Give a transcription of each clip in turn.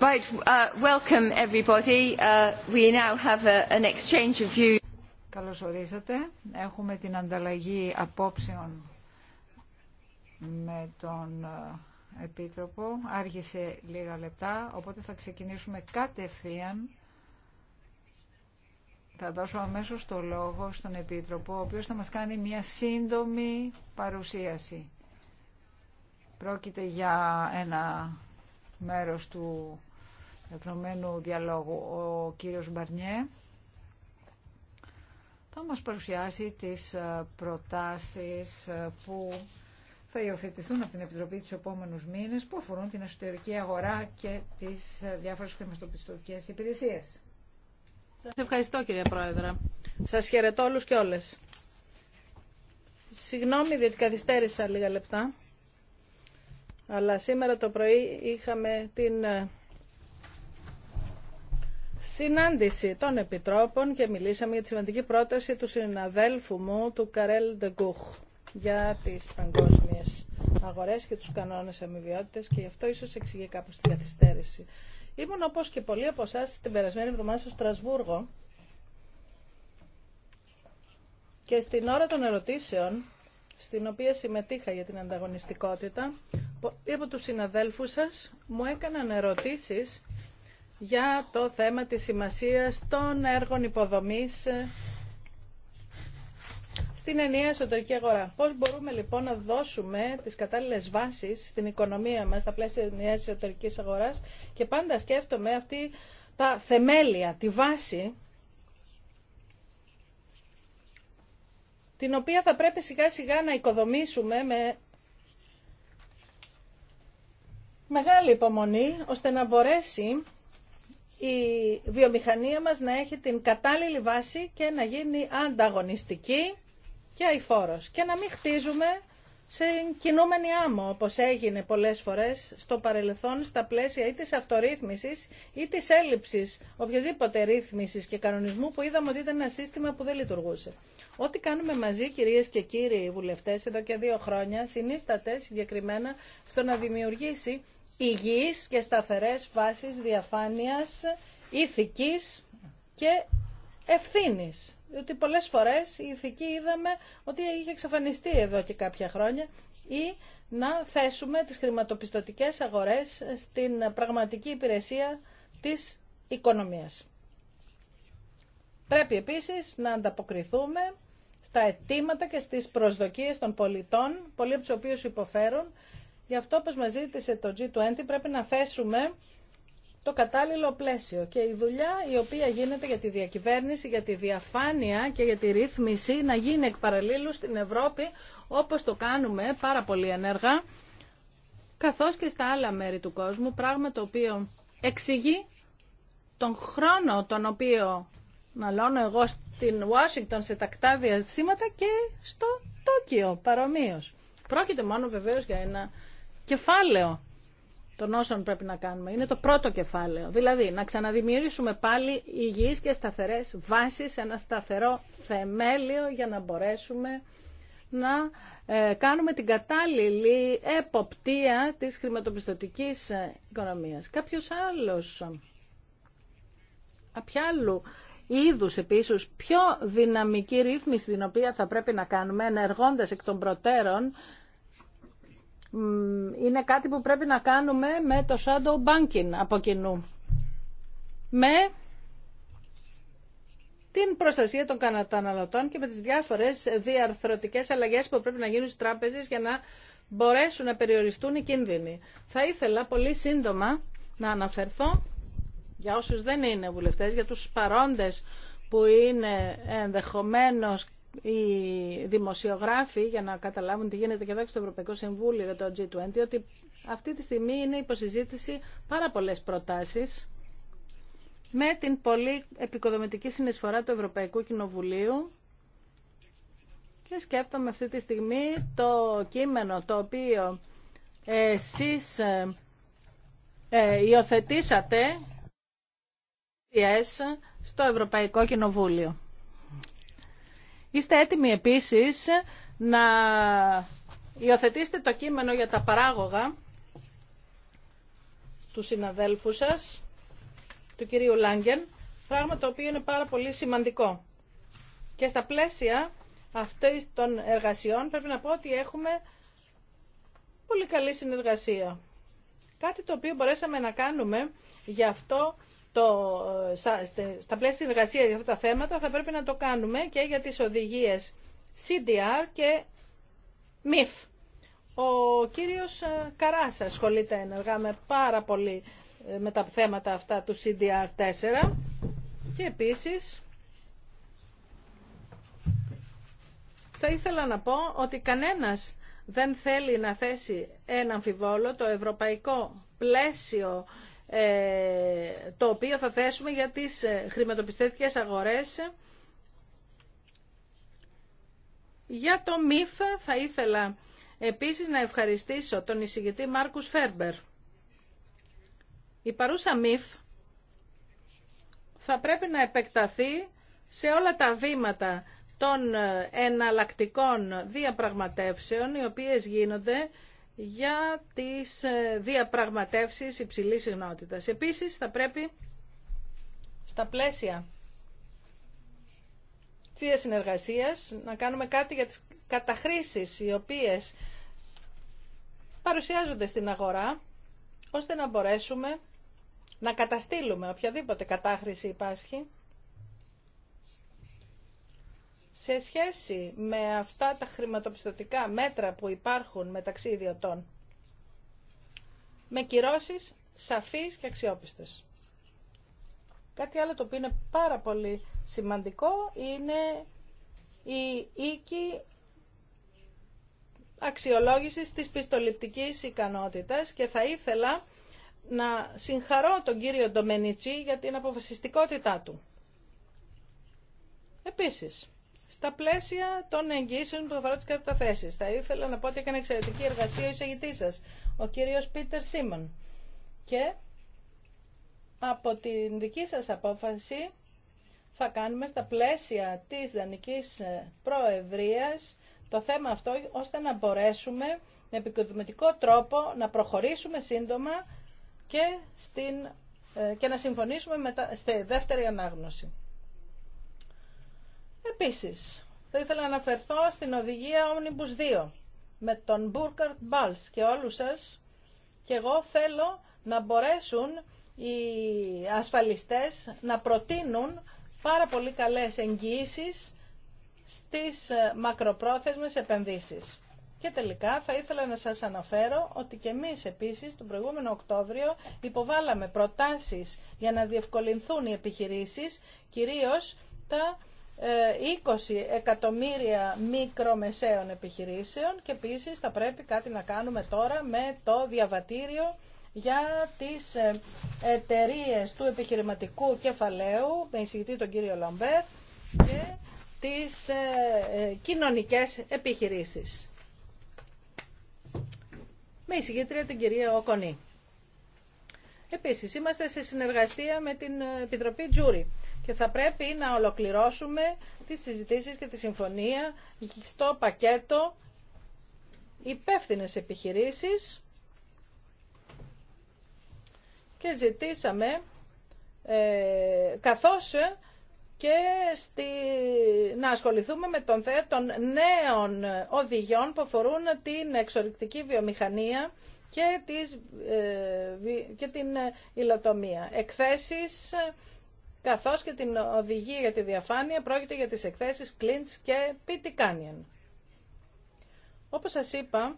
Right, uh, welcome uh, we have an Καλώς ορίσατε. Έχουμε την ανταλλαγή απόψεων με τον ε, Επίτροπο. Άργησε λίγα λεπτά, οπότε θα ξεκινήσουμε κατευθείαν. Θα δώσω αμέσως το λόγο στον Επίτροπο, ο οποίος θα μας κάνει μια σύντομη παρουσίαση. Πρόκειται για ένα μέρος του διαπνομένου διαλόγου. Ο κύριος Μπαρνιέ θα μας παρουσιάσει τις ε, προτάσεις ε, που θα υιοθετηθούν από την Επιτροπή του επόμενους μήνες που αφορούν την εσωτερική αγορά και τις ε, διάφορες χρηματοπιστωτικές υπηρεσίες. Σας ευχαριστώ κύριε πρόεδρα. Σας χαιρετώ όλους και όλες. Συγγνώμη διότι καθυστέρησα λίγα λεπτά. Αλλά σήμερα το πρωί είχαμε την ε, συνάντηση των Επιτρόπων και μιλήσαμε για τη σημαντική πρόταση του συναδέλφου μου, του Καρέλ Ντεγκούχ, για τις παγκόσμιες αγορές και τους κανόνες αμοιβιότητες και γι' αυτό ίσως εξηγεί κάπως την καθυστέρηση. Ήμουν όπως και πολλοί από εσά την περασμένη εβδομάδα στο Στρασβούργο και στην ώρα των ερωτήσεων στην οποία συμμετείχα για την ανταγωνιστικότητα, ή από τους συναδέλφους σας μου έκαναν ερωτήσεις για το θέμα της σημασίας των έργων υποδομής ε, στην ενιαία εσωτερική αγορά. Πώς μπορούμε λοιπόν να δώσουμε τις κατάλληλες βάσεις στην οικονομία μας στα πλαίσια της ενιαίας εσωτερικής αγοράς και πάντα σκέφτομαι αυτή τα θεμέλια, τη βάση την οποία θα πρέπει σιγά σιγά να οικοδομήσουμε με μεγάλη υπομονή, ώστε να μπορέσει η βιομηχανία μας να έχει την κατάλληλη βάση και να γίνει ανταγωνιστική και αηφόρος. Και να μην χτίζουμε σε κινούμενη άμμο, όπως έγινε πολλές φορές στο παρελθόν στα πλαίσια ή της αυτορύθμισης ή της έλλειψης οποιοδήποτε ρύθμισης και κανονισμού που είδαμε ότι ήταν ένα σύστημα που δεν λειτουργούσε. Ό,τι κάνουμε μαζί, κυρίες και κύριοι βουλευτές, εδώ και δύο χρόνια, συνίσταται συγκεκριμένα στο να δημιουργήσει υγιείς και σταθερές βάσεις διαφάνειας, ηθικής και ευθύνης ότι πολλές φορές η ηθική είδαμε ότι είχε εξαφανιστεί εδώ και κάποια χρόνια ή να θέσουμε τις χρηματοπιστωτικές αγορές στην πραγματική υπηρεσία της οικονομίας. Πρέπει επίσης να ανταποκριθούμε στα αιτήματα και στις προσδοκίες των πολιτών, πολλοί από τους οποίους υποφέρουν. Γι' αυτό, όπως μας ζήτησε το G20, πρέπει να θέσουμε το κατάλληλο πλαίσιο και η δουλειά η οποία γίνεται για τη διακυβέρνηση, για τη διαφάνεια και για τη ρύθμιση να γίνει εκ στην Ευρώπη όπως το κάνουμε πάρα πολύ ενεργά καθώς και στα άλλα μέρη του κόσμου, πράγμα το οποίο εξηγεί τον χρόνο τον οποίο μαλώνω εγώ στην Ουάσιγκτον σε τακτά διαστήματα και στο Τόκιο παρομοίως. Πρόκειται μόνο βεβαίως για ένα κεφάλαιο των όσων πρέπει να κάνουμε. Είναι το πρώτο κεφάλαιο. Δηλαδή, να ξαναδημιουργήσουμε πάλι υγιείς και σταθερές βάσεις, ένα σταθερό θεμέλιο για να μπορέσουμε να ε, κάνουμε την κατάλληλη εποπτεία της χρηματοπιστωτικής οικονομίας. Κάποιος άλλος, άλλου είδους επίσης πιο δυναμική ρύθμιση την οποία θα πρέπει να κάνουμε ενεργώντας εκ των προτέρων είναι κάτι που πρέπει να κάνουμε με το shadow banking από κοινού. Με την προστασία των καταναλωτών και με τις διάφορες διαρθρωτικές αλλαγές που πρέπει να γίνουν στις τράπεζες για να μπορέσουν να περιοριστούν οι κίνδυνοι. Θα ήθελα πολύ σύντομα να αναφερθώ για όσους δεν είναι βουλευτές, για τους παρόντες που είναι ενδεχομένως οι δημοσιογράφοι για να καταλάβουν τι γίνεται και εδώ και στο Ευρωπαϊκό Συμβούλιο για το G20 ότι αυτή τη στιγμή είναι υποσυζήτηση πάρα πολλέ προτάσεις με την πολύ επικοδομητική συνεισφορά του Ευρωπαϊκού Κοινοβουλίου και σκέφτομαι αυτή τη στιγμή το κείμενο το οποίο εσείς ε, ε, υιοθετήσατε στο Ευρωπαϊκό Κοινοβούλιο. Είστε έτοιμοι επίσης να υιοθετήσετε το κείμενο για τα παράγωγα του συναδέλφου σας, του κυρίου Λάγκεν, πράγμα το οποίο είναι πάρα πολύ σημαντικό. Και στα πλαίσια αυτής των εργασιών πρέπει να πω ότι έχουμε πολύ καλή συνεργασία. Κάτι το οποίο μπορέσαμε να κάνουμε, γι' αυτό το στα πλαίσια συνεργασία για αυτά τα θέματα θα πρέπει να το κάνουμε και για τις οδηγίες CDR και MIF. Ο κύριος ε, Καράς ασχολείται ενεργά με πάρα πολύ ε, με τα θέματα αυτά του CDR4 και επίσης θα ήθελα να πω ότι κανένας δεν θέλει να θέσει ένα αμφιβόλο το ευρωπαϊκό πλαίσιο ε, το οποίο θα θέσουμε για τις ε, χρηματοπιστωτικές αγορές. Για το ΜΥΦ θα ήθελα επίσης να ευχαριστήσω τον εισηγητή Μάρκους Φέρμπερ. Η παρούσα ΜΥΦ θα πρέπει να επεκταθεί σε όλα τα βήματα των ε, εναλλακτικών διαπραγματεύσεων οι οποίες γίνονται για τις ε, διαπραγματεύσεις υψηλής συγνότητας. Επίσης θα πρέπει στα πλαίσια της συνεργασίας να κάνουμε κάτι για τις καταχρήσεις οι οποίες παρουσιάζονται στην αγορά ώστε να μπορέσουμε να καταστήλουμε οποιαδήποτε κατάχρηση υπάρχει σε σχέση με αυτά τα χρηματοπιστωτικά μέτρα που υπάρχουν μεταξύ ιδιωτών με κυρώσεις σαφείς και αξιόπιστες. Κάτι άλλο το οποίο είναι πάρα πολύ σημαντικό είναι η οίκη αξιολόγησης της πιστοληπτικής ικανότητας και θα ήθελα να συγχαρώ τον κύριο Ντομενιτσί για την αποφασιστικότητά του. Επίσης, στα πλαίσια των εγγύσεων που αφορά τι καταθέσει. Θα ήθελα να πω ότι έκανε εξαιρετική εργασία ο εισηγητή σα, ο κύριο Πίτερ Σίμον. Και από την δική σας απόφαση θα κάνουμε στα πλαίσια της Δανικής ε, Προεδρίας το θέμα αυτό ώστε να μπορέσουμε με επικοδομητικό τρόπο να προχωρήσουμε σύντομα και, στην, ε, και να συμφωνήσουμε στη δεύτερη ανάγνωση. Επίσης, θα ήθελα να αναφερθώ στην οδηγία Omnibus 2 με τον Burkhard Balz και όλους σας και εγώ θέλω να μπορέσουν οι ασφαλιστές να προτείνουν πάρα πολύ καλές εγγυήσεις στις ε, μακροπρόθεσμες επενδύσεις. Και τελικά θα ήθελα να σας αναφέρω ότι και εμείς επίσης τον προηγούμενο Οκτώβριο υποβάλαμε προτάσεις για να διευκολυνθούν οι επιχειρήσεις, κυρίως τα 20 ε, εκατομμύρια μικρομεσαίων επιχειρήσεων και επίσης θα πρέπει κάτι να κάνουμε τώρα με το διαβατήριο για τις ε, εταιρείε του επιχειρηματικού κεφαλαίου με εισηγητή τον κύριο Λαμπέρ και τις ε, κοινωνικές επιχειρήσεις με εισηγήτρια την κυρία Οκονή. Επίσης, είμαστε σε συνεργασία με την Επιτροπή Τζούρι και θα πρέπει να ολοκληρώσουμε τις συζητήσεις και τη συμφωνία στο πακέτο υπεύθυνε επιχειρήσεις και ζητήσαμε ε, καθώς και στη, να ασχοληθούμε με τον θέα των νέων οδηγιών που αφορούν την εξορρυκτική βιομηχανία και, ε, και την ε, υλοτομία. Εκθέσεις καθώς και την οδηγία για τη διαφάνεια πρόκειται για τις εκθέσεις Clinch και Πίτι Canyon. Όπως σας είπα,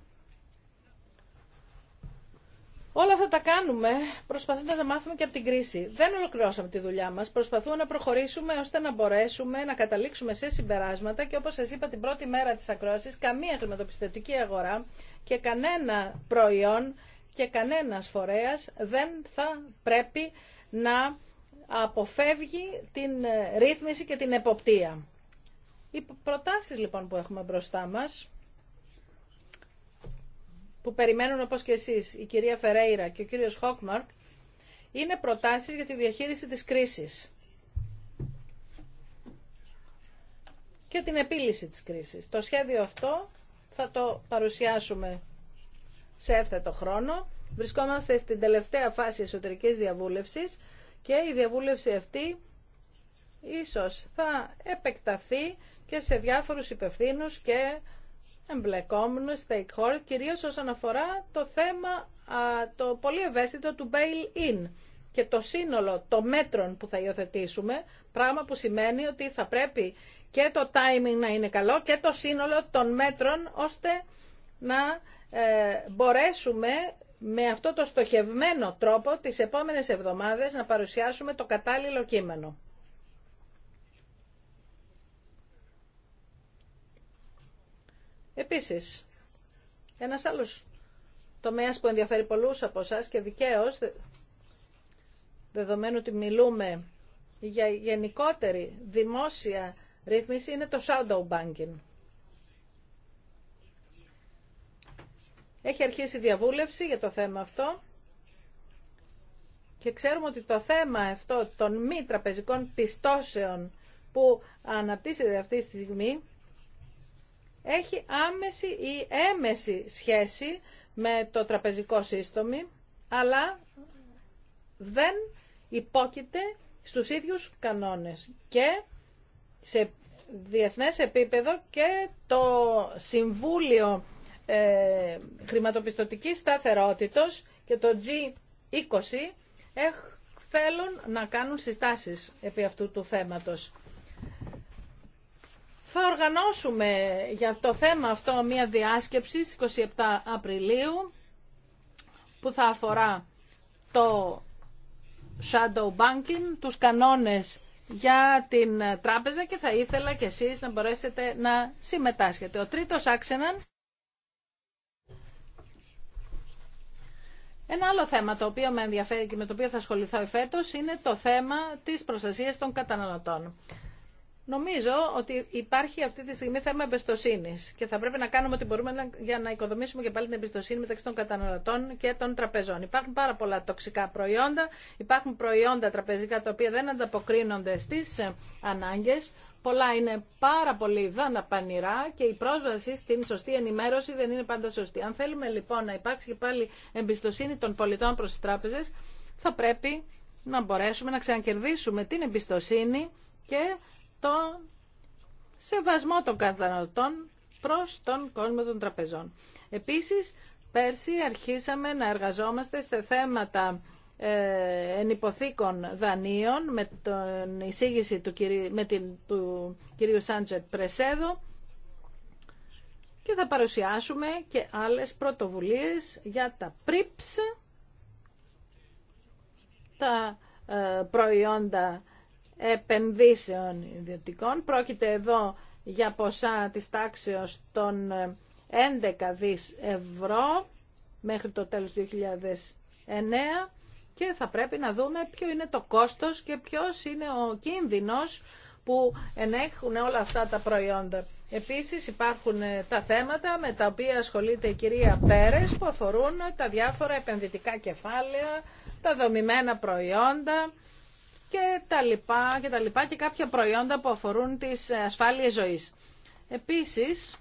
Όλα αυτά τα κάνουμε προσπαθώντας να μάθουμε και από την κρίση. Δεν ολοκληρώσαμε τη δουλειά μας, προσπαθούμε να προχωρήσουμε ώστε να μπορέσουμε να καταλήξουμε σε συμπεράσματα και όπως σας είπα την πρώτη μέρα της ακρόασης, καμία χρηματοπιστωτική αγορά και κανένα προϊόν και κανένας φορέας δεν θα πρέπει να αποφεύγει την ε, ρύθμιση και την εποπτεία. Οι προτάσεις λοιπόν που έχουμε μπροστά μας, που περιμένουν όπως και εσείς η κυρία Φερέιρα και ο κύριος Χόκμαρκ, είναι προτάσεις για τη διαχείριση της κρίσης και την επίλυση της κρίσης. Το σχέδιο αυτό θα το παρουσιάσουμε σε έφθετο χρόνο. Βρισκόμαστε στην τελευταία φάση εσωτερικής διαβούλευσης και η διαβούλευση αυτή ίσως θα επεκταθεί και σε διάφορους υπευθύνους και εμπλεκόμενους stakeholders, κυρίως όσον αφορά το θέμα το πολύ ευαίσθητο του bail-in και το σύνολο των μέτρων που θα υιοθετήσουμε, πράγμα που σημαίνει ότι θα πρέπει και το timing να είναι καλό και το σύνολο των μέτρων ώστε να ε, μπορέσουμε με αυτό το στοχευμένο τρόπο τις επόμενες εβδομάδες να παρουσιάσουμε το κατάλληλο κείμενο. Επίσης, ένας άλλος τομέας που ενδιαφέρει πολλούς από εσά και δικαίως, δεδομένου ότι μιλούμε για γενικότερη δημόσια ρύθμιση, είναι το shadow banking. Έχει αρχίσει η διαβούλευση για το θέμα αυτό και ξέρουμε ότι το θέμα αυτό των μη τραπεζικών πιστώσεων που αναπτύσσεται αυτή τη στιγμή έχει άμεση ή έμεση σχέση με το τραπεζικό σύστημα, αλλά δεν υπόκειται στους ίδιους κανόνες και σε διεθνές επίπεδο και το Συμβούλιο ε, Χρηματοπιστωτική σταθερότητος και το G20 θέλουν να κάνουν συστάσεις επί αυτού του θέματος. Θα οργανώσουμε για το θέμα αυτό μία διάσκεψη στις 27 Απριλίου που θα αφορά το shadow banking, τους κανόνες για την τράπεζα και θα ήθελα και εσείς να μπορέσετε να συμμετάσχετε. Ο τρίτος άξονας. Ένα άλλο θέμα το οποίο με ενδιαφέρει και με το οποίο θα ασχοληθώ φέτος είναι το θέμα της προστασίας των καταναλωτών. Νομίζω ότι υπάρχει αυτή τη στιγμή θέμα εμπιστοσύνη και θα πρέπει να κάνουμε ό,τι μπορούμε για να οικοδομήσουμε και πάλι την εμπιστοσύνη μεταξύ των καταναλωτών και των τραπεζών. Υπάρχουν πάρα πολλά τοξικά προϊόντα, υπάρχουν προϊόντα τραπεζικά τα οποία δεν ανταποκρίνονται στι ανάγκε. Πολλά είναι πάρα πολύ δαναπανηρά και η πρόσβαση στην σωστή ενημέρωση δεν είναι πάντα σωστή. Αν θέλουμε λοιπόν να υπάρξει και πάλι εμπιστοσύνη των πολιτών προς τις τράπεζες, θα πρέπει να μπορέσουμε να ξανακερδίσουμε την εμπιστοσύνη και το σεβασμό των καταναλωτών προς τον κόσμο των τραπεζών. Επίσης, πέρσι αρχίσαμε να εργαζόμαστε σε θέματα ε, εν υποθήκων δανείων με την εισήγηση του, κυρίου, με την, του κυρίου Σάντζετ Πρεσέδο και θα παρουσιάσουμε και άλλες πρωτοβουλίες για τα πρίψ, τα ε, προϊόντα επενδύσεων ιδιωτικών. Πρόκειται εδώ για ποσά της τάξεως των 11 ε, δις ευρώ μέχρι το τέλος του 2009 και θα πρέπει να δούμε ποιο είναι το κόστος και ποιος είναι ο κίνδυνος που ενέχουν όλα αυτά τα προϊόντα. Επίσης υπάρχουν ε, τα θέματα με τα οποία ασχολείται η κυρία Πέρες που αφορούν τα διάφορα επενδυτικά κεφάλαια, τα δομημένα προϊόντα και τα λοιπά και, τα λοιπά και κάποια προϊόντα που αφορούν τις ε, ασφάλειες ζωής. Επίσης,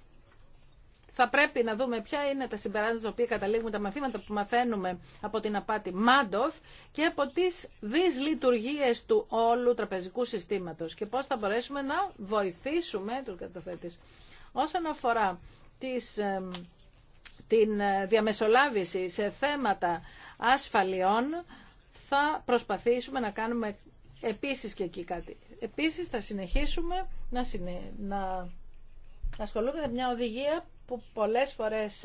θα πρέπει να δούμε ποια είναι τα συμπεράσματα τα οποία καταλήγουμε, τα μαθήματα που μαθαίνουμε από την απάτη Μάντοφ και από τις δυσλειτουργίες του όλου τραπεζικού συστήματος και πώς θα μπορέσουμε να βοηθήσουμε του καταθέτε. Όσον αφορά τις, την ε, διαμεσολάβηση σε θέματα ασφαλιών, θα προσπαθήσουμε να κάνουμε επίσης και εκεί κάτι. Επίσης θα συνεχίσουμε να, συνε... να ασχολούμαι με μια οδηγία που πολλές φορές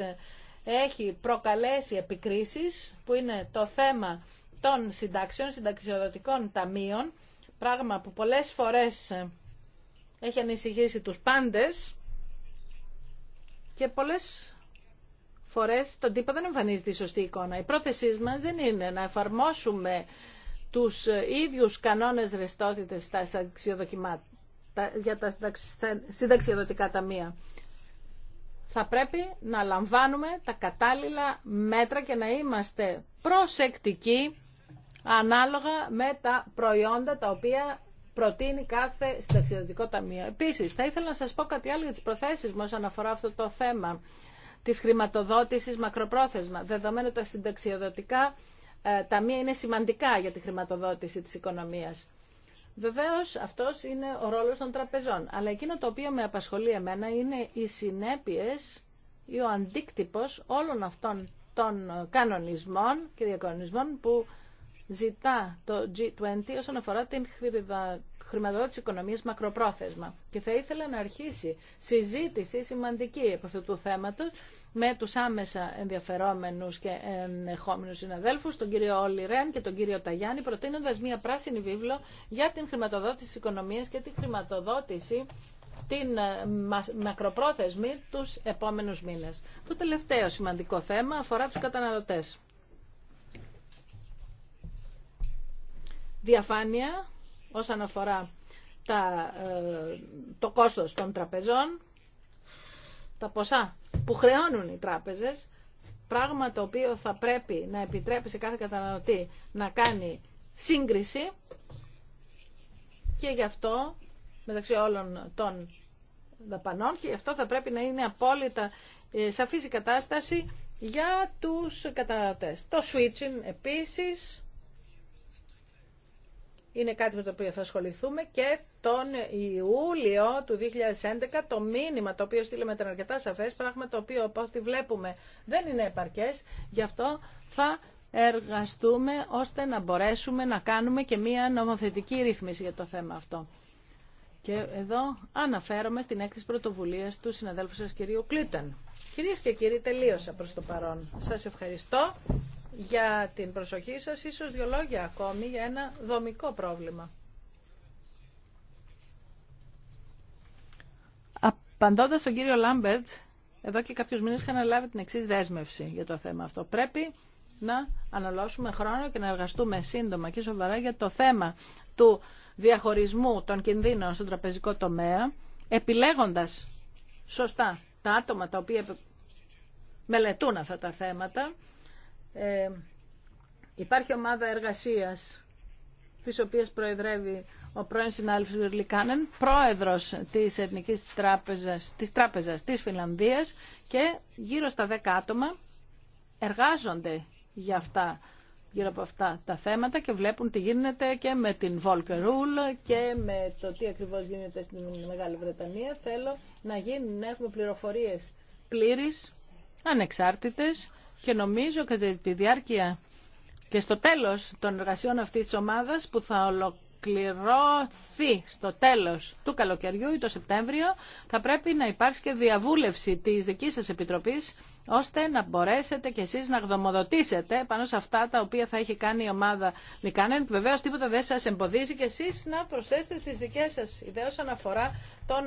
έχει προκαλέσει επικρίσεις, που είναι το θέμα των συντάξεων, συνταξιοδοτικών ταμείων, πράγμα που πολλές φορές έχει ανησυχήσει τους πάντες και πολλές φορές στον τύπο δεν εμφανίζεται η σωστή εικόνα. Η πρόθεσή μας δεν είναι να εφαρμόσουμε τους ίδιους κανόνες ρεστότητες στα, για τα συνταξιοδοτικά ταμεία θα πρέπει να λαμβάνουμε τα κατάλληλα μέτρα και να είμαστε προσεκτικοί ανάλογα με τα προϊόντα τα οποία προτείνει κάθε συνταξιδοτικό ταμείο. Επίσης, θα ήθελα να σας πω κάτι άλλο για τις προθέσεις μου όσον αφορά αυτό το θέμα της χρηματοδότησης μακροπρόθεσμα, δεδομένου τα συνταξιοδοτικά ε, ταμεία είναι σημαντικά για τη χρηματοδότηση της οικονομίας. Βεβαίω, αυτό είναι ο ρόλο των τραπεζών, αλλά εκείνο το οποίο με απασχολεί εμένα είναι οι συνέπειες ή ο αντίκτυπο όλων αυτών των κανονισμών και διακανονισμών που ζητά το G20 όσον αφορά την χρηματοδότηση οικονομίας μακροπρόθεσμα. Και θα ήθελα να αρχίσει συζήτηση σημαντική από αυτού του θέματος με τους άμεσα ενδιαφερόμενους και ενεχόμενους συναδέλφους, τον κύριο Όλι Ρέν και τον κύριο Ταγιάννη, προτείνοντας μία πράσινη βίβλο για την χρηματοδότηση της οικονομίας και τη χρηματοδότηση την ε, μακροπρόθεσμη τους επόμενους μήνες. Το τελευταίο σημαντικό θέμα αφορά τους καταναλωτές. διαφάνεια όσον αφορά τα, ε, το κόστος των τραπεζών, τα ποσά που χρεώνουν οι τράπεζες, πράγμα το οποίο θα πρέπει να επιτρέπει σε κάθε καταναλωτή να κάνει σύγκριση και γι' αυτό μεταξύ όλων των δαπανών και γι' αυτό θα πρέπει να είναι απόλυτα ε, σαφής η κατάσταση για τους καταναλωτές. Το switching επίσης είναι κάτι με το οποίο θα ασχοληθούμε και τον Ιούλιο του 2011 το μήνυμα το οποίο στείλαμε ήταν αρκετά σαφές, πράγμα το οποίο όπως τη βλέπουμε δεν είναι επαρκές, γι' αυτό θα εργαστούμε ώστε να μπορέσουμε να κάνουμε και μία νομοθετική ρύθμιση για το θέμα αυτό. Και εδώ αναφέρομαι στην έκθεση πρωτοβουλία του συναδέλφου σας κυρίου Κλίτεν. Κυρίες και κύριοι, τελείωσα προς το παρόν. Σας ευχαριστώ για την προσοχή σας, ίσως δυο λόγια ακόμη για ένα δομικό πρόβλημα. Απαντώντας τον κύριο Λάμπερτ, εδώ και κάποιους μήνες είχα αναλάβει την εξής δέσμευση για το θέμα αυτό. Πρέπει να αναλώσουμε χρόνο και να εργαστούμε σύντομα και σοβαρά για το θέμα του διαχωρισμού των κινδύνων στον τραπεζικό τομέα, επιλέγοντας σωστά τα άτομα τα οποία μελετούν αυτά τα θέματα ε, υπάρχει ομάδα εργασίας της οποίας προεδρεύει ο πρώην συνάδελφος Βερλικάνεν, πρόεδρος της Εθνικής Τράπεζας της, Τράπεζας της Φιλανδίας και γύρω στα 10 άτομα εργάζονται για αυτά, γύρω από αυτά τα θέματα και βλέπουν τι γίνεται και με την Volker Rule και με το τι ακριβώς γίνεται στην Μεγάλη Βρετανία. Θέλω να, γίνουν, να έχουμε πληροφορίες πλήρεις, ανεξάρτητες, και νομίζω κατά τη διάρκεια και στο τέλος των εργασιών αυτής της ομάδας που θα ολοκληρωθεί στο τέλος του καλοκαιριού ή το Σεπτέμβριο θα πρέπει να υπάρξει και διαβούλευση της δικής σας Επιτροπής ώστε να μπορέσετε κι εσείς να γνωμοδοτήσετε πάνω σε αυτά τα οποία θα έχει κάνει η ομάδα Λικάνεν. Βεβαίως τίποτα δεν σας εμποδίζει και εσείς να προσθέσετε τις δικές σας ιδέες όσον αφορά τον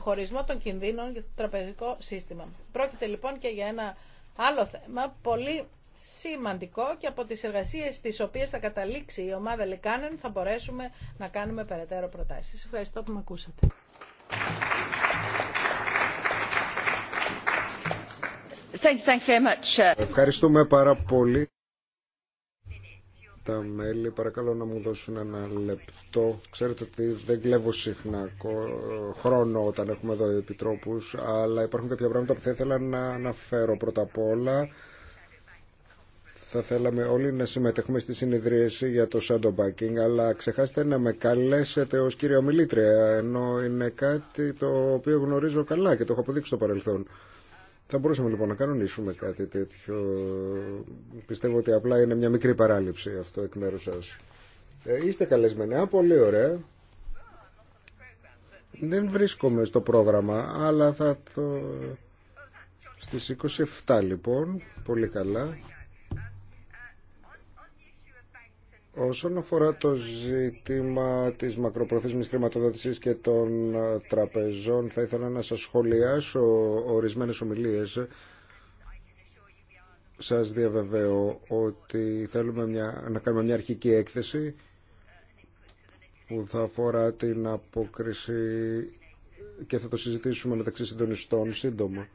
χωρισμό των κινδύνων και το τραπεζικό σύστημα. Πρόκειται λοιπόν και για ένα Άλλο θέμα, πολύ σημαντικό και από τις εργασίες τις οποίες θα καταλήξει η ομάδα Λικάνεν θα μπορέσουμε να κάνουμε περαιτέρω προτάσεις. Ευχαριστώ που με ακούσατε. Thank you very much. Uh, Ευχαριστούμε πάρα πολύ τα μέλη παρακαλώ να μου δώσουν ένα λεπτό. Ξέρετε ότι δεν κλέβω συχνά χρόνο όταν έχουμε εδώ επιτρόπους, αλλά υπάρχουν κάποια πράγματα που θα ήθελα να αναφέρω πρώτα απ' όλα. Θα θέλαμε όλοι να συμμετέχουμε στη συνειδρίαση για το banking, αλλά ξεχάστε να με καλέσετε ως κύριο μιλήτρια, ενώ είναι κάτι το οποίο γνωρίζω καλά και το έχω αποδείξει στο παρελθόν. Θα μπορούσαμε λοιπόν να κανονίσουμε κάτι τέτοιο. Πιστεύω ότι απλά είναι μια μικρή παράληψη αυτό εκ μέρου σα. Ε, είστε καλεσμένοι. Α, πολύ ωραία. Δεν βρίσκομαι στο πρόγραμμα, αλλά θα το... Στις 27 λοιπόν, πολύ καλά. Όσον αφορά το ζήτημα της μακροπροθέσμης χρηματοδότησης και των ε, τραπεζών, θα ήθελα να σας σχολιάσω ορισμένες ομιλίες. Σας διαβεβαιώ ότι θέλουμε μια, να κάνουμε μια αρχική έκθεση που θα αφορά την απόκριση και θα το συζητήσουμε μεταξύ συντονιστών σύντομα.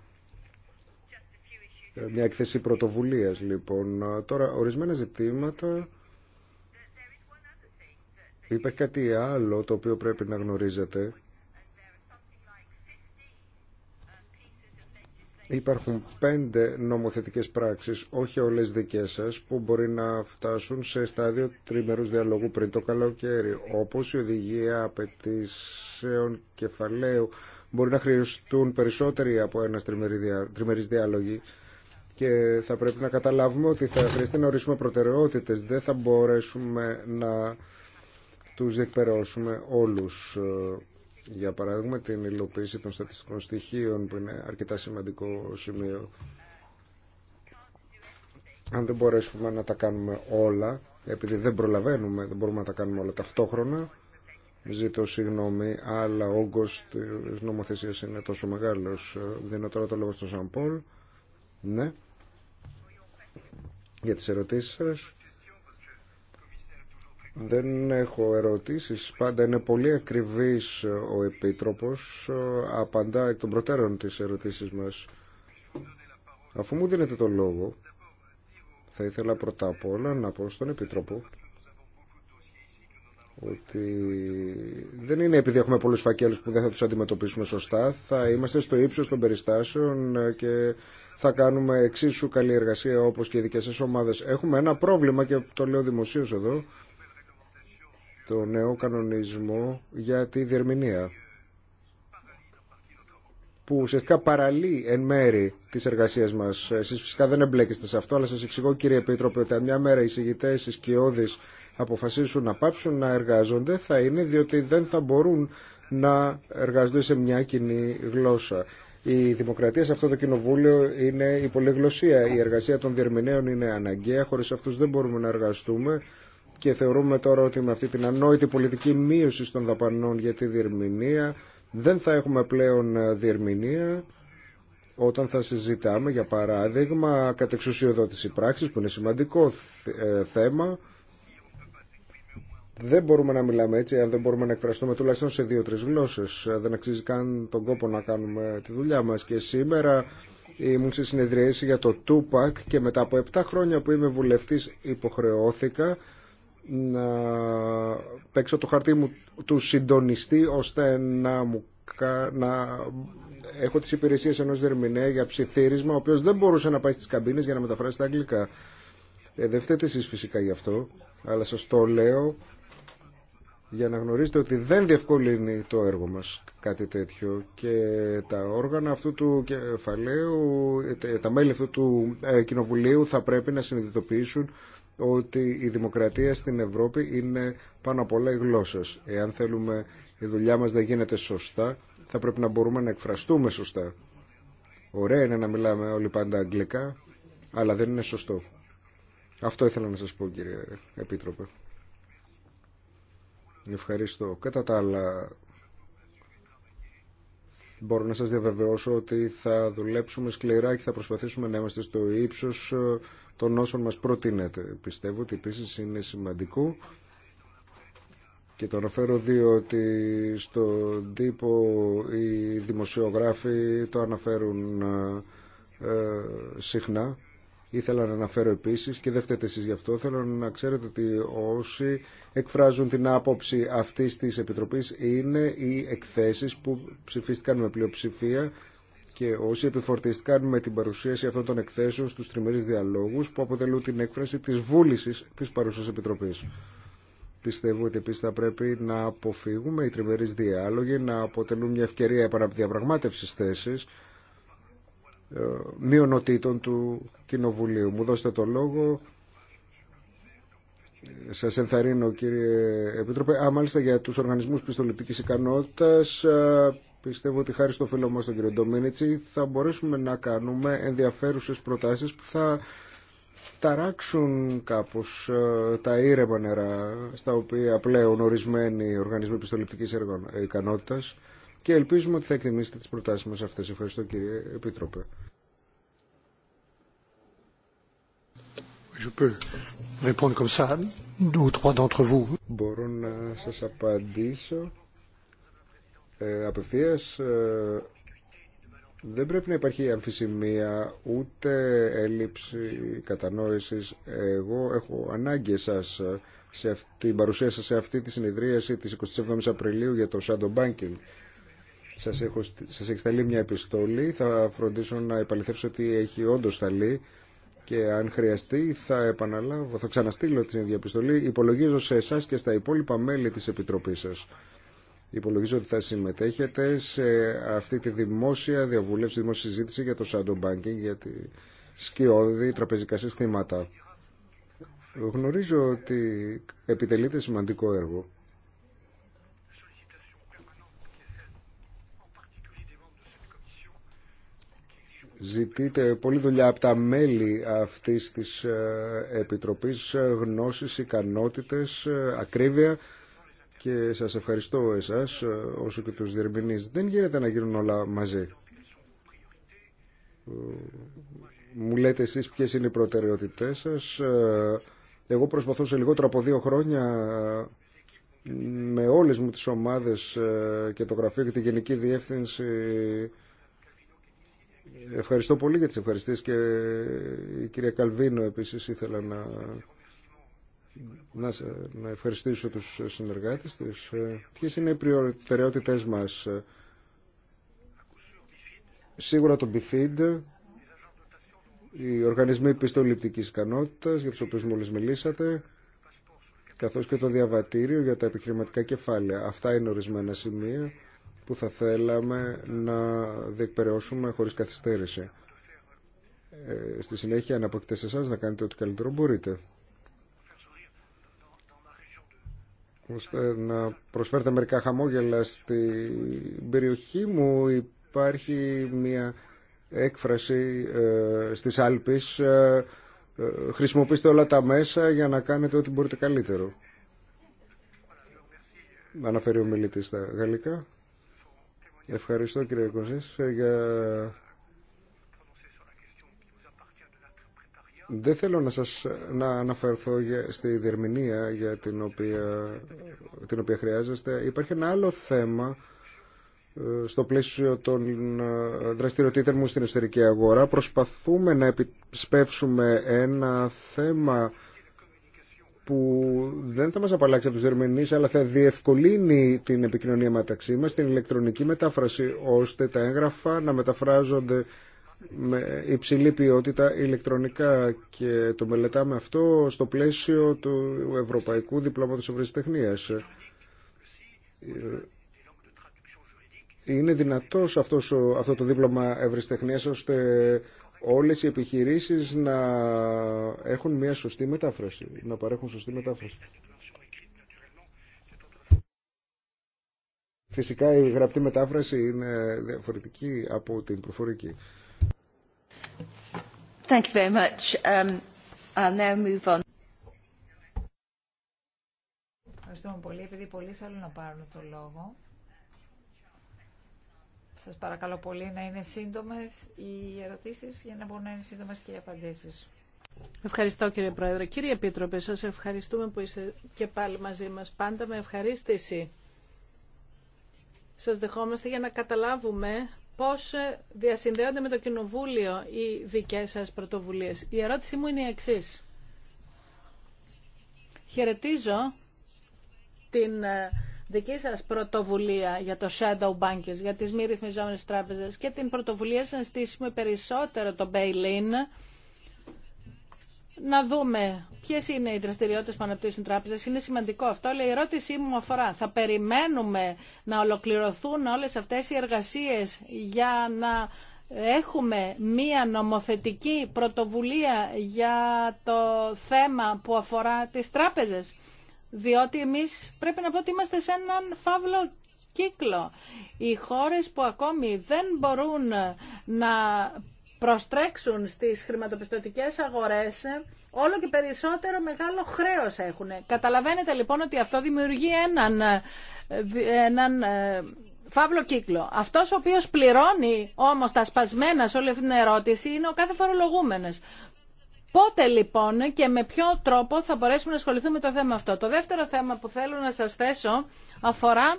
Ε, μια έκθεση πρωτοβουλίας λοιπόν. Τώρα ορισμένα ζητήματα Υπάρχει κάτι άλλο το οποίο πρέπει να γνωρίζετε. Υπάρχουν πέντε νομοθετικές πράξεις, όχι όλες δικές σας, που μπορεί να φτάσουν σε στάδιο τριμερούς διαλόγου πριν το καλοκαίρι, όπως η οδηγία απαιτήσεων κεφαλαίου. Μπορεί να χρειαστούν περισσότεροι από ένα τριμερής διάλογοι και θα πρέπει να καταλάβουμε ότι θα χρειαστεί να ορίσουμε προτεραιότητες. Δεν θα μπορέσουμε να τους διεκπαιρεώσουμε όλους. Ε, για παράδειγμα, την υλοποίηση των στατιστικών στοιχείων, που είναι αρκετά σημαντικό σημείο. Αν δεν μπορέσουμε να τα κάνουμε όλα, επειδή δεν προλαβαίνουμε, δεν μπορούμε να τα κάνουμε όλα ταυτόχρονα, ζητώ συγγνώμη, αλλά ο όγκος της νομοθεσίας είναι τόσο μεγάλος. Ε, δίνω τώρα το λόγο στον Πολ. Ναι. Για τις ερωτήσεις σας. Δεν έχω ερωτήσεις. Πάντα είναι πολύ ακριβής ο Επίτροπος. Απαντά εκ των προτέρων της ερωτήσεις μας. Αφού μου δίνετε το λόγο, θα ήθελα πρώτα απ' όλα να πω στον Επίτροπο ότι δεν είναι επειδή έχουμε πολλούς φακέλους που δεν θα τους αντιμετωπίσουμε σωστά. Θα είμαστε στο ύψος των περιστάσεων και θα κάνουμε εξίσου καλή εργασία όπως και οι δικές σας ομάδες. Έχουμε ένα πρόβλημα και το λέω δημοσίως εδώ το νέο κανονισμό για τη διερμηνία που ουσιαστικά παραλύει εν μέρη τις εργασίες μας. Εσείς φυσικά δεν εμπλέκεστε σε αυτό, αλλά σας εξηγώ κύριε Επίτροπε ότι αν μια μέρα οι συγητές, οι σκιώδεις αποφασίσουν να πάψουν να εργάζονται θα είναι διότι δεν θα μπορούν να εργάζονται σε μια κοινή γλώσσα. Η δημοκρατία σε αυτό το κοινοβούλιο είναι η πολυγλωσία. Η εργασία των διερμηνέων είναι αναγκαία. Χωρίς αυτούς δεν μπορούμε να εργαστούμε και θεωρούμε τώρα ότι με αυτή την ανόητη πολιτική μείωση των δαπανών για τη διερμηνία δεν θα έχουμε πλέον ε, διερμηνία όταν θα συζητάμε για παράδειγμα κατεξουσιοδότηση πράξης που είναι σημαντικό ε, θέμα δεν μπορούμε να μιλάμε έτσι αν δεν μπορούμε να εκφραστούμε τουλάχιστον σε δύο-τρεις γλώσσες ε, δεν αξίζει καν τον κόπο να κάνουμε τη δουλειά μας και σήμερα ήμουν σε συνεδρίαση για το Τούπακ και μετά από 7 χρόνια που είμαι βουλευτής υποχρεώθηκα να παίξω το χαρτί μου του συντονιστή ώστε να, μου, να έχω τις υπηρεσίες ενός δερμηνέα για ψιθύρισμα ο οποίος δεν μπορούσε να πάει στις καμπίνες για να μεταφράσει τα αγγλικά. Ε, δεν φταίτε εσείς φυσικά γι' αυτό, αλλά σας το λέω για να γνωρίζετε ότι δεν διευκολύνει το έργο μας κάτι τέτοιο και τα όργανα αυτού του κεφαλαίου, ε, τα μέλη αυτού του ε, κοινοβουλίου θα πρέπει να συνειδητοποιήσουν ότι η δημοκρατία στην Ευρώπη είναι πάνω απ' όλα οι Εάν θέλουμε η δουλειά μας να γίνεται σωστά, θα πρέπει να μπορούμε να εκφραστούμε σωστά. Ωραία είναι να μιλάμε όλοι πάντα αγγλικά, αλλά δεν είναι σωστό. Αυτό ήθελα να σας πω κύριε Επίτροπε. Ευχαριστώ. Κατά τα άλλα, μπορώ να σας διαβεβαιώσω ότι θα δουλέψουμε σκληρά και θα προσπαθήσουμε να είμαστε στο ύψος των όσων μας προτείνεται. Πιστεύω ότι επίσης είναι σημαντικό και το αναφέρω διότι στον τύπο οι δημοσιογράφοι το αναφέρουν ε, συχνά. Ήθελα να αναφέρω επίσης και δεν φταίτε εσείς γι' αυτό, θέλω να ξέρετε ότι όσοι εκφράζουν την άποψη αυτής της Επιτροπής είναι οι εκθέσεις που ψηφίστηκαν με πλειοψηφία και όσοι επιφορτίστηκαν με την παρουσίαση αυτών των εκθέσεων στους τριμερείς διαλόγους που αποτελούν την έκφραση της βούλησης της παρουσίας Επιτροπής. Πιστεύω ότι επίσης θα πρέπει να αποφύγουμε οι τριμερείς διάλογοι να αποτελούν μια ευκαιρία επαναδιαπραγμάτευσης θέσης ε, μειονοτήτων του Κοινοβουλίου. Μου δώστε το λόγο. Σας ενθαρρύνω κύριε Επίτροπε. Α, μάλιστα για τους οργανισμούς πιστοληπτικής ικανότητας ε, Πιστεύω ότι χάρη στο φίλο μας τον κύριο Ντομίνιτσι θα μπορέσουμε να κάνουμε ενδιαφέρουσες προτάσεις που θα ταράξουν κάπως ε, τα ήρεμα νερά στα οποία πλέον ορισμένοι οργανισμοί επιστοληπτικής ικανότητας και ελπίζουμε ότι θα εκτιμήσετε τις προτάσεις μας αυτές. Ευχαριστώ κύριε Επίτροπε. Je peux répondre comme ça, d'entre vous. Μπορώ να σας απαντήσω ε, απευθείας ε, δεν πρέπει να υπάρχει αμφισημία ούτε έλλειψη κατανόησης. Εγώ έχω ανάγκη σας ε, σε αυτή, την παρουσία σας σε αυτή τη συνειδρίαση της 27 Απριλίου για το Shadow Banking. Σας, έχω, σας έχει σταλεί μια επιστολή, θα φροντίσω να επαληθεύσω ότι έχει όντως σταλεί και αν χρειαστεί θα επαναλάβω, θα ξαναστείλω την ίδια επιστολή. Υπολογίζω σε εσά και στα υπόλοιπα μέλη της Επιτροπής σας. Υπολογίζω ότι θα συμμετέχετε σε αυτή τη δημόσια διαβούλευση, δημόσια συζήτηση για το shadow banking, για τη σκιώδη τραπεζικά συστήματα. Γνωρίζω ότι επιτελείται σημαντικό έργο. Ζητείτε πολλή δουλειά από τα μέλη αυτής της ε, Επιτροπής, ε, γνώσεις, ικανότητες, ε, ακρίβεια και σας ευχαριστώ εσάς ε, όσο και τους διερμηνείς. Δεν γίνεται να γίνουν όλα μαζί. Ε, μου λέτε εσείς ποιες είναι οι προτεραιότητές σας. Ε, εγώ προσπαθώ σε λιγότερο από δύο χρόνια με όλες μου τις ομάδες και το γραφείο και τη Γενική Διεύθυνση Ευχαριστώ πολύ για τις ευχαριστήσεις και η κυρία Καλβίνο επίσης ήθελα να να, να ευχαριστήσω τους συνεργάτες της. Ε, ποιες είναι οι προτεραιότητες μας. Ε, σίγουρα το BFID, οι οργανισμοί πιστοληπτικής ικανότητας, για τους οποίους μόλις μιλήσατε, καθώς και το διαβατήριο για τα επιχειρηματικά κεφάλαια. Αυτά είναι ορισμένα σημεία που θα θέλαμε να διεκπαιρεώσουμε χωρίς καθυστέρηση. Ε, στη συνέχεια, αν αποκτήσετε εσάς, να κάνετε ό,τι καλύτερο μπορείτε. ώστε να προσφέρετε μερικά χαμόγελα στην περιοχή μου υπάρχει μια έκφραση ε, στις Άλπεις ε, ε, χρησιμοποιήστε όλα τα μέσα για να κάνετε ό,τι μπορείτε καλύτερο αναφέρει ο μιλητής στα γαλλικά ευχαριστώ κύριε Κωνσής για Δεν θέλω να σας να αναφερθώ στη διερμηνία για την οποία, την οποία χρειάζεστε. Υπάρχει ένα άλλο θέμα ε, στο πλαίσιο των ε, δραστηριοτήτων μου στην εσωτερική αγορά. Προσπαθούμε να επισπεύσουμε ένα θέμα που δεν θα μας απαλλάξει από τους διερμηνείς αλλά θα διευκολύνει την επικοινωνία μεταξύ μας, την ηλεκτρονική μετάφραση ώστε τα έγγραφα να μεταφράζονται με υψηλή ποιότητα ηλεκτρονικά και το μελετάμε αυτό στο πλαίσιο του Ευρωπαϊκού Διπλώματος Ευρεσιτεχνίας. Είναι δυνατός αυτός, αυτό το δίπλωμα ευρεσιτεχνίας ώστε όλες οι επιχειρήσεις να έχουν μια σωστή μετάφραση, να παρέχουν σωστή μετάφραση. Φυσικά η γραπτή μετάφραση είναι διαφορετική από την προφορική. Thank you very much. Um, I'll now move on. Ευχαριστούμε πολύ, επειδή πολλοί θέλουν να πάρουν το λόγο. Σας παρακαλώ πολύ να είναι σύντομες οι ερωτήσεις για να μπορούν να είναι σύντομες και οι απαντήσεις. Ευχαριστώ κύριε Πρόεδρε. Κύριε Επίτροπε, σας ευχαριστούμε που είστε και πάλι μαζί μας. Πάντα με ευχαρίστηση. Σας δεχόμαστε για να καταλάβουμε πώς ε, διασυνδέονται με το Κοινοβούλιο οι δικές σας πρωτοβουλίες. Η ερώτησή μου είναι η εξής. Χαιρετίζω την ε, δική σας πρωτοβουλία για το shadow bankers, για τις μη ρυθμιζόμενες τράπεζες και την πρωτοβουλία σας να στήσουμε περισσότερο το bail-in να δούμε ποιες είναι οι δραστηριότητες που αναπτύσσουν τράπεζες. Είναι σημαντικό αυτό, αλλά η ερώτησή μου αφορά. Θα περιμένουμε να ολοκληρωθούν όλες αυτές οι εργασίες για να έχουμε μία νομοθετική πρωτοβουλία για το θέμα που αφορά τις τράπεζες. Διότι εμείς πρέπει να πω ότι είμαστε σε έναν φαύλο κύκλο. Οι χώρες που ακόμη δεν μπορούν να προστρέξουν στις χρηματοπιστωτικές αγορές, όλο και περισσότερο μεγάλο χρέος έχουν. Καταλαβαίνετε λοιπόν ότι αυτό δημιουργεί έναν, ε, έναν ε, φαύλο κύκλο. Αυτός ο οποίος πληρώνει όμως τα σπασμένα σε όλη αυτή την ερώτηση είναι ο κάθε φορολογούμενος. Πότε λοιπόν και με ποιο τρόπο θα μπορέσουμε να ασχοληθούμε με το θέμα αυτό. Το δεύτερο θέμα που θέλω να σας θέσω αφορά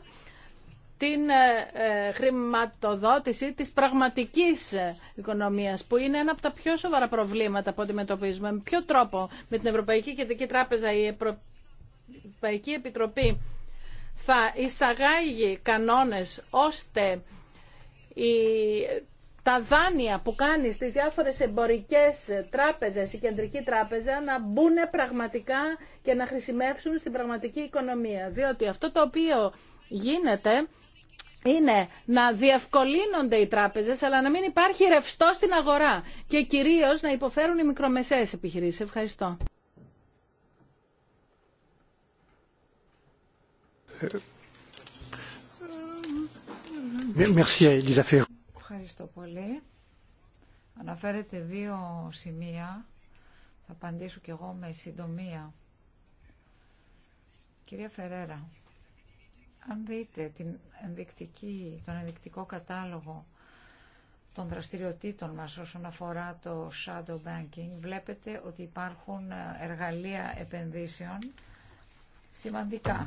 την ε, ε, χρηματοδότηση της πραγματικής οικονομίας, που είναι ένα από τα πιο σοβαρά προβλήματα που αντιμετωπίζουμε. Με ποιο τρόπο με την Ευρωπαϊκή Κεντρική Τράπεζα η Ευρωπαϊκή Επιτροπή θα εισαγάγει κανόνες ώστε η, τα δάνεια που κάνει στις διάφορες εμπορικές τράπεζες, η κεντρική τράπεζα, να μπουν πραγματικά και να χρησιμεύσουν στην πραγματική οικονομία. Διότι αυτό το οποίο γίνεται είναι να διευκολύνονται οι τράπεζε, αλλά να μην υπάρχει ρευστό στην αγορά και κυρίως να υποφέρουν οι μικρομεσαίες επιχειρήσει. Ευχαριστώ. Ευχαριστώ πολύ. Αναφέρετε δύο σημεία. Θα απαντήσω κι εγώ με συντομία. Κυρία Φερέρα, αν δείτε την ενδεικτική, τον ενδεικτικό κατάλογο των δραστηριοτήτων μας όσον αφορά το shadow banking, βλέπετε ότι υπάρχουν ε, εργαλεία επενδύσεων σημαντικά.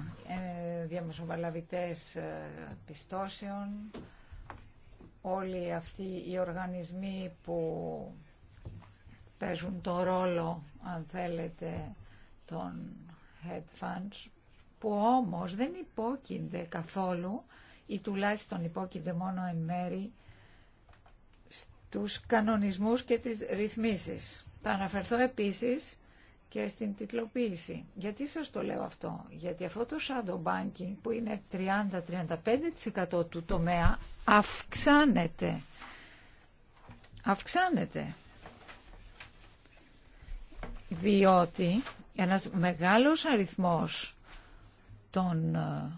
Ε, διαμεσοβαλαβητές ε, πιστώσεων, όλοι αυτοί οι οργανισμοί που παίζουν το ρόλο, αν θέλετε, των head funds που όμως δεν υπόκεινται καθόλου ή τουλάχιστον υπόκεινται μόνο εν μέρη στους κανονισμούς και τις ρυθμίσεις. Θα αναφερθώ επίσης και στην τιτλοποίηση. Γιατί σας το λέω αυτό. Γιατί αυτό το shadow banking που είναι 30-35% του τομέα αυξάνεται. Αυξάνεται. Διότι ένας μεγάλος αριθμός των ε,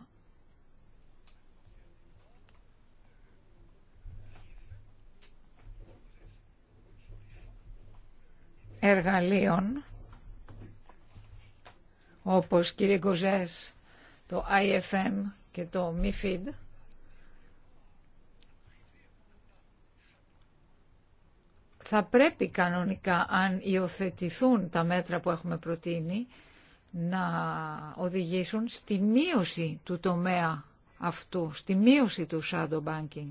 εργαλείων όπως κύριε Γκοζές το IFM και το MIFID θα πρέπει κανονικά αν υιοθετηθούν τα μέτρα που έχουμε προτείνει να οδηγήσουν στη μείωση του τομέα αυτού, στη μείωση του shadow banking.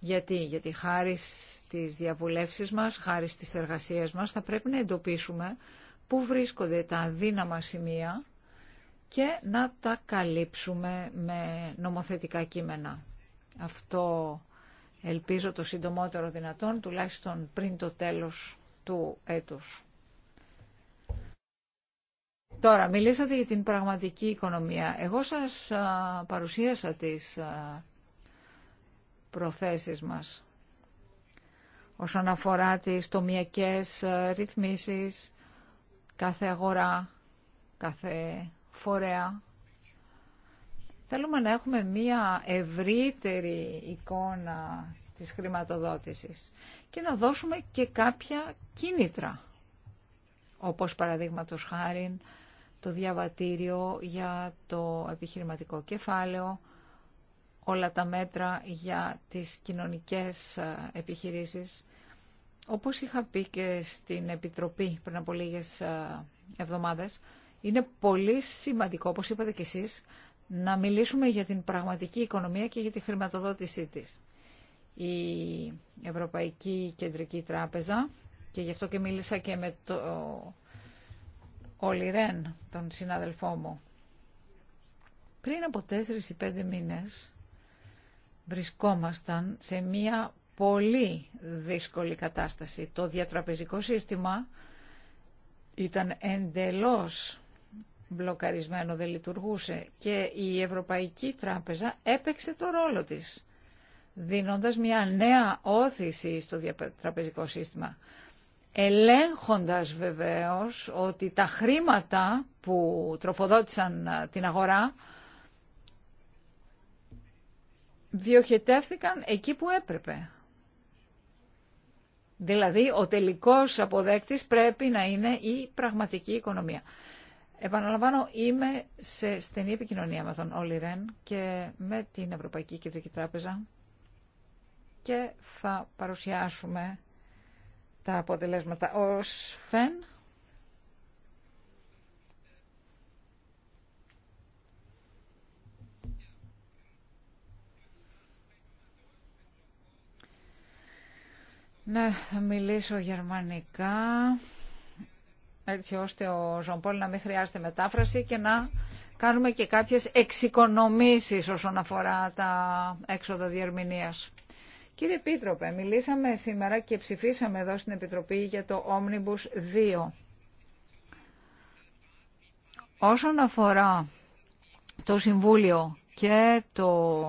Γιατί, γιατί χάρη στις διαβουλεύσεις μας, χάρη στις εργασίες μας, θα πρέπει να εντοπίσουμε πού βρίσκονται τα αδύναμα σημεία και να τα καλύψουμε με νομοθετικά κείμενα. Αυτό ελπίζω το συντομότερο δυνατόν, τουλάχιστον πριν το τέλος του έτους. Τώρα, μιλήσατε για την πραγματική οικονομία. Εγώ σας παρουσίασα τις προθέσεις μας όσον αφορά τις τομιακές ρυθμίσεις, κάθε αγορά, κάθε φορέα. Θέλουμε να έχουμε μία ευρύτερη εικόνα της χρηματοδότησης και να δώσουμε και κάποια κίνητρα, όπως παραδείγματος χάριν το διαβατήριο για το επιχειρηματικό κεφάλαιο, όλα τα μέτρα για τις κοινωνικές ε, επιχειρήσεις. Όπως είχα πει και στην Επιτροπή πριν από λίγες ε, εβδομάδες, είναι πολύ σημαντικό, όπως είπατε κι εσείς, να μιλήσουμε για την πραγματική οικονομία και για τη χρηματοδότησή της. Η Ευρωπαϊκή Κεντρική Τράπεζα, και γι' αυτό και μίλησα και με το ο Λιρέν, τον συναδελφό μου. Πριν από τέσσερις ή πέντε μήνες βρισκόμασταν σε μία πολύ δύσκολη κατάσταση. Το διατραπεζικό σύστημα ήταν εντελώς μπλοκαρισμένο, δεν λειτουργούσε και η Ευρωπαϊκή Τράπεζα έπαιξε το ρόλο της δίνοντας μια νέα όθηση στο διατραπεζικό σύστημα ελέγχοντας βεβαίως ότι τα χρήματα που τροφοδότησαν ε, την αγορά διοχετεύθηκαν εκεί που έπρεπε. Δηλαδή, ο τελικός αποδέκτης πρέπει να είναι η πραγματική οικονομία. Επαναλαμβάνω, είμαι σε στενή επικοινωνία με τον Όλυ Ρεν και με την Ευρωπαϊκή Κεντρική Τράπεζα και θα παρουσιάσουμε τα αποτελέσματα. Ο Σφεν. Ναι, θα μιλήσω γερμανικά, έτσι ώστε ο Ζομπόλ να μην χρειάζεται μετάφραση και να κάνουμε και κάποιες εξοικονομήσεις όσον αφορά τα έξοδα διερμηνίας. Κύριε Επίτροπε, μιλήσαμε σήμερα και ψηφίσαμε εδώ στην Επιτροπή για το Omnibus 2. Όσον αφορά το Συμβούλιο και το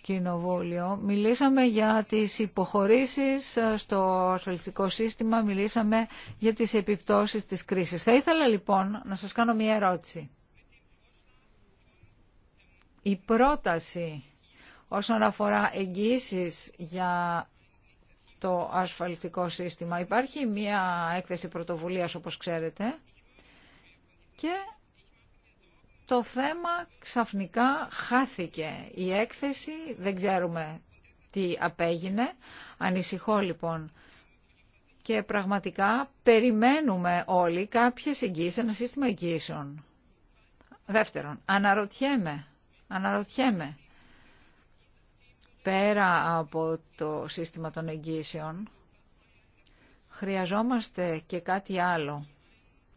Κοινοβούλιο, μιλήσαμε για τις υποχωρήσεις ε, στο ασφαλιστικό σύστημα, μιλήσαμε για τις επιπτώσεις της κρίσης. Θα ήθελα λοιπόν να σας κάνω μία ερώτηση. Η πρόταση όσον αφορά εγγύσεις για το ασφαλιστικό σύστημα. Υπάρχει μία έκθεση πρωτοβουλίας, όπως ξέρετε, και το θέμα ξαφνικά χάθηκε. Η έκθεση δεν ξέρουμε τι απέγινε. Ανησυχώ λοιπόν και πραγματικά περιμένουμε όλοι κάποιες εγγύσεις, ένα σύστημα εγγύησεων. Δεύτερον, αναρωτιέμαι, αναρωτιέμαι πέρα από το σύστημα των εγγύσεων, χρειαζόμαστε και κάτι άλλο.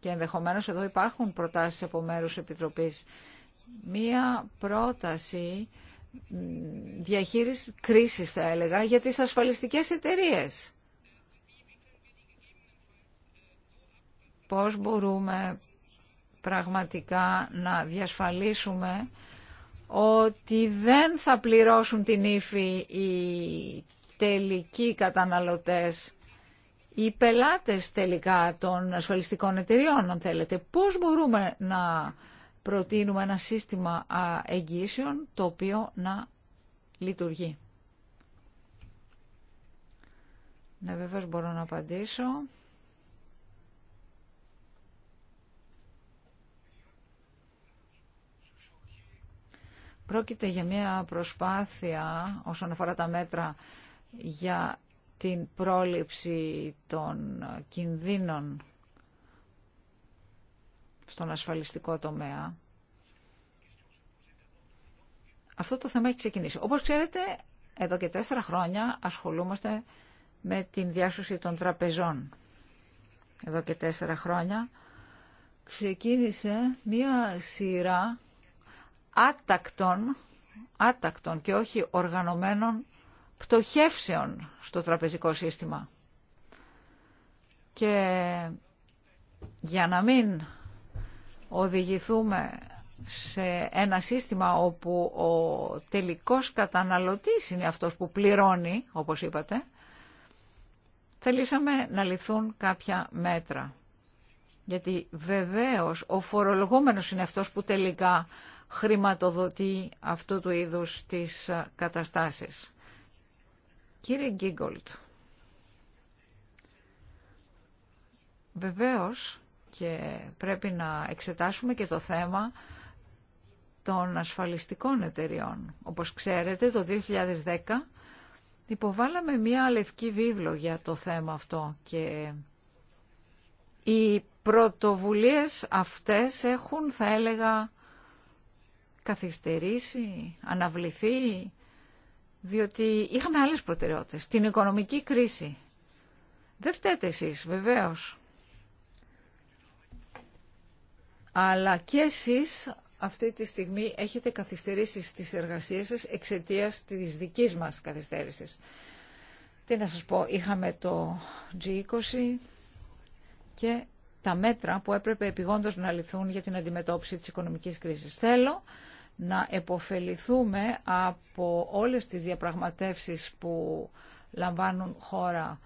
Και ενδεχομένως εδώ υπάρχουν προτάσεις από μέρους Επιτροπής. Μία πρόταση διαχείρισης κρίσης, θα έλεγα, για τις ασφαλιστικές εταιρείες. Πώς μπορούμε πραγματικά να διασφαλίσουμε ότι δεν θα πληρώσουν την ύφη οι τελικοί καταναλωτές, οι πελάτες τελικά των ασφαλιστικών εταιριών, αν θέλετε. Πώς μπορούμε να προτείνουμε ένα σύστημα εγγύσεων το οποίο να λειτουργεί. Ναι, βεβαίως μπορώ να απαντήσω. Πρόκειται για μια προσπάθεια όσον αφορά τα μέτρα για την πρόληψη των κινδύνων στον ασφαλιστικό τομέα. Αυτό το θέμα έχει ξεκινήσει. Όπως ξέρετε, εδώ και τέσσερα χρόνια ασχολούμαστε με την διάσωση των τραπεζών. Εδώ και τέσσερα χρόνια ξεκίνησε μία σειρά άτακτων, άτακτων και όχι οργανωμένων πτωχεύσεων στο τραπεζικό σύστημα. Και για να μην οδηγηθούμε σε ένα σύστημα όπου ο τελικός καταναλωτής είναι αυτός που πληρώνει, όπως είπατε, θελήσαμε να λυθούν κάποια μέτρα. Γιατί βεβαίως ο φορολογούμενος είναι αυτός που τελικά χρηματοδοτεί αυτού του είδους τις ε, καταστάσεις. Κύριε Γκίγκολτ, βεβαίως και πρέπει να εξετάσουμε και το θέμα των ασφαλιστικών εταιριών. Όπως ξέρετε, το 2010 υποβάλαμε μία λευκή βίβλο για το θέμα αυτό και οι πρωτοβουλίες αυτές έχουν, θα έλεγα, καθυστερήσει, αναβληθεί, διότι είχαμε άλλες προτεραιότητες. Την οικονομική κρίση. Δεν φταίτε εσείς, βεβαίως. Αλλά και εσείς αυτή τη στιγμή έχετε καθυστερήσει στις εργασίες σας εξαιτίας της δικής μας καθυστέρησης. Τι να σας πω, είχαμε το G20 και τα μέτρα που έπρεπε επιγόντως να λυθούν για την αντιμετώπιση της οικονομικής κρίσης. Θέλω να επωφεληθούμε από όλες τις διαπραγματεύσεις που λαμβάνουν χώρα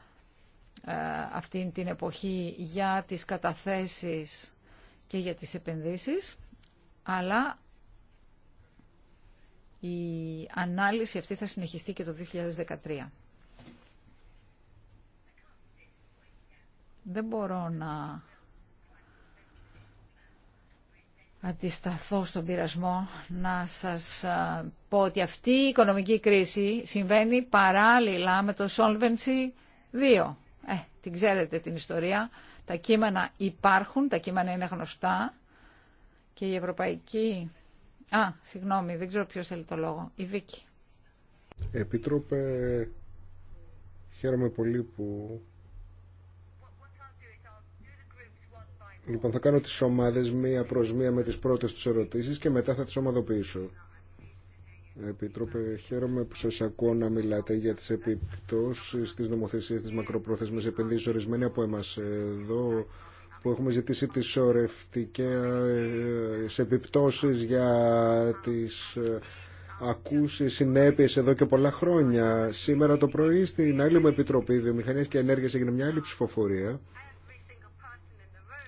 ε, αυτήν την εποχή για τις καταθέσεις και για τις επενδύσεις, αλλά η ανάλυση αυτή θα συνεχιστεί και το 2013. Δεν μπορώ να αντισταθώ στον πειρασμό να σας πω ότι αυτή η οικονομική κρίση συμβαίνει παράλληλα με το Solvency 2. Ε, την ξέρετε την ιστορία. Τα κείμενα υπάρχουν, τα κείμενα είναι γνωστά και η Ευρωπαϊκή... Α, συγγνώμη, δεν ξέρω ποιος θέλει το λόγο. Η Βίκη. Επίτροπε, χαίρομαι πολύ που Λοιπόν, θα κάνω τις ομάδες μία προς μία με τις πρώτες τους ερωτήσεις και μετά θα τις ομαδοποιήσω. Επίτροπε, χαίρομαι που σας ακούω να μιλάτε για τις επιπτώσεις της νομοθεσίας της μακροπρόθεσμης επενδύσεις ορισμένη από εμάς εδώ που έχουμε ζητήσει τις ωρευτικές επιπτώσεις για τις ακούσει συνέπειες εδώ και πολλά χρόνια. Σήμερα το πρωί στην άλλη μου επιτροπή βιομηχανίας και ενέργειας έγινε μια άλλη ψηφοφορία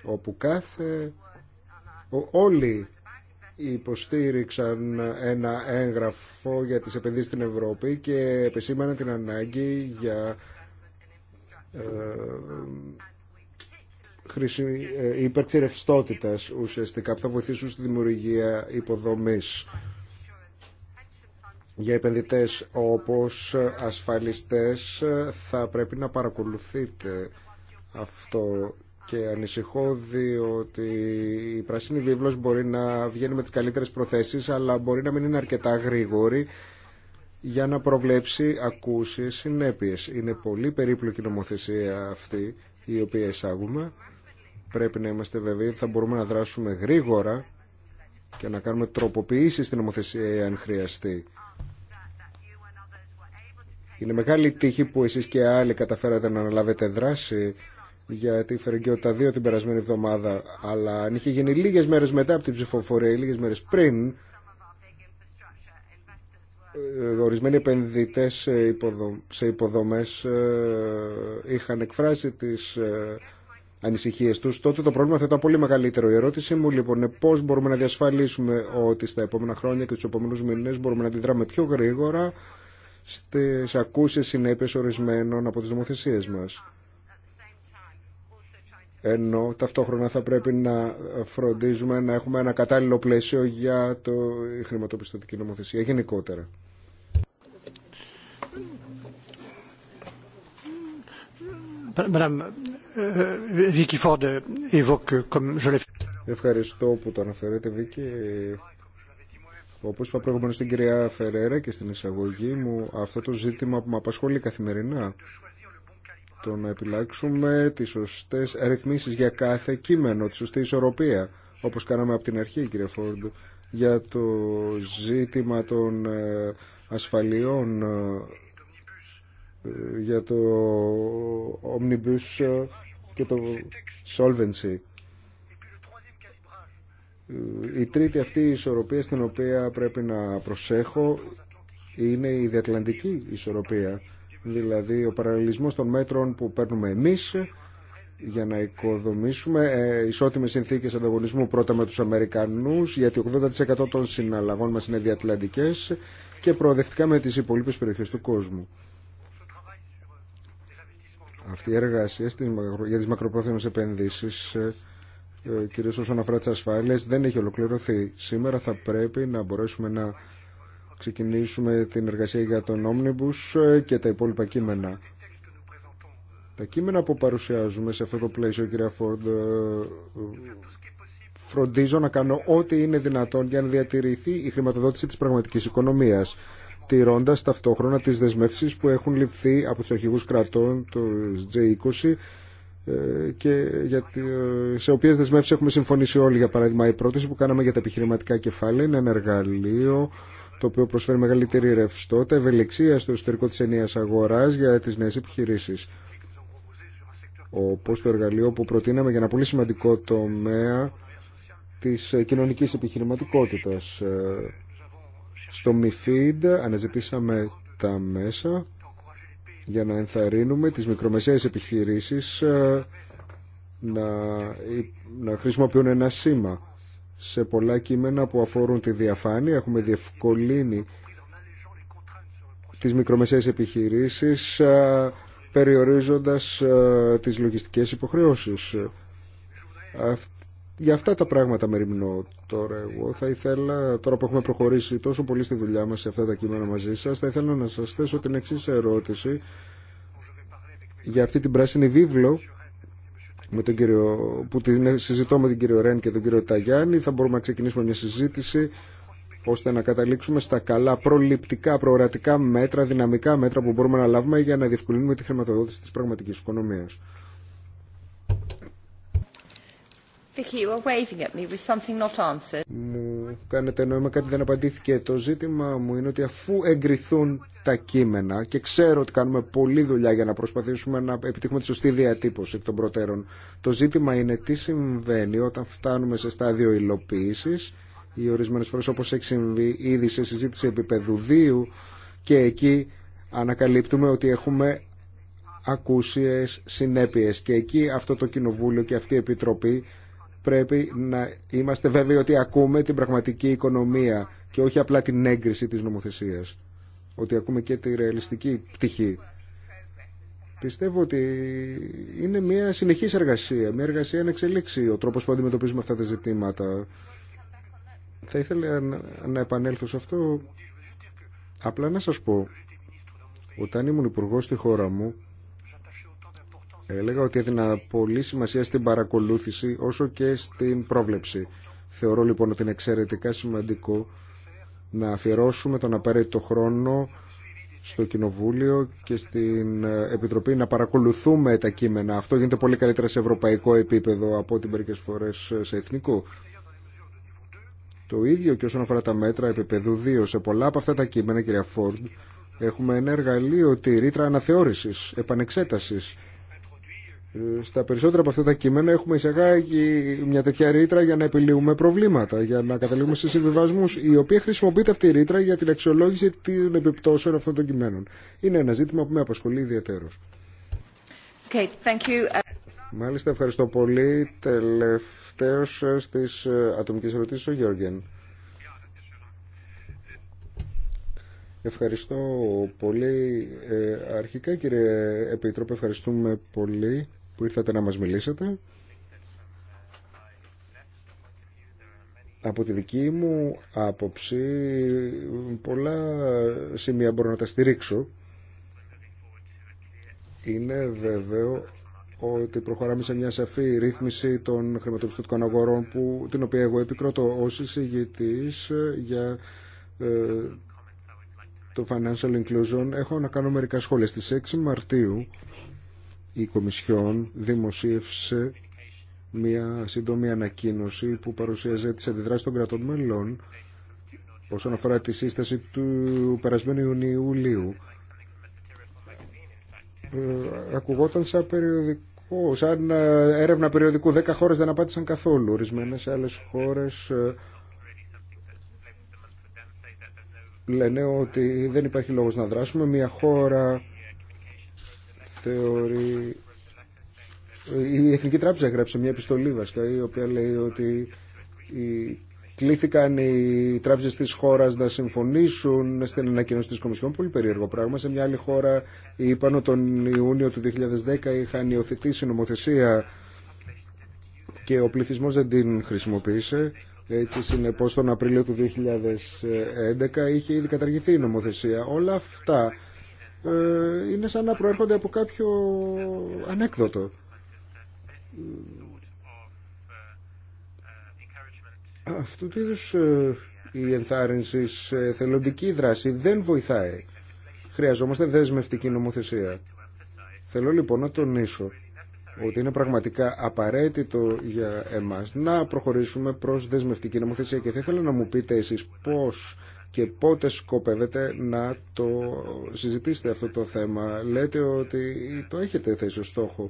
όπου κάθε όλοι υποστήριξαν ένα έγγραφο για τις επενδύσεις στην Ευρώπη και επισήμαναν την ανάγκη για ε, ε ουσιαστικά που θα βοηθήσουν στη δημιουργία υποδομής για επενδυτές όπως ασφαλιστές θα πρέπει να παρακολουθείτε αυτό και ανησυχώ διότι η πράσινη βίβλος μπορεί να βγαίνει με τις καλύτερες προθέσεις αλλά μπορεί να μην είναι αρκετά γρήγορη για να προβλέψει ακούσεις συνέπειες. Είναι πολύ περίπλοκη νομοθεσία αυτή η οποία εισάγουμε. Πρέπει να είμαστε βέβαιοι ότι θα μπορούμε να δράσουμε γρήγορα και να κάνουμε τροποποιήσεις στην νομοθεσία αν χρειαστεί. Είναι μεγάλη τύχη που εσείς και άλλοι καταφέρατε να αναλάβετε δράση για τη Φερεγγιότητα 2 την περασμένη εβδομάδα, αλλά αν είχε γίνει λίγες μέρες μετά από την ψηφοφορία ή λίγες μέρες πριν, ε, ορισμένοι επενδυτές σε υποδομές ε, είχαν εκφράσει τις ε, ανησυχίε του, τότε το πρόβλημα θα ήταν πολύ μεγαλύτερο. Η λιγες μερες πριν ορισμενοι επενδυτες σε υποδομες ειχαν εκφρασει τις ανησυχιες τους τοτε το προβλημα θα ηταν πολυ μεγαλυτερο η ερωτηση μου λοιπόν είναι πώ μπορούμε να διασφαλίσουμε ότι στα επόμενα χρόνια και τους επόμενου μήνε μπορούμε να αντιδράμε πιο γρήγορα στι ακούσεις συνέπειε ορισμένων από τι νομοθεσίε μα ενώ ταυτόχρονα θα πρέπει να φροντίζουμε να έχουμε ένα κατάλληλο πλαίσιο για το, χρηματοπιστωτική νομοθεσία γενικότερα. Euh, Ευχαριστώ που το αναφέρετε, Βίκυ. Όπως είπα προηγουμένως στην κυρία Φερέρα και στην εισαγωγή μου, αυτό το ζήτημα που με απασχολεί καθημερινά το να επιλέξουμε τις σωστές ρυθμίσεις για κάθε κείμενο, τη σωστή ισορροπία, όπως κάναμε από την αρχή, κύριε Φόρντ, για το ζήτημα των ε, ασφαλιών, ε, ε, για το Omnibus και το Solvency. Η τρίτη αυτή η ισορροπία στην οποία πρέπει να προσέχω είναι η διατλαντική ισορροπία δηλαδή ο παραλληλισμός των μέτρων που παίρνουμε εμείς για να οικοδομήσουμε ε, ισότιμες συνθήκες ανταγωνισμού πρώτα με τους Αμερικανούς γιατί 80% των συναλλαγών μας είναι διατλαντικές και προοδευτικά με τις υπολείπες περιοχές του κόσμου. Αυτή η εργασία για τις μακροπρόθεσμες επενδύσεις ε, ε, κυρίως όσον αφορά τις ασφάλειες δεν έχει ολοκληρωθεί. Σήμερα θα πρέπει να μπορέσουμε να ξεκινήσουμε την εργασία για τον Omnibus ε, και τα υπόλοιπα κείμενα. Τα κείμενα που παρουσιάζουμε σε αυτό το πλαίσιο, κύριε Φόρντ, ε, ε, φροντίζω να κάνω ό,τι είναι δυνατόν για να διατηρηθεί η χρηματοδότηση της πραγματικής οικονομίας, τηρώντας ταυτόχρονα τις δεσμεύσεις που έχουν ληφθεί από τους αρχηγούς κρατών, του G20, και για σε οποίες δεσμεύσεις έχουμε συμφωνήσει όλοι. Για παράδειγμα, η πρόταση που κάναμε για τα επιχειρηματικά κεφάλαια είναι ένα εργαλείο το οποίο προσφέρει μεγαλύτερη ρευστότητα, ευελιξία στο εσωτερικό της ενία αγοράς για τις νέες επιχειρήσεις. Όπως το εργαλείο που προτείναμε για ένα πολύ σημαντικό τομέα της ε, κοινωνικής επιχειρηματικότητας. Ε, στο MIFID αναζητήσαμε τα μέσα για να ενθαρρύνουμε τις μικρομεσαίες επιχειρήσεις ε, να, να χρησιμοποιούν ένα σήμα σε πολλά κείμενα που αφορούν τη διαφάνεια. Έχουμε διευκολύνει τις μικρομεσαίες επιχειρήσεις περιορίζοντας τις λογιστικές υποχρεώσεις. Για αυτά τα πράγματα με ρημνώ τώρα εγώ. Θα ήθελα, τώρα που έχουμε προχωρήσει τόσο πολύ στη δουλειά μας σε αυτά τα κείμενα μαζί σας, θα ήθελα να σας θέσω την εξής ερώτηση για αυτή την πράσινη βίβλο με τον κύριο, που την συζητώ με τον κύριο Ρέν και τον κύριο Ταγιάννη. Θα μπορούμε να ξεκινήσουμε μια συζήτηση ώστε να καταλήξουμε στα καλά προληπτικά, προορατικά μέτρα, δυναμικά μέτρα που μπορούμε να λάβουμε για να διευκολύνουμε τη χρηματοδότηση της πραγματικής οικονομίας. Μου κάνετε νόημα κάτι δεν απαντήθηκε. Το ζήτημα μου είναι ότι αφού εγκριθούν τα κείμενα και ξέρω ότι κάνουμε πολλή δουλειά για να προσπαθήσουμε να επιτύχουμε τη σωστή διατύπωση των προτέρων, το ζήτημα είναι τι συμβαίνει όταν φτάνουμε σε στάδιο υλοποίηση ή ορισμένε φορέ όπω έχει συμβεί ήδη σε συζήτηση επίπεδου 2 και εκεί ανακαλύπτουμε ότι έχουμε ακούσιες συνέπειες και εκεί αυτό το κοινοβούλιο και αυτή η επιτροπή πρέπει να είμαστε βέβαιοι ότι ακούμε την πραγματική οικονομία και όχι απλά την έγκριση της νομοθεσίας. Ότι ακούμε και τη ρεαλιστική πτυχή. Πιστεύω ότι είναι μια συνεχής εργασία, μια εργασία να εξελίξει ο τρόπος που αντιμετωπίζουμε αυτά τα ζητήματα. Θα ήθελα να επανέλθω σε αυτό. Απλά να σας πω, όταν ήμουν υπουργό στη χώρα μου, Έλεγα ότι έδινα πολύ σημασία στην παρακολούθηση όσο και στην πρόβλεψη. Θεωρώ λοιπόν ότι είναι εξαιρετικά σημαντικό να αφιερώσουμε τον απαραίτητο χρόνο στο Κοινοβούλιο και στην ε, Επιτροπή να παρακολουθούμε τα κείμενα. Αυτό γίνεται πολύ καλύτερα σε ευρωπαϊκό επίπεδο από ό,τι μερικέ φορέ σε εθνικό. Το ίδιο και όσον αφορά τα μέτρα επίπεδου 2. Σε πολλά από αυτά τα κείμενα, κυρία Φόρντ, έχουμε ένα εργαλείο τη ρήτρα αναθεώρηση, επανεξέταση ε, στα περισσότερα από αυτά τα κείμενα έχουμε εισαγάγει μια τέτοια ρήτρα για να επιλύουμε προβλήματα, για να καταλήγουμε σε συμβιβασμού, η οποία χρησιμοποιείται αυτή η ρήτρα για την αξιολόγηση των επιπτώσεων αυτών των κειμένων. Είναι ένα ζήτημα που με απασχολεί ιδιαίτερω. Okay, thank you. Μάλιστα, ευχαριστώ πολύ. Τελευταίο στι ε, ατομικέ ερωτήσει, ο Γιώργεν. Ευχαριστώ πολύ. Ε, αρχικά, κύριε Επίτροπε, ευχαριστούμε πολύ που ήρθατε να μας μιλήσετε. Από τη δική μου άποψη πολλά σημεία μπορώ να τα στηρίξω. Είναι βέβαιο ότι προχωράμε σε μια σαφή ρύθμιση των χρηματοπιστωτικών αγορών που, την οποία εγώ επικροτώ ως εισηγητής για ε, το Financial Inclusion. Έχω να κάνω μερικά σχόλια. Στις 6 Μαρτίου η Κομισιόν δημοσίευσε μια σύντομη ανακοίνωση που παρουσίαζε τις αντιδράσεις των κρατών μελών όσον αφορά τη σύσταση του περασμένου Ιουνίου. Ε, ακουγόταν σαν περιοδικό, σαν ε, έρευνα περιοδικού. Δέκα χώρες δεν απάντησαν καθόλου. Ορισμένες άλλες χώρες ε, λένε ότι δεν υπάρχει λόγος να δράσουμε. Μια χώρα θεωρεί η Εθνική Τράπεζα έγραψε μια επιστολή βασικά η οποία λέει ότι οι... κλήθηκαν οι τράπεζες της χώρας να συμφωνήσουν στην ανακοίνωση της Κομισιόν, πολύ περίεργο πράγμα. Σε μια άλλη χώρα είπαν ότι τον Ιούνιο του 2010 είχαν υιοθετήσει νομοθεσία και ο πληθυσμός δεν την χρησιμοποίησε. Έτσι, συνεπώς, τον Απρίλιο του 2011 είχε ήδη καταργηθεί η νομοθεσία. Όλα αυτά ε, είναι σαν να προέρχονται από κάποιο ανέκδοτο. Αυτού του είδους ε, η ενθάρρυνση σε θελοντική δράση δεν βοηθάει. Χρειαζόμαστε δεσμευτική νομοθεσία. Θέλω λοιπόν να τονίσω ότι είναι πραγματικά απαραίτητο για εμάς να προχωρήσουμε προς δεσμευτική νομοθεσία και θα ήθελα να μου πείτε εσείς πώς και πότε σκοπεύετε να το συζητήσετε αυτό το θέμα. Λέτε ότι το έχετε θέσει ως στόχο.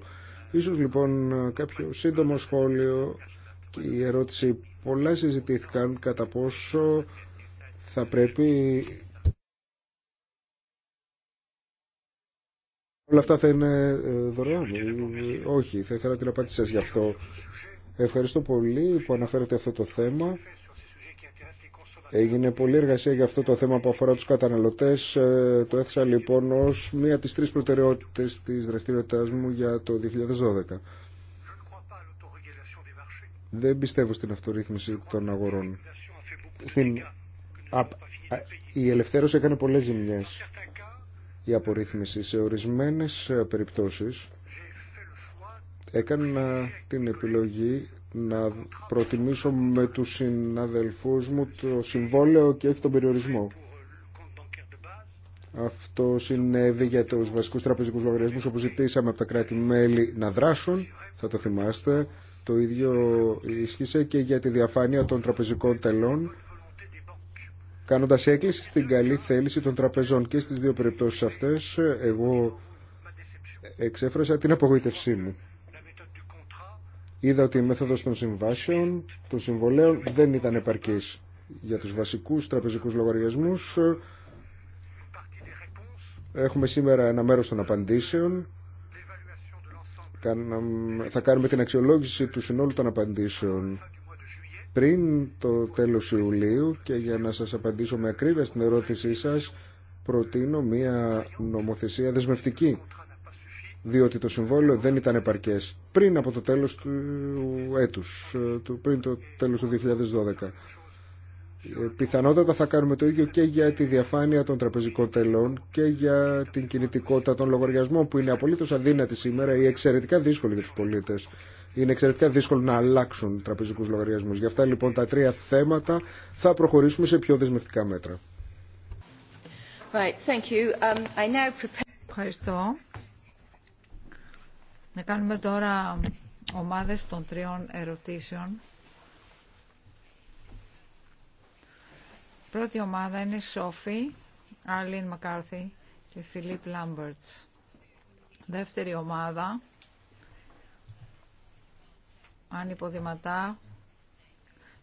Ίσως λοιπόν κάποιο σύντομο σχόλιο και η ερώτηση πολλά συζητήθηκαν κατά πόσο θα πρέπει Όλα αυτά θα είναι ε, δωρεάν. Όχι, θα ήθελα την απάντησή σας γι' αυτό. Ευχαριστώ πολύ που αναφέρετε αυτό το θέμα. Έγινε πολλή εργασία για αυτό το θέμα που αφορά τους καταναλωτές. Ε, το έθεσα λοιπόν ως μία τις τρεις προτεραιότητες της δραστηριότητάς μου για το 2012. Δεν πιστεύω στην αυτορύθμιση των αγορών. Στην... η ελευθέρωση έκανε πολλές ζημιές. Η απορρίθμιση σε ορισμένες ε, περιπτώσεις έκανα την επιλογή να προτιμήσω με τους συναδελφούς μου το συμβόλαιο και όχι τον περιορισμό. Αυτό συνέβη για του βασικού τραπεζικού λογαριασμού όπου ζητήσαμε από τα κράτη-μέλη να δράσουν. Θα το θυμάστε. Το ίδιο ίσχυσε και για τη διαφάνεια των τραπεζικών τελών, κάνοντα έκκληση στην καλή θέληση των τραπεζών. Και στι δύο περιπτώσει αυτέ, εγώ εξέφρασα την απογοήτευσή μου είδα ότι η μέθοδος των συμβάσεων, των συμβολέων δεν ήταν επαρκής για τους βασικούς τραπεζικούς λογαριασμούς. Έχουμε σήμερα ένα μέρος των απαντήσεων. Θα κάνουμε την αξιολόγηση του συνόλου των απαντήσεων πριν το τέλος Ιουλίου και για να σας απαντήσω με ακρίβεια στην ερώτησή σας προτείνω μια νομοθεσία δεσμευτική διότι το συμβόλαιο δεν ήταν επαρκές πριν από το τέλος του έτους, ε, πριν το τέλος του 2012. Ε, πιθανότατα θα κάνουμε το ίδιο και για τη διαφάνεια των τραπεζικών τελών και για την κινητικότητα των λογαριασμών που είναι απολύτως αδύνατη σήμερα ή εξαιρετικά δύσκολη για τους πολίτες. Είναι εξαιρετικά δύσκολο να αλλάξουν τραπεζικούς λογαριασμού. Γι' αυτά λοιπόν τα τρία θέματα θα προχωρήσουμε σε πιο δεσμευτικά μέτρα. Right, thank you. Um, I Ευχαριστώ. Να κάνουμε τώρα ομάδες των τριών ερωτήσεων. Πρώτη ομάδα είναι Σόφι, Άρλιν Μακάρθι και Φιλίπ Λάμπερτς. Δεύτερη ομάδα, Άννη Ποδηματά,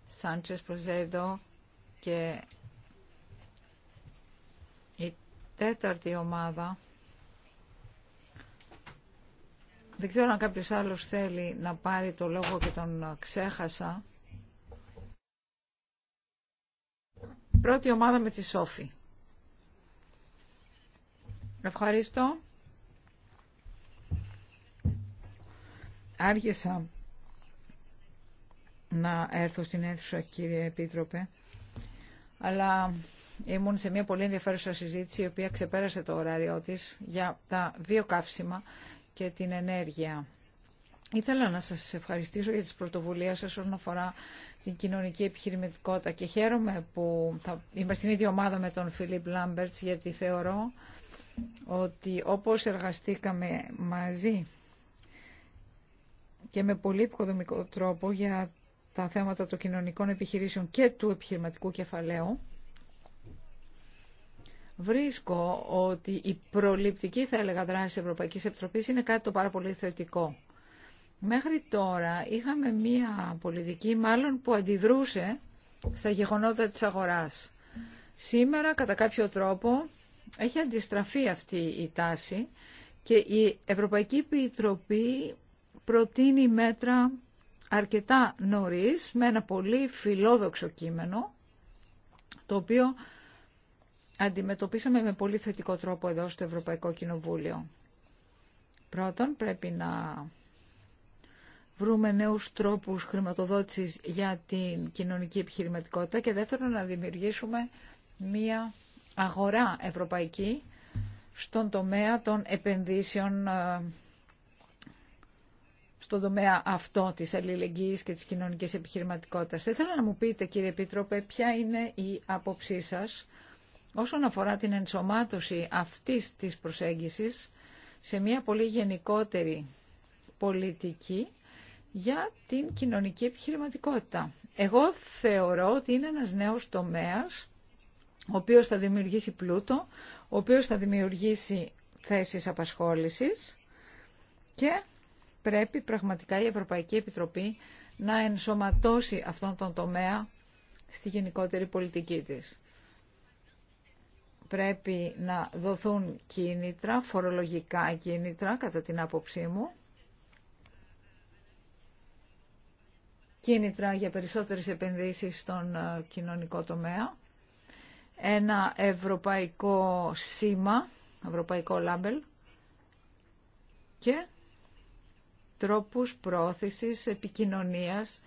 Σάντσες Προζέντο και η τέταρτη ομάδα Δεν ξέρω αν κάποιος άλλος θέλει να πάρει το λόγο και τον ξέχασα. Πρώτη ομάδα με τη Σόφη. Ευχαριστώ. Άργησα να έρθω στην αίθουσα, κύριε Επίτροπε, αλλά ήμουν σε μια πολύ ενδιαφέρουσα συζήτηση, η οποία ξεπέρασε το ωράριό της, για τα βιοκαύσιμα και την ενέργεια. Ήθελα να σας ευχαριστήσω για τις πρωτοβουλίες σας όσον αφορά την κοινωνική επιχειρηματικότητα και χαίρομαι που θα... είμαι στην ίδια ομάδα με τον Φιλίπ Λάμπερτς γιατί θεωρώ ότι όπως εργαστήκαμε μαζί και με πολύ υποδομικό τρόπο για τα θέματα των κοινωνικών επιχειρήσεων και του επιχειρηματικού κεφαλαίου βρίσκω ότι η προληπτική, θα έλεγα, δράση της Ευρωπαϊκής Επιτροπής είναι κάτι το πάρα πολύ θετικό. Μέχρι τώρα είχαμε μία πολιτική μάλλον που αντιδρούσε στα γεγονότα της αγοράς. Σήμερα, κατά κάποιο τρόπο, έχει αντιστραφεί αυτή η τάση και η Ευρωπαϊκή Επιτροπή προτείνει μέτρα αρκετά νωρίς, με ένα πολύ φιλόδοξο κείμενο, το οποίο αντιμετωπίσαμε με πολύ θετικό τρόπο εδώ στο Ευρωπαϊκό Κοινοβούλιο. Πρώτον, πρέπει να βρούμε νέους τρόπους χρηματοδότησης για την κοινωνική επιχειρηματικότητα και δεύτερον να δημιουργήσουμε μία αγορά ευρωπαϊκή στον τομέα των επενδύσεων ε, στον τομέα αυτό της αλληλεγγύης και της κοινωνικής επιχειρηματικότητας. Θα ήθελα να μου πείτε, κύριε Επίτροπε, ποια είναι η άποψή σας Όσον αφορά την ενσωμάτωση αυτής της προσέγγισης σε μια πολύ γενικότερη πολιτική για την κοινωνική επιχειρηματικότητα. Εγώ θεωρώ ότι είναι ένας νέος τομέας ο οποίος θα δημιουργήσει πλούτο, ο οποίος θα δημιουργήσει θέσεις απασχόλησης και πρέπει πραγματικά η Ευρωπαϊκή Επιτροπή να ενσωματώσει αυτόν τον τομέα στη γενικότερη πολιτική της πρέπει να δοθούν κίνητρα, φορολογικά κίνητρα κατά την άποψή μου, κίνητρα για περισσότερες επενδύσεις στον ε, κοινωνικό τομέα, ένα ευρωπαϊκό σήμα, ευρωπαϊκό λάμπελ και τρόπους πρόθεσης επικοινωνίας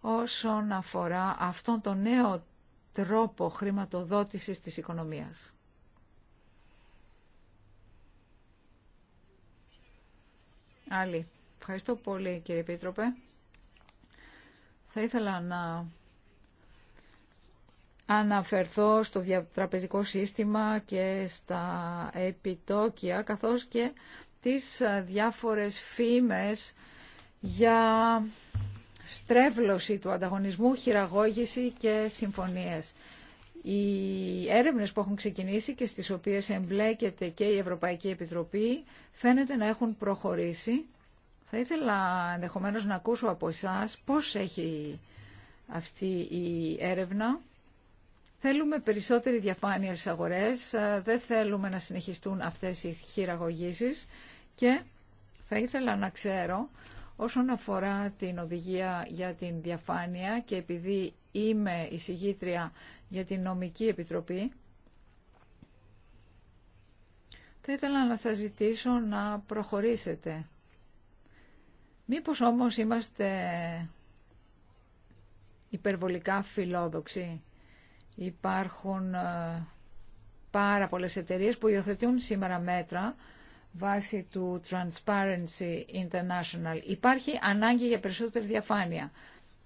όσον αφορά αυτόν τον νέο τρόπο χρηματοδότησης της οικονομίας. Άλλη. Ευχαριστώ πολύ κύριε Επίτροπε. Θα ήθελα να αναφερθώ στο διατραπεζικό σύστημα και στα επιτόκια καθώς και τις διάφορες φήμες για στρέβλωση του ανταγωνισμού, χειραγώγηση και συμφωνίες. Οι έρευνες που έχουν ξεκινήσει και στις οποίες εμπλέκεται και η Ευρωπαϊκή Επιτροπή φαίνεται να έχουν προχωρήσει. Θα ήθελα ενδεχομένως να ακούσω από εσάς πώς έχει αυτή η έρευνα. Θέλουμε περισσότερη διαφάνεια στις αγορές, δεν θέλουμε να συνεχιστούν αυτές οι χειραγωγήσεις και θα ήθελα να ξέρω όσον αφορά την οδηγία για την διαφάνεια και επειδή είμαι εισηγήτρια για την νομική επιτροπή, θα ήθελα να σας ζητήσω να προχωρήσετε. Μήπως όμως είμαστε υπερβολικά φιλόδοξοι. Υπάρχουν ε, πάρα πολλές εταιρείες που υιοθετούν σήμερα μέτρα βάσει του Transparency International. Υπάρχει ανάγκη για περισσότερη διαφάνεια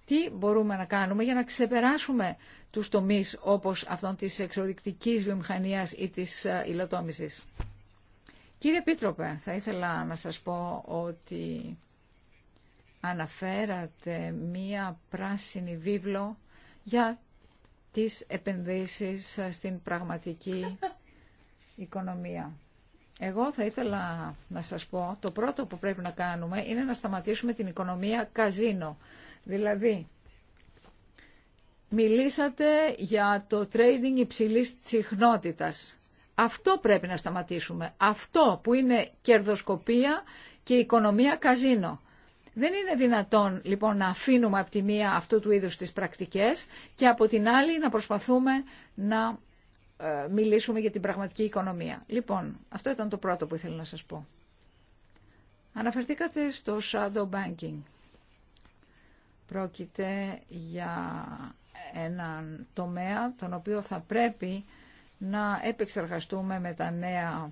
τι μπορούμε να κάνουμε για να ξεπεράσουμε τους τομείς όπως αυτών της εξορρυκτικής βιομηχανίας ή της ε, υλοτόμησης. Κύριε Πίτροπε, θα ήθελα να σας πω ότι αναφέρατε μία πράσινη βίβλο για τις επενδύσεις στην πραγματική οικονομία. Εγώ θα ήθελα να σας πω, το πρώτο που πρέπει να κάνουμε είναι να σταματήσουμε την οικονομία καζίνο. Δηλαδή, μιλήσατε για το trading υψηλής συχνότητας. Αυτό πρέπει να σταματήσουμε. Αυτό που είναι κερδοσκοπία και οικονομία καζίνο. Δεν είναι δυνατόν λοιπόν να αφήνουμε από τη μία αυτού του είδους τις πρακτικές και από την άλλη να προσπαθούμε να ε, μιλήσουμε για την πραγματική οικονομία. Λοιπόν, αυτό ήταν το πρώτο που ήθελα να σας πω. Αναφερθήκατε στο shadow banking. Πρόκειται για έναν τομέα τον οποίο θα πρέπει να επεξεργαστούμε με τα νέα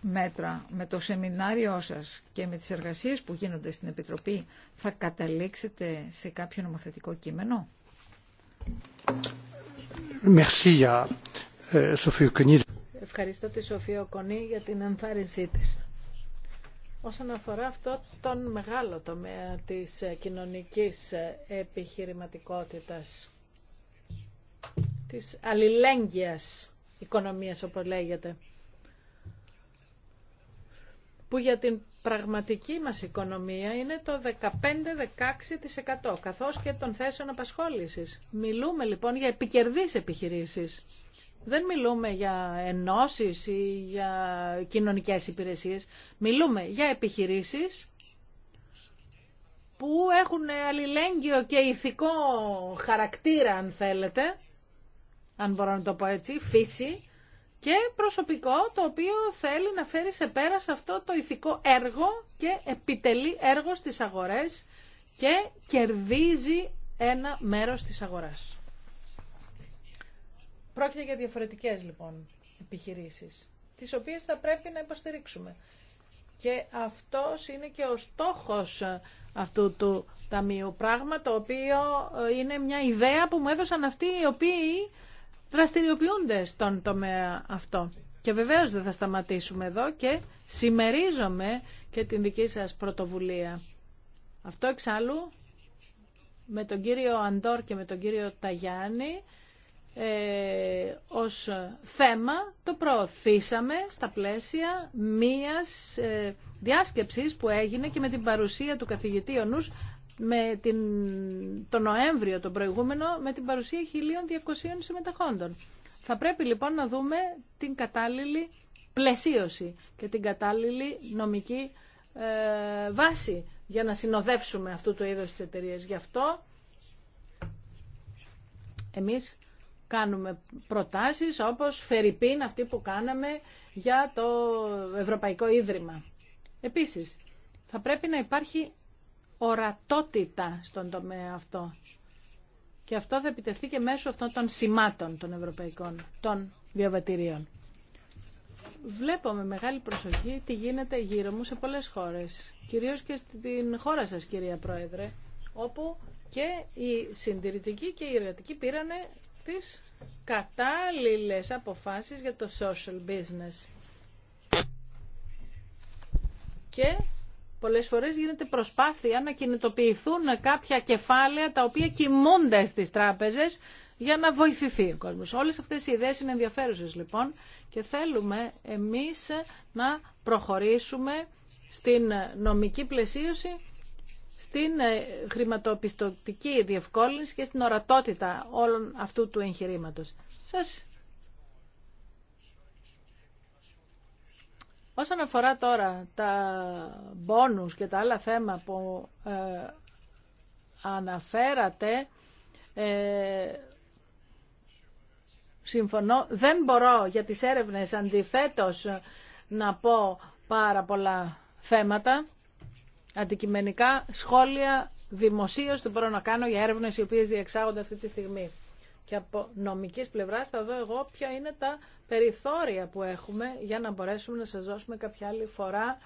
μέτρα, με το σεμινάριό σας και με τις εργασίες που γίνονται στην Επιτροπή θα καταλήξετε σε κάποιο νομοθετικό κείμενο. Euh, Ευχαριστώ τη Σοφία Κονή για την ενθάρρυνσή της όσον αφορά αυτό τον μεγάλο τομέα της κοινωνικής επιχειρηματικότητας, της αλληλέγγυας οικονομίας όπως λέγεται, που για την πραγματική μας οικονομία είναι το 15-16% καθώς και των θέσεων απασχόλησης. Μιλούμε λοιπόν για επικερδείς επιχειρήσεις δεν μιλούμε για ενώσεις ή για κοινωνικές υπηρεσίες. Μιλούμε για επιχειρήσεις που έχουν αλληλέγγυο και ηθικό χαρακτήρα, αν θέλετε, αν μπορώ να το πω έτσι, φύση, και προσωπικό το οποίο θέλει να φέρει σε πέρα αυτό το ηθικό έργο και επιτελεί έργο στις αγορές και κερδίζει ένα μέρος της αγοράς. Πρόκειται για διαφορετικές λοιπόν επιχειρήσεις, τις οποίες θα πρέπει να υποστηρίξουμε. Και αυτό είναι και ο στόχος αυτού του ταμείου. Πράγμα το οποίο ε, είναι μια ιδέα που μου έδωσαν αυτοί οι οποίοι δραστηριοποιούνται στον τομέα αυτό. Και βεβαίω δεν θα σταματήσουμε εδώ και συμμερίζομαι και την δική σα πρωτοβουλία. Αυτό εξάλλου με τον κύριο Αντόρ και με τον κύριο Ταγιάννη ε, ως θέμα το προωθήσαμε στα πλαίσια μίας ε, διάσκεψης που έγινε και με την παρουσία του καθηγητή Ονούς με την, το Νοέμβριο τον προηγούμενο με την παρουσία 1.200 συμμεταχόντων. Θα πρέπει λοιπόν να δούμε την κατάλληλη πλαισίωση και την κατάλληλη νομική ε, βάση για να συνοδεύσουμε αυτού το είδους τις εταιρείε. Γι' αυτό εμείς κάνουμε προτάσεις όπως φερρυπίν αυτή που κάναμε για το Ευρωπαϊκό Ίδρυμα. Επίσης, θα πρέπει να υπάρχει ορατότητα στον τομέα αυτό. Και αυτό θα επιτευχθεί και μέσω αυτών των σημάτων των ευρωπαϊκών, των διαβατηρίων. Βλέπω με μεγάλη προσοχή τι γίνεται γύρω μου σε πολλές χώρες, κυρίως και στην χώρα σας κυρία Πρόεδρε, όπου και οι συντηρητικοί και οι εργατικοί πήρανε τις κατάλληλες αποφάσεις για το social business. Και πολλές φορές γίνεται προσπάθεια να κινητοποιηθούν κάποια κεφάλαια τα οποία κοιμούνται στις τράπεζες για να βοηθηθεί ο κόσμος. Όλες αυτές οι ιδέες είναι ενδιαφέρουσες λοιπόν και θέλουμε εμείς να προχωρήσουμε στην νομική πλαισίωση στην ε, χρηματοπιστωτική διευκόλυνση και στην ορατότητα όλων αυτού του εγχειρήματος. Σας... Όσον αφορά τώρα τα μπόνους και τα άλλα θέματα που ε, αναφέρατε, ε, συμφωνώ, δεν μπορώ για τις έρευνες αντιθέτως να πω πάρα πολλά θέματα αντικειμενικά σχόλια δημοσίω που μπορώ να κάνω για έρευνε οι οποίες διεξάγονται αυτή τη στιγμή. Και από νομικής πλευράς θα δω εγώ ποια είναι τα περιθώρια που έχουμε για να μπορέσουμε να σα δώσουμε κάποια άλλη φορά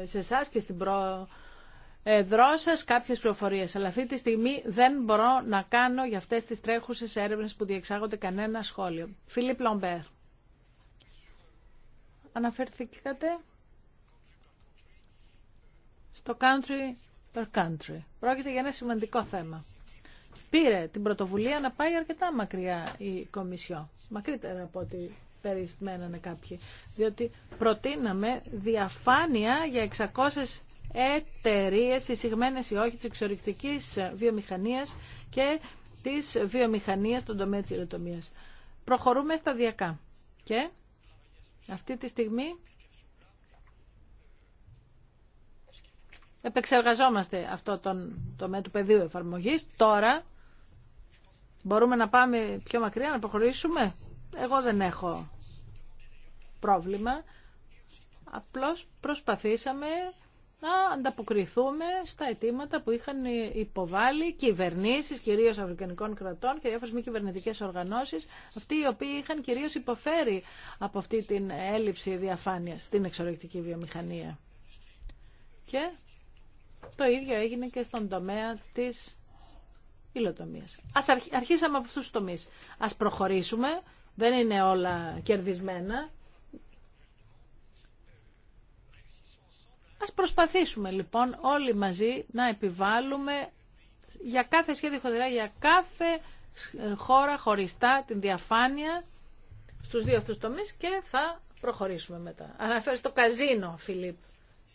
ε, σε εσά και στην προεδρό σα κάποιε πληροφορίε, αλλά αυτή τη στιγμή δεν μπορώ να κάνω για αυτέ τι τρέχουσε έρευνε που διεξάγονται κανένα σχόλιο. Φιλίπ Λομπέρ. Αναφέρθηκατε στο country per country. Πρόκειται για ένα σημαντικό θέμα. Πήρε την πρωτοβουλία να πάει αρκετά μακριά η Κομισιό. Μακρύτερα από ό,τι περισμένανε κάποιοι. Διότι προτείναμε διαφάνεια για 600 εταιρείε εισηγμένε ή όχι τη εξορρυκτική βιομηχανία και τη βιομηχανία στον τομέα τη ηρετομία. Προχωρούμε σταδιακά. Και αυτή τη στιγμή επεξεργαζόμαστε αυτό τον τομέα του πεδίου εφαρμογής. Τώρα μπορούμε να πάμε πιο μακριά, να προχωρήσουμε. Εγώ δεν έχω πρόβλημα. Απλώς προσπαθήσαμε να ανταποκριθούμε στα αιτήματα που είχαν υποβάλει κυβερνήσεις, κυρίως αφρικανικών κρατών και διάφορες μη κυβερνητικέ οργανώσεις, αυτοί οι οποίοι είχαν κυρίως υποφέρει από αυτή την έλλειψη διαφάνειας στην εξορρεκτική βιομηχανία. Και το ίδιο έγινε και στον τομέα της υλοτομίας. Ας αρχίσαμε από αυτούς τους τομείς. Ας προχωρήσουμε. Δεν είναι όλα κερδισμένα. Ας προσπαθήσουμε λοιπόν όλοι μαζί να επιβάλλουμε για κάθε σχέδιο χωριά, για κάθε χώρα χωριστά την διαφάνεια στους δύο αυτούς τομείς και θα προχωρήσουμε μετά. Αναφέρεις το καζίνο, Φιλίπ.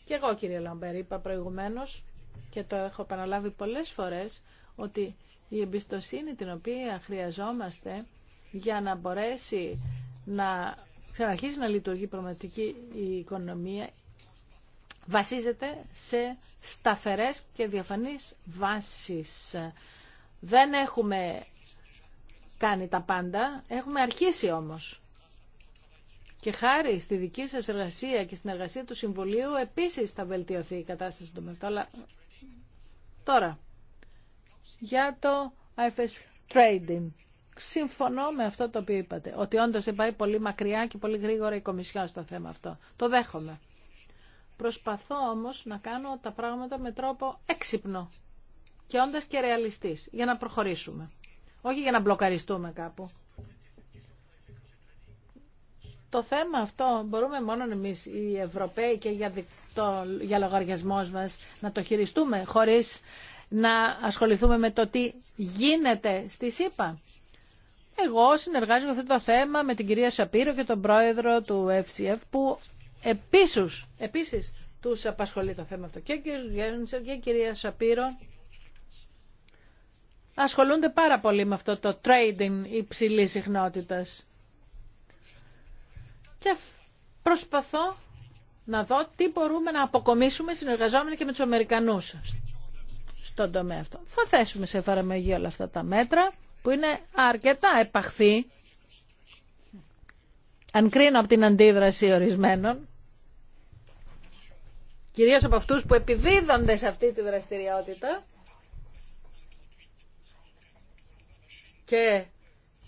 Και εγώ, κύριε Λαμπερ, είπα προηγουμένως και το έχω επαναλάβει πολλές φορές ότι η εμπιστοσύνη την οποία χρειαζόμαστε για να μπορέσει να ξαναρχίσει να λειτουργεί πραγματική η οικονομία βασίζεται σε σταθερές και διαφανείς βάσεις. Δεν έχουμε κάνει τα πάντα, έχουμε αρχίσει όμως. Και χάρη στη δική σας εργασία και στην εργασία του Συμβουλίου, επίσης θα βελτιωθεί η κατάσταση του μεθόλου Τώρα, για το IFS Trading. Συμφωνώ με αυτό το οποίο είπατε, ότι όντως δεν πάει πολύ μακριά και πολύ γρήγορα η Κομισιόν στο θέμα αυτό. Το δέχομαι. Προσπαθώ όμως να κάνω τα πράγματα με τρόπο έξυπνο και όντας και ρεαλιστής, για να προχωρήσουμε. Όχι για να μπλοκαριστούμε κάπου. Το θέμα αυτό μπορούμε μόνο εμείς οι Ευρωπαίοι και για το, για λογαριασμό μας να το χειριστούμε χωρίς να ασχοληθούμε με το τι γίνεται στη ΣΥΠΑ. Εγώ συνεργάζομαι αυτό το θέμα με την κυρία Σαπύρο και τον πρόεδρο του FCF που επίσης, επίσης τους απασχολεί το θέμα αυτό. Και ο κύριος και η κυρία Σαπύρο ασχολούνται πάρα πολύ με αυτό το trading υψηλής συχνότητας. Και προσπαθώ να δω τι μπορούμε να αποκομίσουμε συνεργαζόμενοι και με τους Αμερικανούς στον τομέα αυτό. Θα θέσουμε σε εφαρμογή όλα αυτά τα μέτρα που είναι αρκετά επαχθή αν κρίνω από την αντίδραση ορισμένων κυρίως από αυτούς που επιδίδονται σε αυτή τη δραστηριότητα και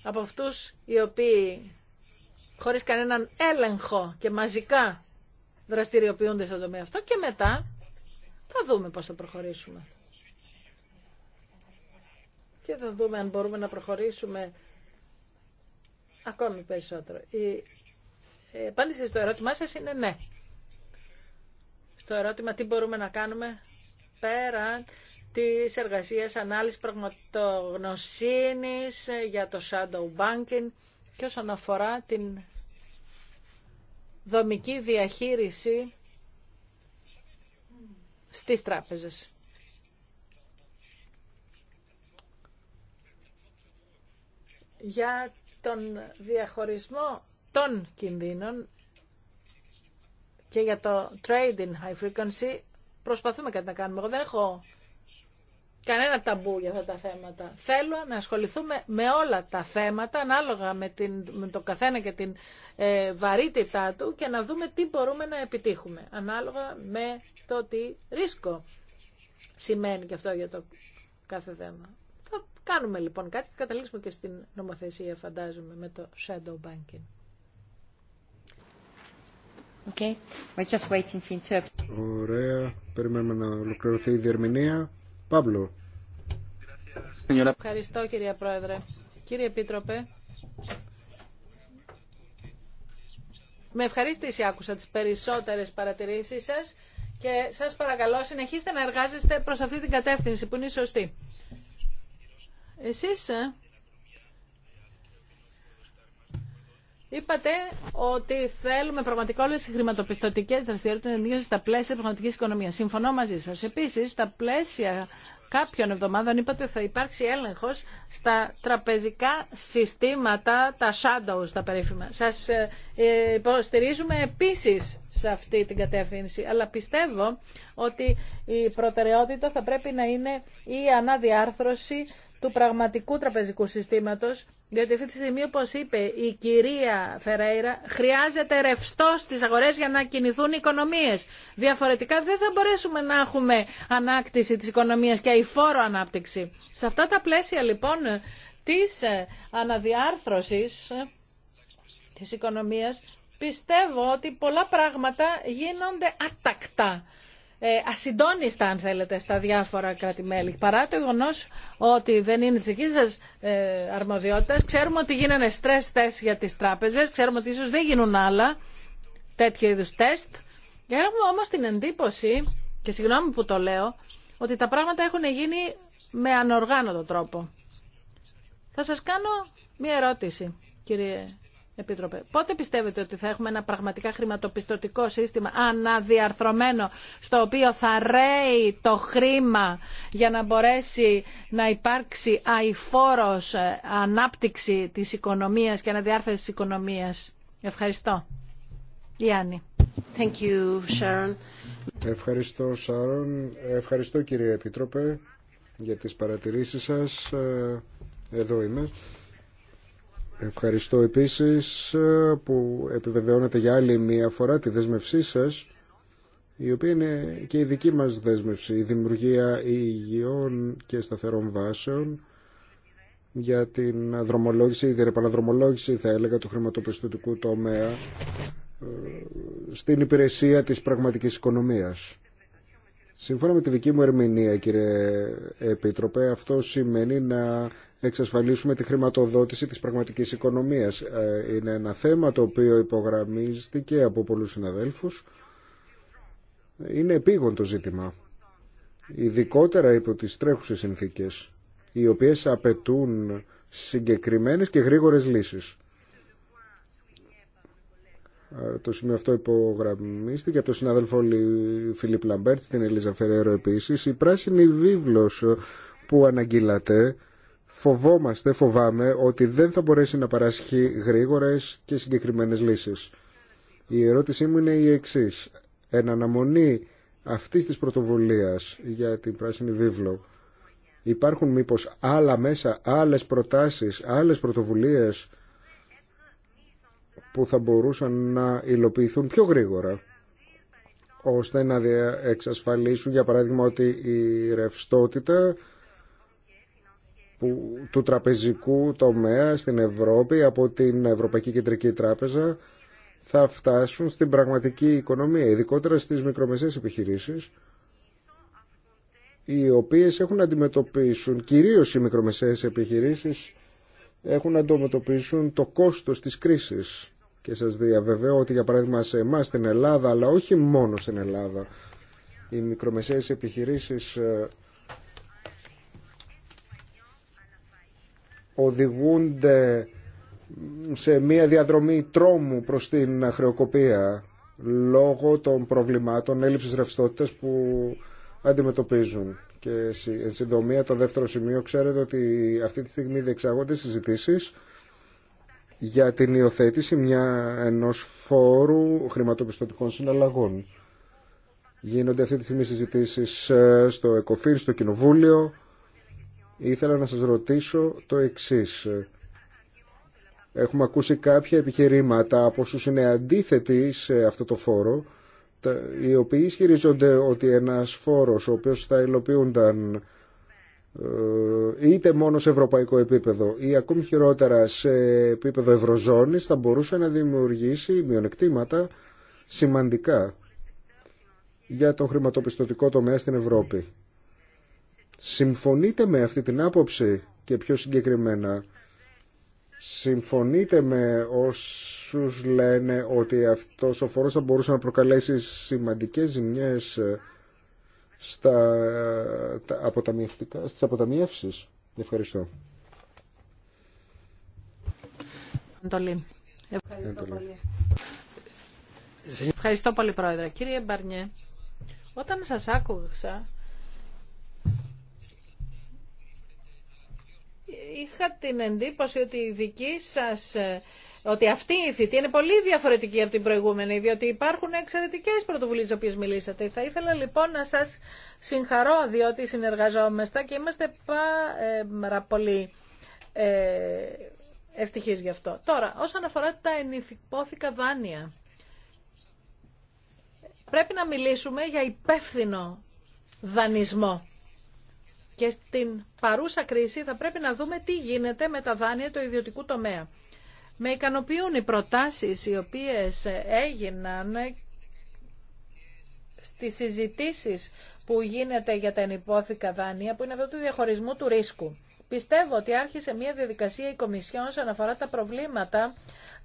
από αυτούς οι οποίοι χωρίς κανέναν έλεγχο και μαζικά δραστηριοποιούνται στον τομέα αυτό και μετά θα δούμε πώς θα προχωρήσουμε. Και θα δούμε αν μπορούμε να προχωρήσουμε ακόμη περισσότερο. Η απάντηση στο ερώτημά σας είναι ναι. Στο ερώτημα τι μπορούμε να κάνουμε πέρα της εργασίας ανάλυσης πραγματογνωσύνης για το shadow banking και όσον αφορά την δομική διαχείριση στις τράπεζες. Για τον διαχωρισμό των κινδύνων και για το trading high frequency προσπαθούμε κάτι να κάνουμε. Εγώ δεν έχω κανένα ταμπού για αυτά τα θέματα. Θέλω να ασχοληθούμε με όλα τα θέματα, ανάλογα με, την, το καθένα και την ε, βαρύτητά του και να δούμε τι μπορούμε να επιτύχουμε, ανάλογα με το τι ρίσκο σημαίνει και αυτό για το κάθε θέμα. Θα κάνουμε λοιπόν κάτι και καταλήξουμε και στην νομοθεσία, φαντάζομαι, με το shadow banking. Okay. We're just waiting for Ωραία. Περιμένουμε να ολοκληρωθεί η διερμηνία. Παύλο. Ευχαριστώ κυρία Πρόεδρε. Κύριε Επίτροπε, με ευχαρίστηση άκουσα τις περισσότερες παρατηρήσεις σας και σας παρακαλώ συνεχίστε να εργάζεστε προς αυτή την κατεύθυνση που είναι σωστή. Εσείς ε, Είπατε ότι θέλουμε πραγματικά όλε τι χρηματοπιστωτικέ δραστηριότητε να στα πλαίσια πραγματική οικονομία. Συμφωνώ μαζί σα. Επίση, στα πλαίσια κάποιων εβδομάδων είπατε ότι θα υπάρξει έλεγχο στα τραπεζικά συστήματα, τα shadows, τα περίφημα. Σα ε, ε, υποστηρίζουμε επίση σε αυτή την κατεύθυνση. Αλλά πιστεύω ότι η προτεραιότητα θα πρέπει να είναι η αναδιάρθρωση του πραγματικού τραπεζικού συστήματος, διότι αυτή τη στιγμή, όπως είπε η κυρία Φεραίρα, χρειάζεται ρευστό στις αγορές για να κινηθούν οι οικονομίες. Διαφορετικά δεν θα μπορέσουμε να έχουμε ανάκτηση της οικονομίας και αηφόρο ανάπτυξη. Σε αυτά τα πλαίσια λοιπόν της ε, αναδιάρθρωσης ε, της οικονομίας, πιστεύω ότι πολλά πράγματα γίνονται ατακτά. Ε, ασυντόνιστα, αν θέλετε, στα διάφορα κράτη-μέλη. Παρά το γεγονό ότι δεν είναι τη δική σα ε, αρμοδιότητα, ξέρουμε ότι γίνανε stress test για τι τράπεζε, ξέρουμε ότι ίσω δεν γίνουν άλλα τέτοια είδου τεστ. έχουμε όμω την εντύπωση, και συγγνώμη που το λέω, ότι τα πράγματα έχουν γίνει με ανοργάνωτο τρόπο. Θα σας κάνω μία ερώτηση, κύριε Επίτροπε, πότε πιστεύετε ότι θα έχουμε ένα πραγματικά χρηματοπιστωτικό σύστημα αναδιαρθρωμένο στο οποίο θα ρέει το χρήμα για να μπορέσει να υπάρξει αηφόρος ε, ανάπτυξη της οικονομίας και αναδιάρθρωση της οικονομίας. Ευχαριστώ. Γιάννη. Thank you, Sharon. Ευχαριστώ, Σάρων. Ευχαριστώ, κύριε Επίτροπε, για τις παρατηρήσεις σας. Ε, εδώ είμαι. Ευχαριστώ επίσης ε, που επιβεβαιώνετε για άλλη μία φορά τη δέσμευσή σας η οποία είναι και η δική μας δέσμευση, η δημιουργία υγιών και σταθερών βάσεων για την αδρομολόγηση, την επαναδρομολόγηση θα έλεγα του χρηματοπιστωτικού τομέα ε, στην υπηρεσία της πραγματικής οικονομίας. Σύμφωνα με τη δική μου ερμηνεία, κύριε Επίτροπε, αυτό σημαίνει να εξασφαλίσουμε τη χρηματοδότηση της πραγματικής οικονομίας. Ε, είναι ένα θέμα το οποίο υπογραμμίστηκε από πολλούς συναδέλφους. Είναι επίγον το ζήτημα, ειδικότερα υπό τις τρέχουσες συνθήκες, οι οποίες απαιτούν συγκεκριμένες και γρήγορες λύσεις. Το σημείο αυτό υπογραμμίστηκε από τον συνάδελφο Φιλίπ Λαμπέρτ στην Ελίζα Φεραίρο επίσης. Η πράσινη βίβλος που αναγγείλατε φοβόμαστε, φοβάμαι ότι δεν θα μπορέσει να παράσχει γρήγορε και συγκεκριμένες λύσει. Η ερώτησή μου είναι η εξή: Εν αναμονή αυτή της πρωτοβουλία για την πράσινη βίβλο υπάρχουν μήπω άλλα μέσα, άλλε προτάσεις, άλλε πρωτοβουλίε που θα μπορούσαν να υλοποιηθούν πιο γρήγορα ώστε να εξασφαλίσουν για παράδειγμα ότι η ρευστότητα που, του τραπεζικού τομέα στην Ευρώπη από την Ευρωπαϊκή Κεντρική Τράπεζα θα φτάσουν στην πραγματική οικονομία, ειδικότερα στις μικρομεσαίες επιχειρήσεις οι οποίες έχουν να αντιμετωπίσουν, κυρίως οι μικρομεσαίες επιχειρήσεις έχουν να αντιμετωπίσουν το κόστος της κρίσης και σας διαβεβαιώ ότι για παράδειγμα σε εμά στην Ελλάδα, αλλά όχι μόνο στην Ελλάδα, οι μικρομεσαίες επιχειρήσεις ε, οδηγούνται σε μια διαδρομή τρόμου προς την χρεοκοπία λόγω των προβλημάτων έλλειψης ρευστότητας που αντιμετωπίζουν. Και εν συντομία το δεύτερο σημείο ξέρετε ότι αυτή τη στιγμή διεξάγονται συζητήσεις για την υιοθέτηση μια, ενός φόρου χρηματοπιστωτικών συναλλαγών. Γίνονται αυτή τη στιγμή συζητήσεις ε, στο ΕΚΟΦΗΝ, στο Κοινοβούλιο. Ήθελα να σας ρωτήσω το εξής. Έχουμε ακούσει κάποια επιχειρήματα από όσου είναι αντίθετοι σε αυτό το φόρο, οι οποίοι ισχυρίζονται ότι ένας φόρος ο οποίος θα υλοποιούνταν ε, είτε μόνο σε ευρωπαϊκό επίπεδο ή ακόμη χειρότερα σε επίπεδο ευρωζώνης θα μπορούσε να δημιουργήσει μειονεκτήματα σημαντικά για το χρηματοπιστωτικό τομέα στην Ευρώπη. Συμφωνείτε με αυτή την άποψη και πιο συγκεκριμένα συμφωνείτε με όσους λένε ότι αυτός ο φορός θα μπορούσε να προκαλέσει σημαντικές ζημιές στα, τα αποταμιευτικά, στις αποταμιεύσεις. Ευχαριστώ. Αντολή. Ευχαριστώ πολύ. Ευχαριστώ πολύ, Πρόεδρε. Κύριε Μπαρνιέ, όταν σας άκουσα, είχα την εντύπωση ότι η δική σας ε, ότι αυτή η θητεία είναι πολύ διαφορετική από την προηγούμενη, διότι υπάρχουν εξαιρετικέ πρωτοβουλίε, οποίε μιλήσατε. Θα ήθελα λοιπόν να σα συγχαρώ, διότι συνεργαζόμαστε και είμαστε πάρα ε, πολύ ε, ευτυχεί γι' αυτό. Τώρα, όσον αφορά τα ενηθυπόθηκα δάνεια, πρέπει να μιλήσουμε για υπεύθυνο δανεισμό. Και στην παρούσα κρίση θα πρέπει να δούμε τι γίνεται με τα δάνεια του ιδιωτικού τομέα. Με ικανοποιούν οι προτάσεις οι οποίες έγιναν στις συζητήσεις που γίνεται για τα ενυπόθηκα δάνεια, που είναι αυτό του διαχωρισμού του ρίσκου. Πιστεύω ότι άρχισε μια διαδικασία η Κομισιόν σε αναφορά τα προβλήματα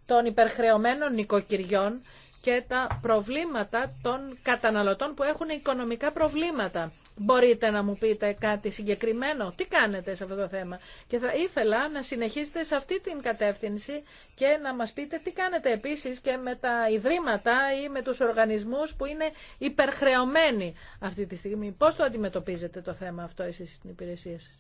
των υπερχρεωμένων νοικοκυριών και τα προβλήματα των καταναλωτών που έχουν οικονομικά προβλήματα. Μπορείτε να μου πείτε κάτι συγκεκριμένο, τι κάνετε σε αυτό το θέμα. Και θα ήθελα να συνεχίσετε σε αυτή την κατεύθυνση και να μας πείτε τι κάνετε επίσης και με τα ιδρύματα ή με τους οργανισμούς που είναι υπερχρεωμένοι αυτή τη στιγμή. Πώς το αντιμετωπίζετε το θέμα αυτό εσείς στην υπηρεσία σας.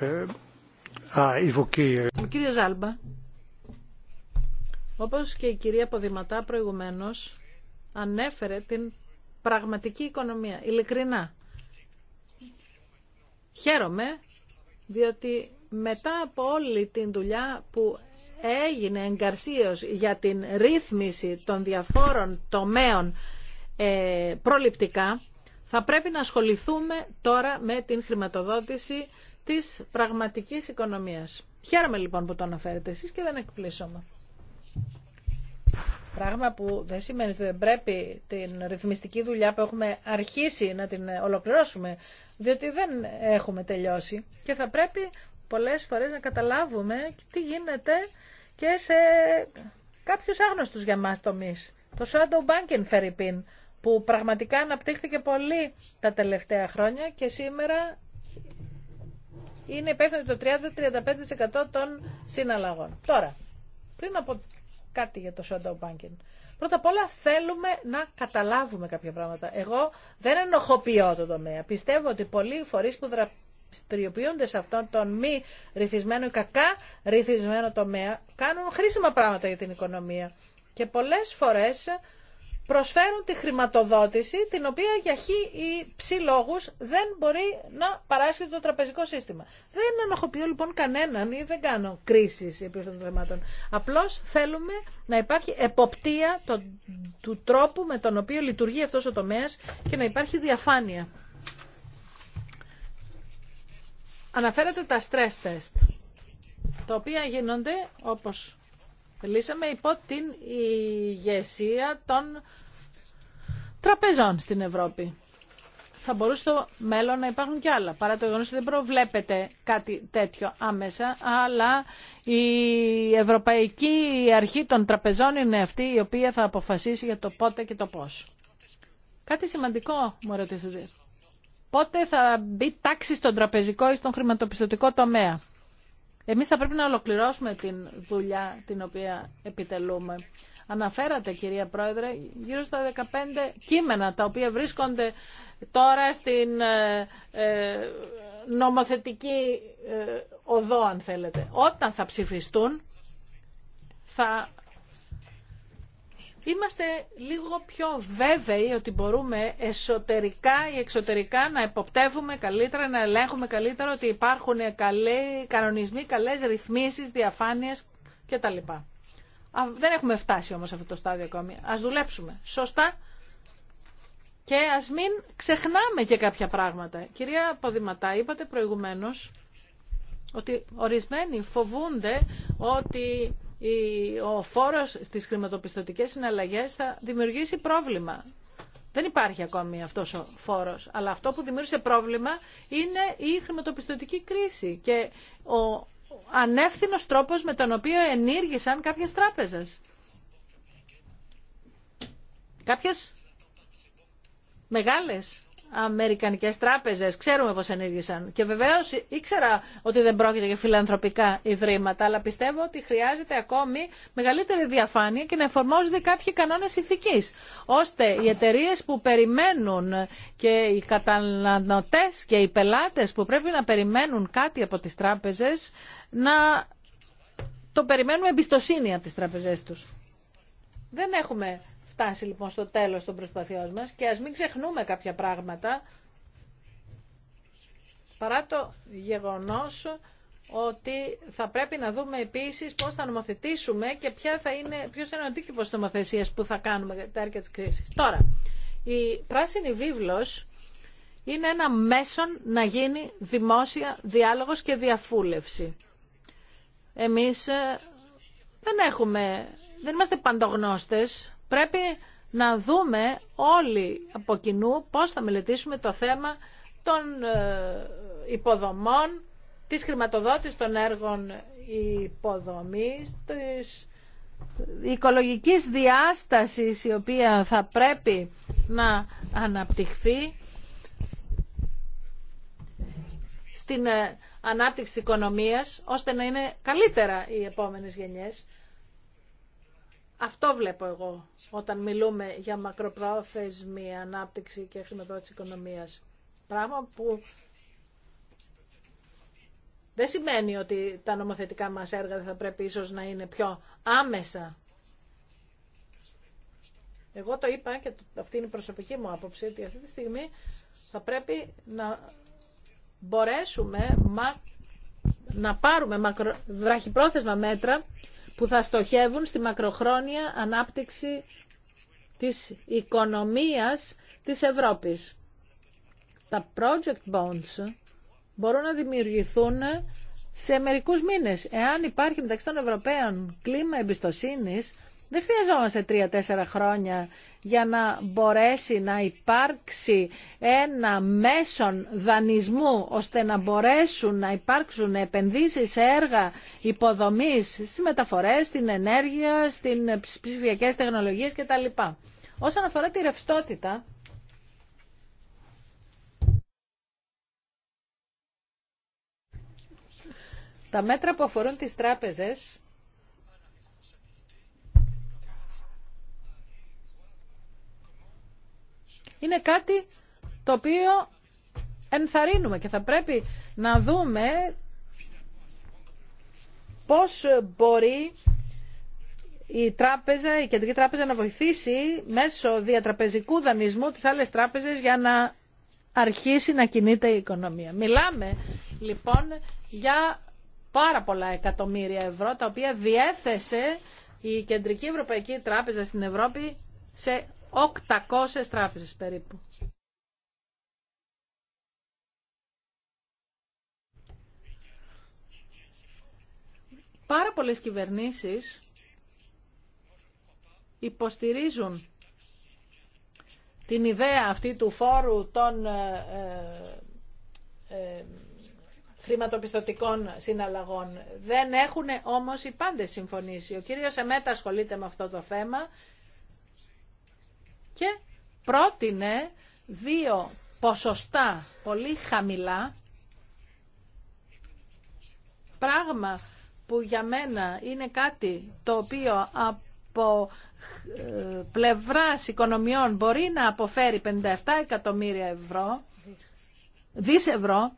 Ε, ο κύριο Άλμπα, όπως και η κυρία Ποδηματά προηγουμένως, ανέφερε την πραγματική οικονομία, ειλικρινά. Χαίρομαι, διότι μετά από όλη την δουλειά που έγινε εγκαρσίως για την ρύθμιση των διαφόρων τομέων ε, προληπτικά, θα πρέπει να ασχοληθούμε τώρα με την χρηματοδότηση της πραγματικής οικονομίας. Χαίρομαι λοιπόν που το αναφέρετε εσείς και δεν εκπλήσωμα. Πράγμα που δεν σημαίνει ότι δεν πρέπει την ρυθμιστική δουλειά που έχουμε αρχίσει να την ολοκληρώσουμε, διότι δεν έχουμε τελειώσει και θα πρέπει πολλές φορές να καταλάβουμε τι γίνεται και σε κάποιους άγνωστους για μας τομείς. Το shadow banking φερρυπίν, που πραγματικά αναπτύχθηκε πολύ τα τελευταία χρόνια και σήμερα είναι υπεύθυνο το 30-35% των συναλλαγών. Τώρα, πριν από κάτι για το shadow banking. Πρώτα απ' όλα θέλουμε να καταλάβουμε κάποια πράγματα. Εγώ δεν ενοχοποιώ το τομέα. Πιστεύω ότι πολλοί φορείς που δραστηριοποιούνται σε αυτόν τον μη ρυθισμένο ή κακά ρυθισμένο τομέα κάνουν χρήσιμα πράγματα για την οικονομία. Και πολλές φορές προσφέρουν τη χρηματοδότηση την οποία για χ ή δεν μπορεί να παράσχει το τραπεζικό σύστημα. Δεν αναχοποιώ λοιπόν κανέναν ή δεν κάνω κρίσεις επί των θεμάτων. Απλώς θέλουμε να υπάρχει εποπτεία του τρόπου με τον οποίο λειτουργεί αυτός ο τομέας και να υπάρχει διαφάνεια. Αναφέρατε τα stress test, τα οποία γίνονται όπως λύσαμε υπό την ηγεσία των τραπεζών στην Ευρώπη. Θα μπορούσε στο μέλλον να υπάρχουν και άλλα, παρά το γεγονό ότι δεν προβλέπεται κάτι τέτοιο άμεσα, αλλά η Ευρωπαϊκή Αρχή των Τραπεζών είναι αυτή η οποία θα αποφασίσει για το πότε και το πώς. Κάτι σημαντικό μου ρωτήσετε. Πότε θα μπει τάξη στον τραπεζικό ή στον χρηματοπιστωτικό τομέα. Εμείς θα πρέπει να ολοκληρώσουμε την δουλειά την οποία επιτελούμε. Αναφέρατε, κυρία Πρόεδρε, γύρω στα 15 κείμενα τα οποία βρίσκονται τώρα στην ε, ε, νομοθετική ε, οδό, αν θέλετε. Όταν θα ψηφιστούν, θα είμαστε λίγο πιο βέβαιοι ότι μπορούμε εσωτερικά ή εξωτερικά να εποπτεύουμε καλύτερα, να ελέγχουμε καλύτερα ότι υπάρχουν καλοί κανονισμοί, καλές ρυθμίσεις, διαφάνειες κτλ. Δεν έχουμε φτάσει όμως σε αυτό το στάδιο ακόμη. Ας δουλέψουμε σωστά και ας μην ξεχνάμε και κάποια πράγματα. Κυρία Ποδηματά, είπατε προηγουμένως ότι ορισμένοι φοβούνται ότι ο φόρος στις χρηματοπιστωτικές συναλλαγές θα δημιουργήσει πρόβλημα. Δεν υπάρχει ακόμη αυτός ο φόρος, αλλά αυτό που δημιούργησε πρόβλημα είναι η χρηματοπιστωτική κρίση και ο ανεύθυνος τρόπος με τον οποίο ενήργησαν κάποιες τράπεζες. Κάποιες μεγάλες αμερικανικές τράπεζες. Ξέρουμε πώς ενήργησαν. Και βεβαίως ήξερα ότι δεν πρόκειται για φιλανθρωπικά ιδρύματα, αλλά πιστεύω ότι χρειάζεται ακόμη μεγαλύτερη διαφάνεια και να εφαρμόζονται κάποιοι κανόνες ηθικής, ώστε οι εταιρείε που περιμένουν και οι καταναλωτέ και οι πελάτες που πρέπει να περιμένουν κάτι από τι τράπεζε, να το περιμένουμε εμπιστοσύνη από τις τράπεζές τους. Δεν έχουμε φτάσει λοιπόν στο τέλος των προσπαθειών μας και ας μην ξεχνούμε κάποια πράγματα παρά το γεγονός ότι θα πρέπει να δούμε επίσης πώς θα νομοθετήσουμε και ποια θα είναι, ποιος είναι ο αντίκτυπος της νομοθεσίας που θα κάνουμε κατά τη κρίσης. Τώρα, η πράσινη βίβλος είναι ένα μέσο να γίνει δημόσια διάλογος και διαφούλευση. Εμείς ε, δεν δεν είμαστε παντογνώστες, Πρέπει να δούμε όλοι από κοινού πώς θα μελετήσουμε το θέμα των ε, υποδομών, της χρηματοδότησης των έργων υποδομής, της οικολογικής διάστασης η οποία θα πρέπει να αναπτυχθεί στην ε, ανάπτυξη οικονομίας, ώστε να είναι καλύτερα οι επόμενες γενιές. Αυτό βλέπω εγώ όταν μιλούμε για μακροπρόθεσμη ανάπτυξη και χρηματοδότηση οικονομίας. Πράγμα που δεν σημαίνει ότι τα νομοθετικά μας έργα θα πρέπει ίσως να είναι πιο άμεσα. Εγώ το είπα και αυτή είναι η προσωπική μου άποψη ότι αυτή τη στιγμή θα πρέπει να μπορέσουμε να πάρουμε βραχυπρόθεσμα μέτρα που θα στοχεύουν στη μακροχρόνια ανάπτυξη της οικονομίας της Ευρώπης. Τα project bonds μπορούν να δημιουργηθούν σε μερικούς μήνες. Εάν υπάρχει μεταξύ των Ευρωπαίων κλίμα εμπιστοσύνης, δεν χρειαζόμαστε τρία-τέσσερα χρόνια για να μπορέσει να υπάρξει ένα μέσον δανεισμού ώστε να μπορέσουν να υπάρξουν επενδύσεις έργα υποδομής στις μεταφορές, στην ενέργεια, στις ψηφιακές τεχνολογίες κτλ. Όσον αφορά τη ρευστότητα, τα μέτρα που αφορούν τις τράπεζες είναι κάτι το οποίο ενθαρρύνουμε και θα πρέπει να δούμε πώς μπορεί η τράπεζα, η κεντρική τράπεζα να βοηθήσει μέσω διατραπεζικού δανεισμού τις άλλες τράπεζες για να αρχίσει να κινείται η οικονομία. Μιλάμε λοιπόν για πάρα πολλά εκατομμύρια ευρώ τα οποία διέθεσε η Κεντρική Ευρωπαϊκή Τράπεζα στην Ευρώπη σε 800 τράπεζες περίπου. Πάρα πολλές κυβερνήσεις υποστηρίζουν την ιδέα αυτή του φόρου των ε, ε, ε, χρηματοπιστωτικών συναλλαγών. Δεν έχουν όμως οι πάντες συμφωνήσει. Ο κύριος Εμέτα ασχολείται με αυτό το θέμα και πρότεινε δύο ποσοστά πολύ χαμηλά, πράγμα που για μένα είναι κάτι το οποίο από ε, πλευράς οικονομιών μπορεί να αποφέρει 57 εκατομμύρια ευρώ, δις ευρώ,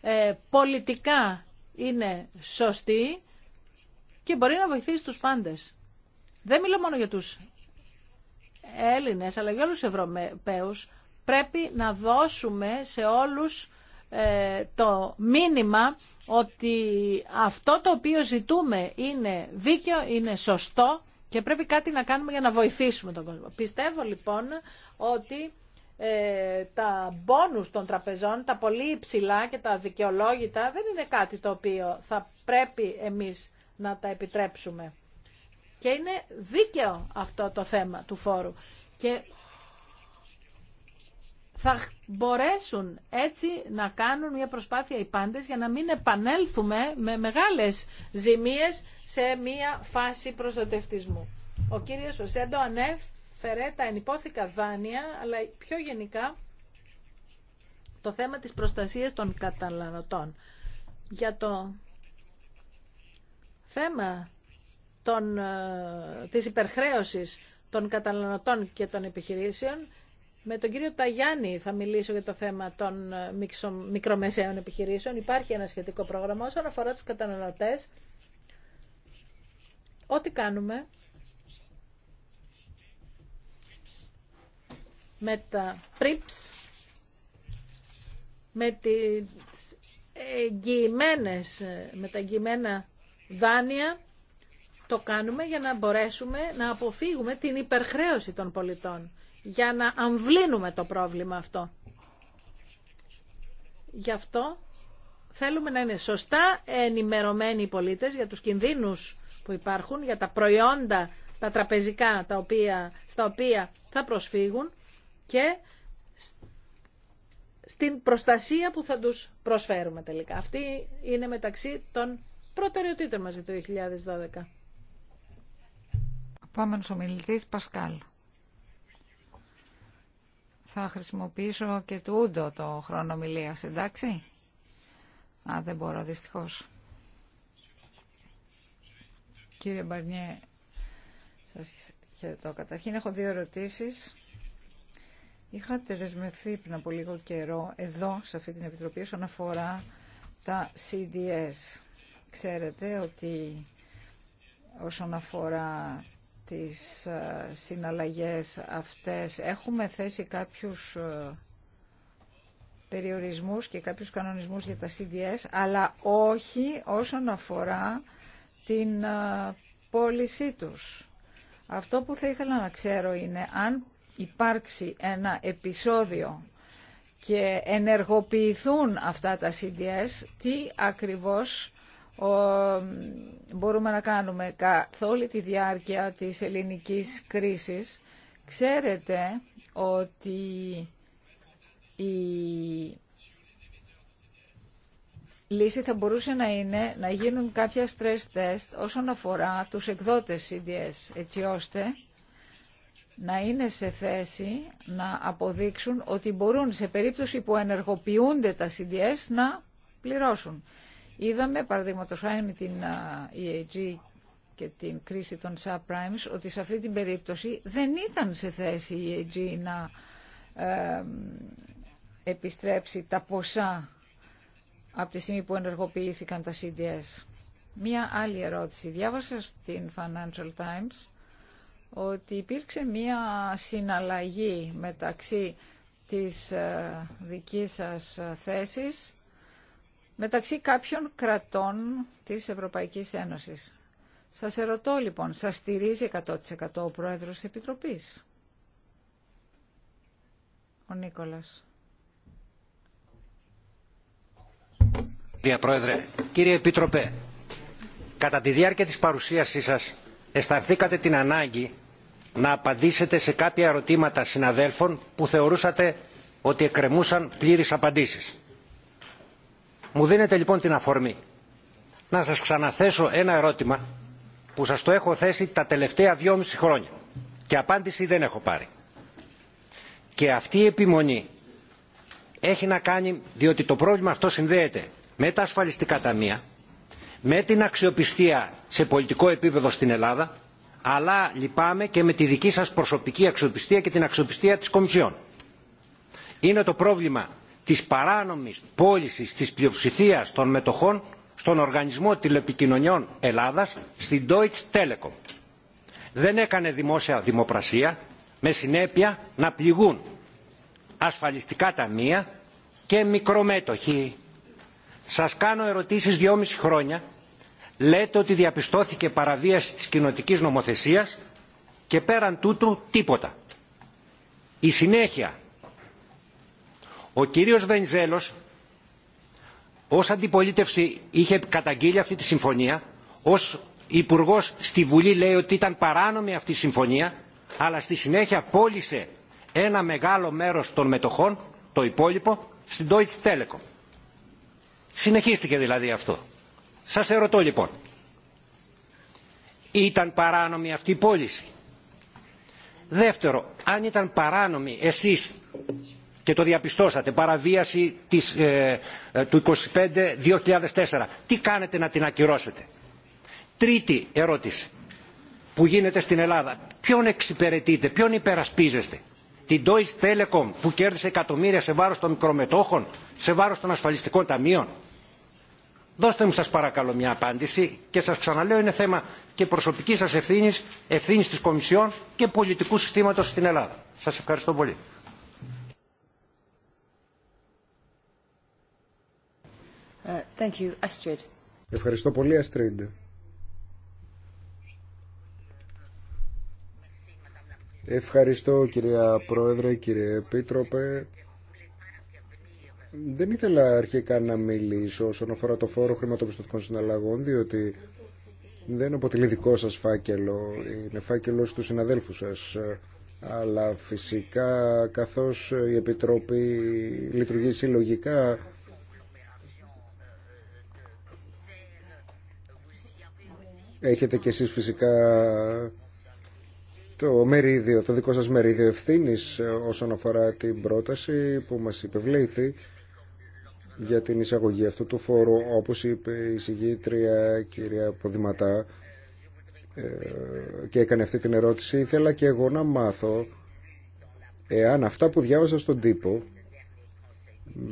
ε, πολιτικά είναι σωστή και μπορεί να βοηθήσει τους πάντες. Δεν μιλώ μόνο για τους Έλληνες αλλά για όλους τους Ευρωπαίους πρέπει να δώσουμε σε όλους ε, το μήνυμα ότι αυτό το οποίο ζητούμε είναι δίκαιο, είναι σωστό και πρέπει κάτι να κάνουμε για να βοηθήσουμε τον κόσμο. Πιστεύω λοιπόν ότι ε, τα μπόνους των τραπεζών, τα πολύ υψηλά και τα δικαιολόγητα δεν είναι κάτι το οποίο θα πρέπει εμείς να τα επιτρέψουμε. Και είναι δίκαιο αυτό το θέμα του φόρου. Και θα μπορέσουν έτσι να κάνουν μια προσπάθεια οι πάντες για να μην επανέλθουμε με μεγάλες ζημίες σε μια φάση προστατευτισμού. Ο κύριος Βασέντο ανέφερε τα ενυπόθηκα δάνεια, αλλά πιο γενικά το θέμα της προστασίας των καταναλωτών. Για το θέμα των, ε, της υπερχρέωσης των καταναλωτών και των επιχειρήσεων. Με τον κύριο Ταγιάννη θα μιλήσω για το θέμα των ε, μικρομεσαίων επιχειρήσεων. Υπάρχει ένα σχετικό πρόγραμμα όσον αφορά τους καταναλωτές. Ό,τι κάνουμε με τα PRIPS, με, τις με τα εγγυημένα δάνεια, το κάνουμε για να μπορέσουμε να αποφύγουμε την υπερχρέωση των πολιτών, για να αμβλύνουμε το πρόβλημα αυτό. Γι' αυτό θέλουμε να είναι σωστά ενημερωμένοι οι πολίτες για τους κινδύνους που υπάρχουν, για τα προϊόντα, τα τραπεζικά τα οποία, στα οποία θα προσφύγουν και στην προστασία που θα τους προσφέρουμε τελικά. Αυτή είναι μεταξύ των προτεραιοτήτων μας για το 2012. Επόμενος ομιλητής, Πασκάλ. Θα χρησιμοποιήσω και του ούντο το χρόνο ομιλίας, εντάξει. Α, δεν μπορώ, δυστυχώς. Κύριε Μπαρνιέ, σας χαιρετώ. Καταρχήν έχω δύο ερωτήσεις. Είχατε δεσμευθεί πριν από λίγο καιρό εδώ, σε αυτή την Επιτροπή, όσον αφορά τα CDS. Ξέρετε ότι όσον αφορά τις ε, συναλλαγές αυτές έχουμε θέσει κάποιους ε, περιορισμούς και κάποιους κανονισμούς για τα CDS, αλλά όχι όσον αφορά την ε, πώλησή τους. Αυτό που θα ήθελα να ξέρω είναι αν υπάρξει ένα επεισόδιο και ενεργοποιηθούν αυτά τα CDS, τι ακριβώς μπορούμε να κάνουμε καθ' όλη τη διάρκεια της ελληνικής κρίσης. Ξέρετε ότι η λύση θα μπορούσε να είναι να γίνουν κάποια stress test όσον αφορά τους εκδότες CDS, έτσι ώστε να είναι σε θέση να αποδείξουν ότι μπορούν σε περίπτωση που ενεργοποιούνται τα CDS να πληρώσουν. Είδαμε, παραδείγματος χάρη με την EAG και την κρίση των subprimes, ότι σε αυτή την περίπτωση δεν ήταν σε θέση η EAG να επιστρέψει τα ποσά από τη στιγμή που ενεργοποιήθηκαν τα CDS. Μία άλλη ερώτηση. Διάβασα στην Financial Times ότι υπήρξε μία συναλλαγή μεταξύ της ε, δικής σας ε, θέσης μεταξύ κάποιων κρατών της Ευρωπαϊκής Ένωσης. Σας ερωτώ λοιπόν, σας στηρίζει 100% ο Πρόεδρος της Επιτροπής. Ο Νίκολας. Κύριε Πρόεδρε, κύριε Επίτροπε, κατά τη διάρκεια της παρουσίασής σας αισθανθήκατε την ανάγκη να απαντήσετε σε κάποια ερωτήματα συναδέλφων που θεωρούσατε ότι εκκρεμούσαν πλήρεις απαντήσεις μου δίνετε λοιπόν την αφορμή να σας ξαναθέσω ένα ερώτημα που σας το έχω θέσει τα τελευταία δυόμιση χρόνια και απάντηση δεν έχω πάρει. Και αυτή η επιμονή έχει να κάνει, διότι το πρόβλημα αυτό συνδέεται με τα ασφαλιστικά ταμεία, με την αξιοπιστία σε πολιτικό επίπεδο στην Ελλάδα, αλλά λυπάμαι και με τη δική σας προσωπική αξιοπιστία και την αξιοπιστία της Κομισιόν. Είναι το πρόβλημα της παράνομης πώλησης της πλειοψηφίας των μετοχών στον Οργανισμό Τηλεπικοινωνιών Ελλάδας, στην Deutsche Telekom. Δεν έκανε δημόσια δημοπρασία, με συνέπεια να πληγούν ασφαλιστικά ταμεία και μικρομέτοχοι. Σας κάνω ερωτήσεις δυόμιση χρόνια. Λέτε ότι διαπιστώθηκε παραβίαση της κοινοτικής νομοθεσίας και πέραν τούτου τίποτα. Η συνέχεια ο κύριος Βενζέλος ως αντιπολίτευση είχε καταγγείλει αυτή τη συμφωνία, ως υπουργό στη Βουλή λέει ότι ήταν παράνομη αυτή η συμφωνία, αλλά στη συνέχεια πώλησε ένα μεγάλο μέρος των μετοχών, το υπόλοιπο, στην Deutsche Telekom. Συνεχίστηκε δηλαδή αυτό. Σας ερωτώ λοιπόν, ήταν παράνομη αυτή η πώληση. Δεύτερο, αν ήταν παράνομη εσείς και το διαπιστώσατε παραβίαση της, ε, ε του 25-2004. Τι κάνετε να την ακυρώσετε. Τρίτη ερώτηση που γίνεται στην Ελλάδα. Ποιον εξυπηρετείτε, ποιον υπερασπίζεστε. Την Deutsche Telekom που κέρδισε εκατομμύρια σε βάρος των μικρομετόχων, σε βάρος των ασφαλιστικών ταμείων. Δώστε μου σας παρακαλώ μια απάντηση και σας ξαναλέω είναι θέμα και προσωπικής σας ευθύνης, ευθύνης της Κομισιόν και πολιτικού συστήματος στην Ελλάδα. Σας ευχαριστώ πολύ. Ευχαριστώ πολύ, Αστρίντ. Ευχαριστώ, κυρία Πρόεδρε, κύριε Επίτροπε. Δεν ήθελα αρχικά να μιλήσω όσον αφορά το φόρο χρηματοπιστωτικών συναλλαγών, διότι δεν αποτελεί δικό σας φάκελο, είναι φάκελο του συναδέλφου σας. Αλλά φυσικά, καθώς η Επιτροπή λειτουργεί συλλογικά, έχετε κι εσείς φυσικά το μερίδιο, το δικό σας μερίδιο ευθύνης ε, όσον αφορά την πρόταση που μας υπευλήθη για την εισαγωγή αυτού του φόρου όπως είπε η συγγήτρια κυρία Ποδηματά ε, και έκανε αυτή την ερώτηση ήθελα και εγώ να μάθω εάν αυτά που διάβασα στον τύπο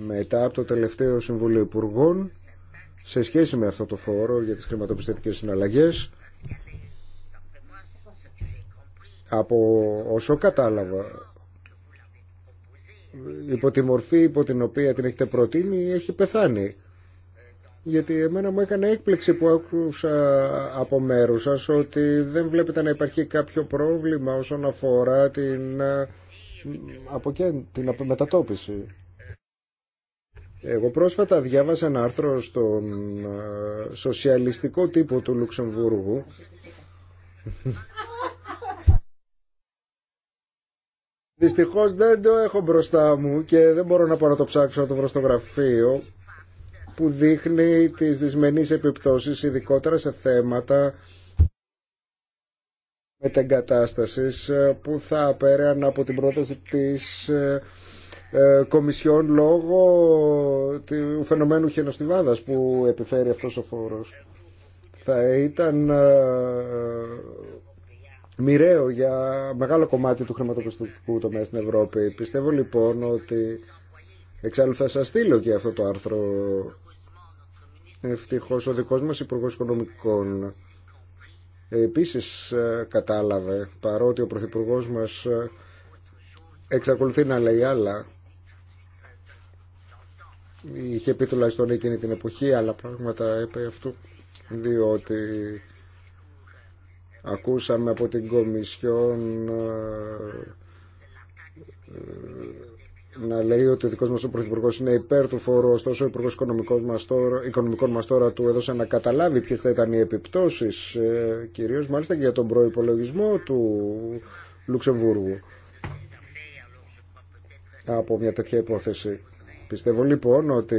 μετά από το τελευταίο Συμβουλίο Υπουργών σε σχέση με αυτό το φόρο για τις χρηματοπιστωτικές συναλλαγές από όσο κατάλαβα υπό τη μορφή υπό την οποία την έχετε προτείνει έχει πεθάνει γιατί εμένα μου έκανε έκπληξη που άκουσα από μέρους σας ότι δεν βλέπετε να υπάρχει κάποιο πρόβλημα όσον αφορά την, ε, από την μετατόπιση εγώ πρόσφατα διάβασα ένα άρθρο στον ε, σοσιαλιστικό τύπο του Λουξεμβούργου Δυστυχώ δεν το έχω μπροστά μου και δεν μπορώ να πάω να το ψάξω να το βρω στο γραφείο που δείχνει τις δυσμενείς επιπτώσεις ειδικότερα σε θέματα μετεγκατάστασης ε, που θα απέραν από την πρόταση της ε, ε, Κομισιόν λόγω του φαινομένου χενοστιβάδας που επιφέρει αυτός ο φόρος. Θα ήταν ε, μοιραίο για μεγάλο κομμάτι του χρηματοπιστωτικού τομέα στην Ευρώπη. Πιστεύω λοιπόν ότι εξάλλου θα σας στείλω και αυτό το άρθρο. Ευτυχώς ο δικός μας υπουργό Οικονομικών επίσης ε, κατάλαβε παρότι ο Πρωθυπουργό μας εξακολουθεί να λέει άλλα είχε πει τουλάχιστον εκείνη την εποχή άλλα πράγματα έπαιρνε αυτού διότι ακούσαμε από την Κομισιόν ε, ε, να λέει ότι ο δικός μας ο Πρωθυπουργός είναι υπέρ του φόρου, ωστόσο ο Υπουργός Οικονομικών μας τώρα, οικονομικών μας τώρα του έδωσε να καταλάβει ποιες θα ήταν οι επιπτώσεις, ε, κυρίως μάλιστα και για τον προϋπολογισμό του Λουξεμβούργου από μια τέτοια υπόθεση. Πιστεύω λοιπόν ότι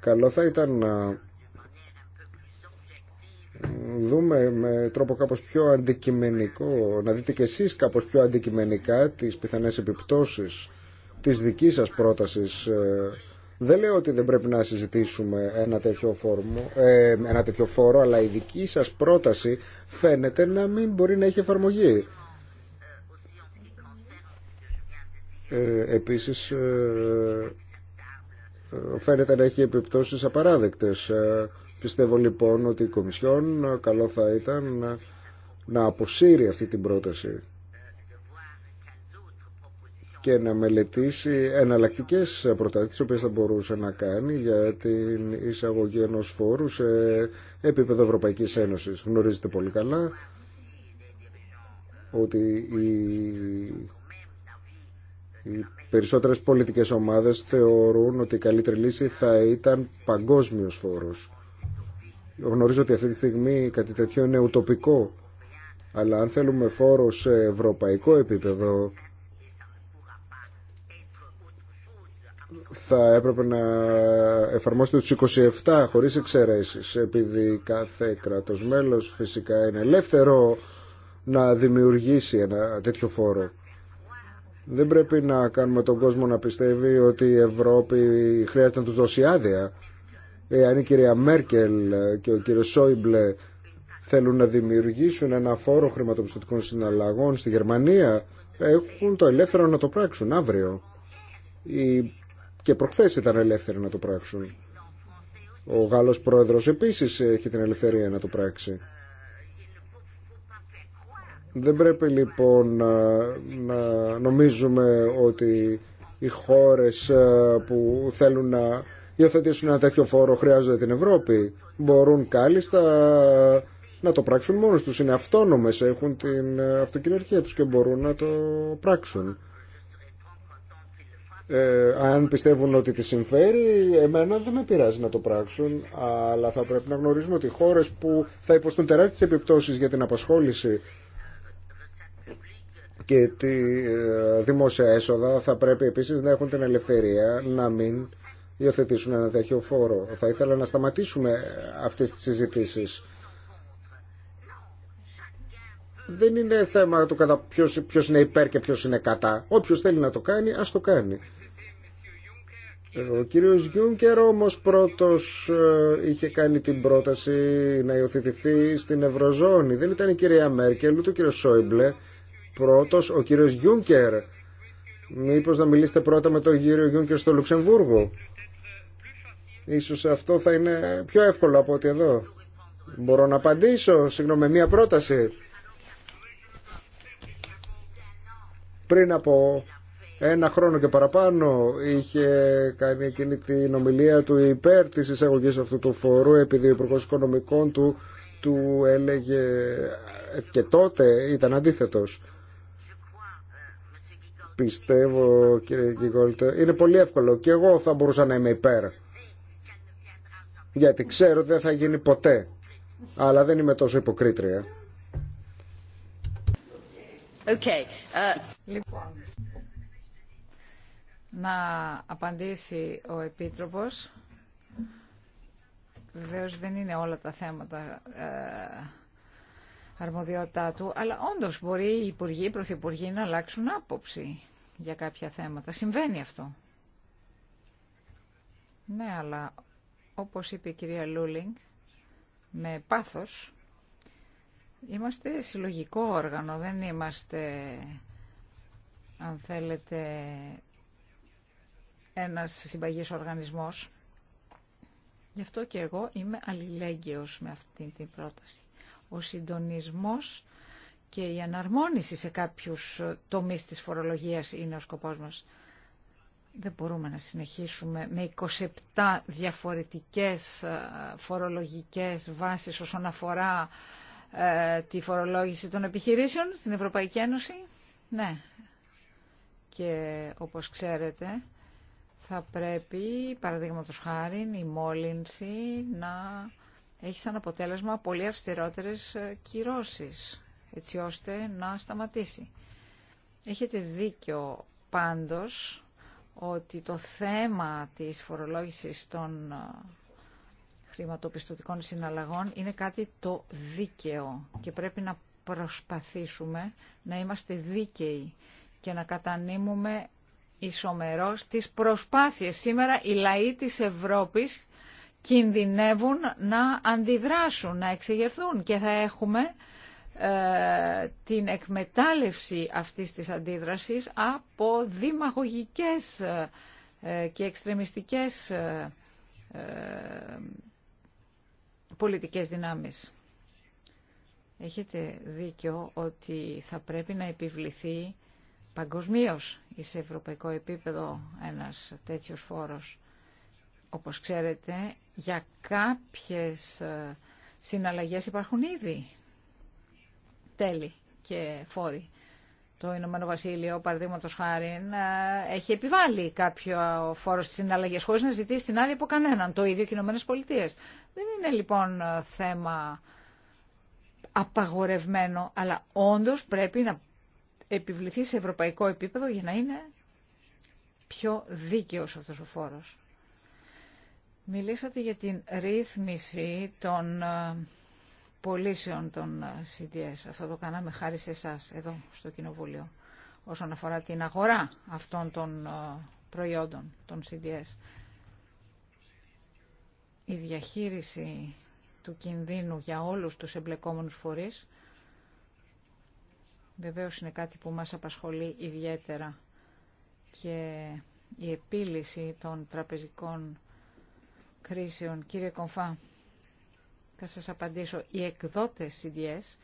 καλό θα ήταν να δούμε με τρόπο κάπως πιο αντικειμενικό, να δείτε και εσείς κάπως πιο αντικειμενικά τις πιθανές επιπτώσεις της δικής σας πρότασης. Ε, δεν λέω ότι δεν πρέπει να συζητήσουμε ένα τέτοιο, φόρμο, ε, ένα τέτοιο φόρο, αλλά η δική σας πρόταση φαίνεται να μην μπορεί να έχει εφαρμογή. Ε, επίσης, ε, φαίνεται να έχει επιπτώσεις απαράδεκτες. Ε, πιστεύω λοιπόν ότι η Κομισιόν ε, καλό θα ήταν ε, να αποσύρει αυτή την πρόταση και να μελετήσει εναλλακτικέ προτάσει, τι οποίε θα μπορούσε να κάνει για την εισαγωγή ενό φόρου σε επίπεδο Ευρωπαϊκή Ένωση. Γνωρίζετε πολύ καλά ότι η οι περισσότερες πολιτικές ομάδες θεωρούν ότι η καλύτερη λύση θα ήταν παγκόσμιος φόρος. Γνωρίζω ότι αυτή τη στιγμή κάτι τέτοιο είναι ουτοπικό, αλλά αν θέλουμε φόρο σε ευρωπαϊκό επίπεδο, θα έπρεπε να εφαρμόσετε τους 27 χωρίς εξαιρέσεις επειδή κάθε κράτος μέλος φυσικά είναι ελεύθερο να δημιουργήσει ένα τέτοιο φόρο. Δεν πρέπει να κάνουμε τον κόσμο να πιστεύει ότι η Ευρώπη χρειάζεται να τους δώσει άδεια. Εάν η κυρία Μέρκελ και ο κύριος Σόιμπλε θέλουν να δημιουργήσουν ένα φόρο χρηματοπιστωτικών συναλλαγών στη Γερμανία, έχουν το ελεύθερο να το πράξουν αύριο. Και προχθές ήταν ελεύθεροι να το πράξουν. Ο Γάλλος πρόεδρος επίσης έχει την ελευθερία να το πράξει. Δεν πρέπει λοιπόν ε, να νομίζουμε ότι οι χώρες ε, που θέλουν να υιοθετήσουν ένα τέτοιο φόρο χρειάζονται την Ευρώπη. Μπορούν κάλλιστα ε, να το πράξουν μόνος τους. Είναι αυτόνομες, έχουν την αυτοκυριαρχία τους και μπορούν να το πράξουν. Ε, αν πιστεύουν ότι τη συμφέρει, εμένα δεν με πειράζει να το πράξουν, αλλά θα πρέπει να γνωρίζουμε ότι οι χώρες που θα υποστούν τεράστιες επιπτώσεις για την απασχόληση και τη ε, δημόσια έσοδα θα πρέπει επίσης να έχουν την ελευθερία να μην υιοθετήσουν ένα τέτοιο φόρο. Θα ήθελα να σταματήσουμε αυτές τις συζητήσεις. Δεν είναι θέμα του κατά ποιος, ποιος είναι υπέρ και ποιος είναι κατά. Όποιος θέλει να το κάνει, ας το κάνει. Ο κύριος Γιούνκερ όμως πρώτος ε, είχε κάνει την πρόταση να υιοθετηθεί στην Ευρωζώνη. Δεν ήταν η κυρία Μέρκελ, ούτε ο κύριος Σόιμπλε πρώτος ο κύριος Γιούνκερ. Μήπως να μιλήσετε πρώτα με τον κύριο Γιούνκερ στο Λουξεμβούργο. Ίσως αυτό θα είναι πιο εύκολο από ότι εδώ. Μπορώ να απαντήσω, συγγνώμη, μία πρόταση. Πριν από ένα χρόνο και παραπάνω είχε κάνει εκείνη την ομιλία του υπέρ της εισαγωγής αυτού του φορού επειδή ο Υπουργός Οικονομικών του του έλεγε ε, και τότε ήταν αντίθετος. Πιστεύω κύριε Γκίγολτ, είναι πολύ εύκολο και εγώ θα μπορούσα να είμαι υπέρ. Γιατί ξέρω δεν θα γίνει ποτέ. Αλλά δεν είμαι τόσο υποκρίτρια. Okay. Uh, λοιπόν, να απαντήσει ο Επίτροπος. Βεβαίως δεν είναι όλα τα θέματα... Ε, αρμοδιότητά του, αλλά όντω μπορεί οι υπουργοί, οι πρωθυπουργοί να αλλάξουν άποψη για κάποια θέματα. Συμβαίνει αυτό. Ναι, αλλά όπως είπε η κυρία Λούλινγκ, με πάθος, είμαστε συλλογικό όργανο, δεν είμαστε, αν θέλετε, ένας συμπαγής οργανισμός. Γι' αυτό και εγώ είμαι αλληλέγγυος με αυτή την πρόταση ο συντονισμός και η αναρμόνιση σε κάποιους τομείς της φορολογίας είναι ο σκοπός μας. Δεν μπορούμε να συνεχίσουμε με 27 διαφορετικές ε, φορολογικές βάσεις όσον αφορά ε, τη φορολόγηση των επιχειρήσεων στην Ευρωπαϊκή Ένωση. Ναι. Και όπως ξέρετε θα πρέπει, παραδείγματος χάρη, η μόλυνση να έχει σαν αποτέλεσμα πολύ αυστηρότερες ε, κυρώσεις, έτσι ώστε να σταματήσει. Έχετε δίκιο πάντως ότι το θέμα της φορολόγησης των ε, χρηματοπιστωτικών συναλλαγών είναι κάτι το δίκαιο και πρέπει να προσπαθήσουμε να είμαστε δίκαιοι και να κατανείμουμε ισομερός τις προσπάθειες. Σήμερα οι λαοί της Ευρώπης κινδυνεύουν να αντιδράσουν, να εξεγερθούν και θα έχουμε ε, την εκμετάλλευση αυτής της αντίδρασης από δημαγωγικές ε, και εξτρεμιστικές ε, ε, πολιτικές δυνάμεις. Έχετε δίκιο ότι θα πρέπει να επιβληθεί παγκοσμίως ή σε ευρωπαϊκό επίπεδο ένας τέτοιος φόρος. Όπως ξέρετε, για κάποιες ε, συναλλαγές υπάρχουν ήδη τέλη και φόροι. Το Ηνωμένο Βασίλειο, παραδείγματο χάρη, έχει επιβάλει κάποιο φόρο στι συναλλαγέ χωρί να ζητήσει την άδεια από κανέναν. Το ίδιο και οι Ηνωμένε Πολιτείε. Δεν είναι λοιπόν ε, θέμα απαγορευμένο, αλλά όντω πρέπει να επιβληθεί σε ευρωπαϊκό επίπεδο για να είναι πιο δίκαιο αυτό ο φόρο. Μιλήσατε για την ρύθμιση των ε, πωλήσεων των ε, CDS. Αυτό το κάναμε χάρη σε εσά εδώ στο Κοινοβούλιο όσον αφορά την αγορά αυτών των ε, προϊόντων, των CDS. Η διαχείριση του κινδύνου για όλους τους εμπλεκόμενους φορείς βεβαίως είναι κάτι που μας απασχολεί ιδιαίτερα και η επίλυση των τραπεζικών κρίσεων. Κύριε Κομφά, θα σας απαντήσω. Οι εκδότες CDS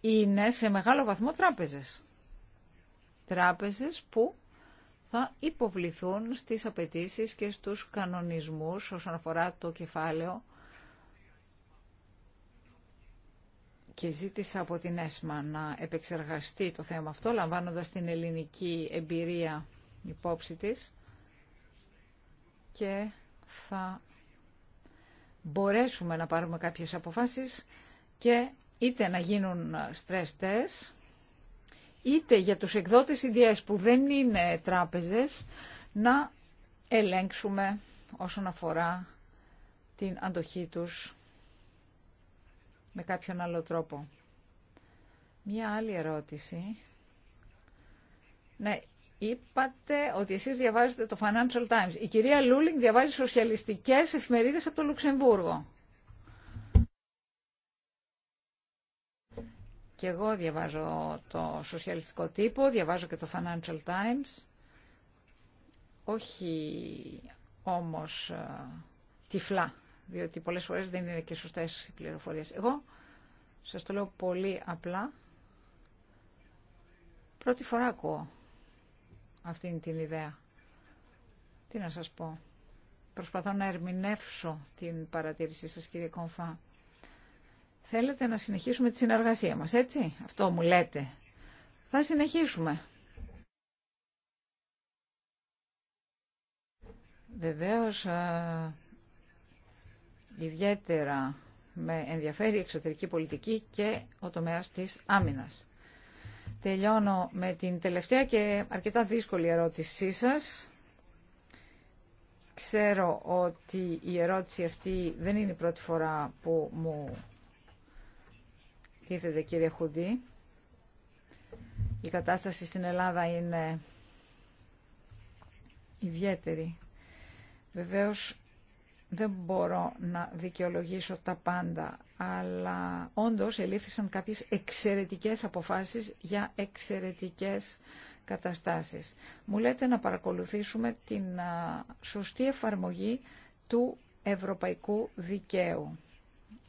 είναι σε μεγάλο βαθμό τράπεζες. Τράπεζες που θα υποβληθούν στις απαιτήσει και στους κανονισμούς όσον αφορά το κεφάλαιο και ζήτησα από την ΕΣΜΑ να επεξεργαστεί το θέμα αυτό, λαμβάνοντας την ελληνική εμπειρία υπόψη της και θα μπορέσουμε να πάρουμε κάποιες αποφάσεις και είτε να γίνουν stress test, είτε για τους εκδότες ιδιές που δεν είναι τράπεζες, να ελέγξουμε όσον αφορά την αντοχή τους με κάποιον άλλο τρόπο. Μία άλλη ερώτηση. Ναι, Είπατε ότι εσείς διαβάζετε το Financial Times. Η κυρία Λούλινγκ διαβάζει σοσιαλιστικές εφημερίδες από το Λουξεμβούργο. Και εγώ διαβάζω το σοσιαλιστικό τύπο, διαβάζω και το Financial Times. Όχι όμως ε, τυφλά, διότι πολλές φορές δεν είναι και σωστές οι πληροφορίες. Εγώ σας το λέω πολύ απλά. Πρώτη φορά ακούω αυτήν την ιδέα. Τι να σας πω. Προσπαθώ να ερμηνεύσω την παρατήρησή σας κύριε Κομφά. Θέλετε να συνεχίσουμε τη συνεργασία μας, έτσι. Αυτό μου λέτε. Θα συνεχίσουμε. Βεβαίως, ιδιαίτερα με ενδιαφέρει η εξωτερική πολιτική και ο τομέας της άμυνας. Τελειώνω με την τελευταία και αρκετά δύσκολη ερώτησή σας. Ξέρω ότι η ερώτηση αυτή δεν είναι η πρώτη φορά που μου τίθεται κύριε Χουντή. Η κατάσταση στην Ελλάδα είναι ιδιαίτερη. Βεβαίως δεν μπορώ να δικαιολογήσω τα πάντα, αλλά όντως ελήφθησαν κάποιες εξαιρετικές αποφάσεις για εξαιρετικές καταστάσεις. Μου λέτε να παρακολουθήσουμε την σωστή εφαρμογή του ευρωπαϊκού δικαίου.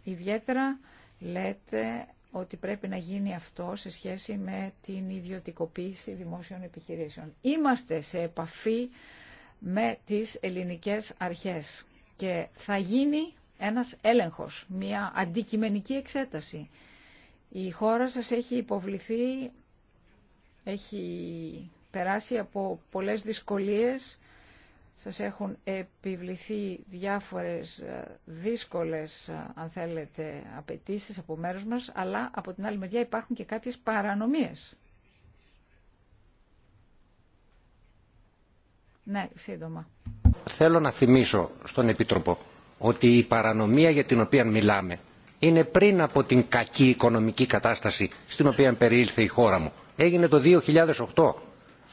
Ιδιαίτερα λέτε ότι πρέπει να γίνει αυτό σε σχέση με την ιδιωτικοποίηση δημόσιων επιχειρήσεων. Είμαστε σε επαφή με τις ελληνικές αρχές και θα γίνει ένας έλεγχος, μια αντικειμενική εξέταση. Η χώρα σας έχει υποβληθεί, έχει περάσει από πολλές δυσκολίες, σας έχουν επιβληθεί διάφορες ε, δύσκολες, ε, αν θέλετε, απαιτήσει από μέρους μας, αλλά από την άλλη μεριά υπάρχουν και κάποιες παρανομίες. Ναι, σύντομα. Θέλω να θυμίσω στον Επίτροπο ότι η παρανομία για την οποία μιλάμε είναι πριν από την κακή οικονομική κατάσταση στην οποία περιήλθε η χώρα μου. Έγινε το 2008.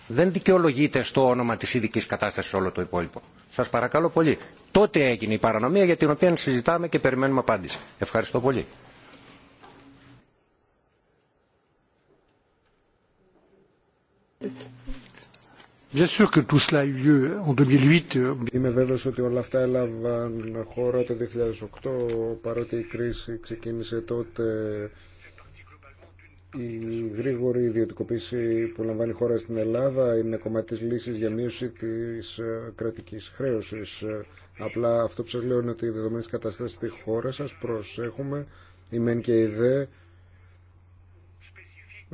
Δεν δικαιολογείται στο όνομα της ειδική κατάστασης όλο το υπόλοιπο. Σας παρακαλώ πολύ. Τότε έγινε η παρανομία για την οποία συζητάμε και περιμένουμε απάντηση. Ευχαριστώ πολύ. Είμαι βέβαιος ότι όλα αυτά έλαβαν χώρα το 2008, παρότι η κρίση ξεκίνησε τότε. Η γρήγορη ιδιωτικοποίηση που λαμβάνει η χώρα στην Ελλάδα είναι κομμάτι της λύσης για μείωση της ε, κρατικής χρέωσης. Απλά αυτό που σας λέω είναι ότι οι δεδομένες καταστάσεις στη χώρα σας προσέχουμε, η και η δε,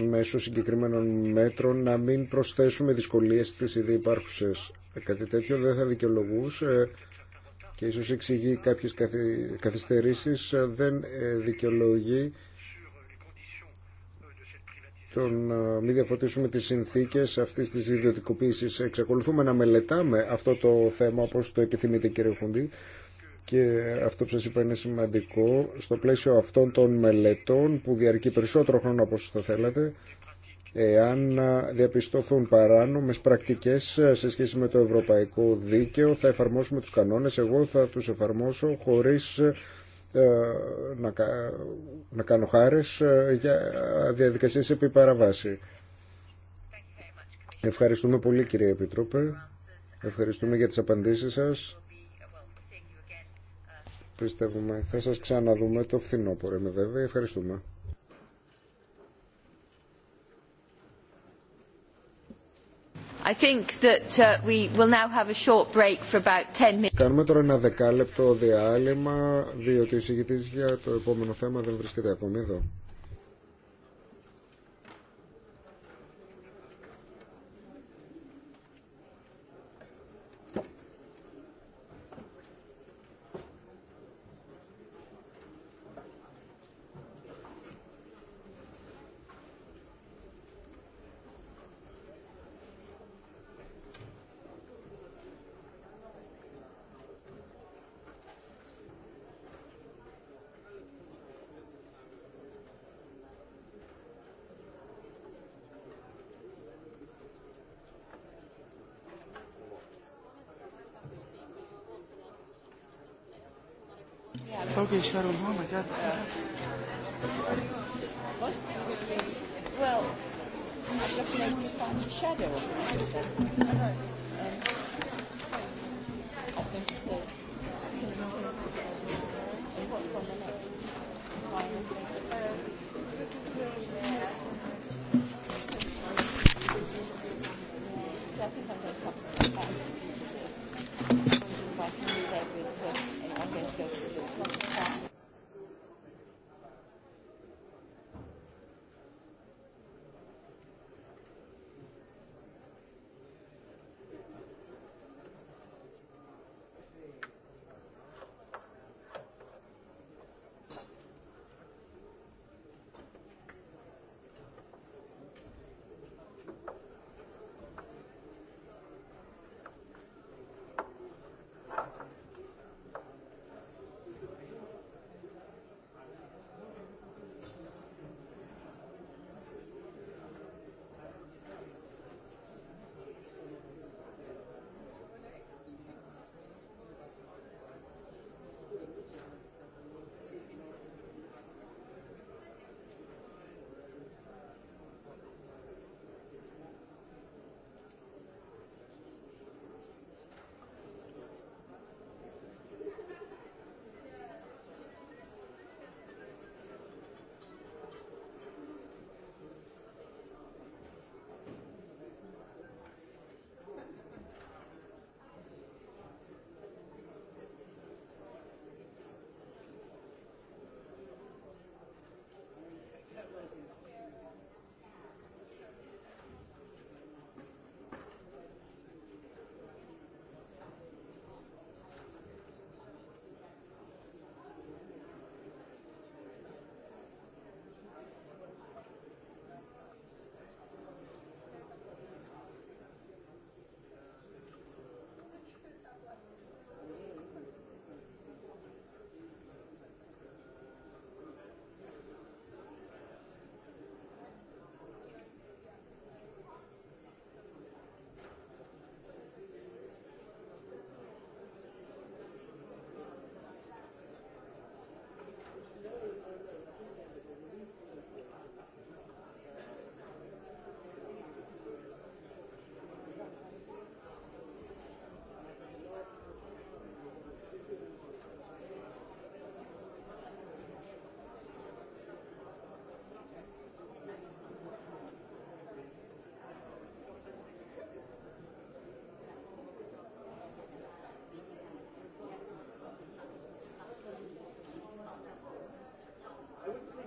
μέσω συγκεκριμένων μέτρων να μην προσθέσουμε δυσκολίες στις ήδη υπάρχουσες. Κάτι τέτοιο δεν θα δικαιολογούσε και ίσως εξηγεί κάποιες καθυστερήσεις, δεν ε, δικαιολογεί το να μην διαφωτίσουμε τις συνθήκες αυτής της ιδιωτικοποίησης. Εξακολουθούμε να μελετάμε αυτό το θέμα όπως το επιθυμείτε κύριε Χουντή και αυτό που σας είπα είναι σημαντικό στο πλαίσιο αυτών των μελετών που διαρκεί περισσότερο χρόνο από όσο θα θέλατε εάν διαπιστωθούν παράνομες πρακτικές σε σχέση με το ευρωπαϊκό δίκαιο θα εφαρμόσουμε τους κανόνες εγώ θα τους εφαρμόσω χωρίς ε, να, να κάνω χάρες ε, για διαδικασίες επί παραβάση. Ευχαριστούμε πολύ κύριε Επιτρόπε. Ευχαριστούμε για τις απαντήσεις σας πιστεύουμε. Θα σας ξαναδούμε το φθινόπωρο, με βέβαια. Ευχαριστούμε. I think that uh, we will now have a short break for about minutes. Κάνουμε τώρα ένα δεκάλεπτο διάλειμμα, διότι ο για το επόμενο θέμα δεν βρίσκεται ακόμη εδώ. on my God. Well, I'm just to this the shadow. I think so. what's on the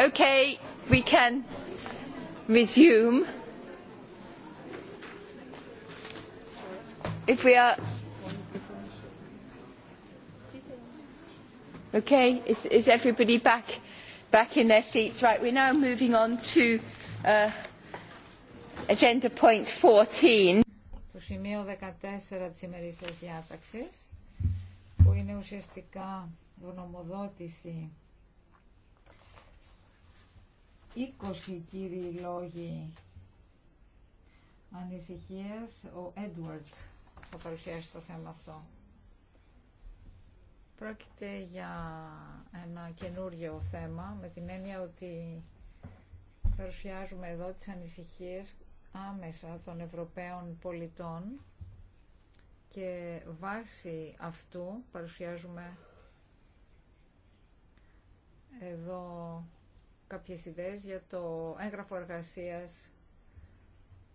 Okay, we can resume. If we are... Okay, is, is everybody back, back in their seats? Right, we're now moving on to uh, agenda point 14. Το σημείο 14 της ημερήσιας διάταξης, που είναι ουσιαστικά γνωμοδότηση 20 κύριοι λόγοι ανησυχίας. Ο Έντουαρτ θα παρουσιάσει το θέμα αυτό. Πρόκειται για ένα καινούργιο θέμα με την έννοια ότι παρουσιάζουμε εδώ τις ανησυχίες άμεσα των Ευρωπαίων πολιτών και βάσει αυτού παρουσιάζουμε εδώ κάποιες ιδέες για το έγγραφο εργασίας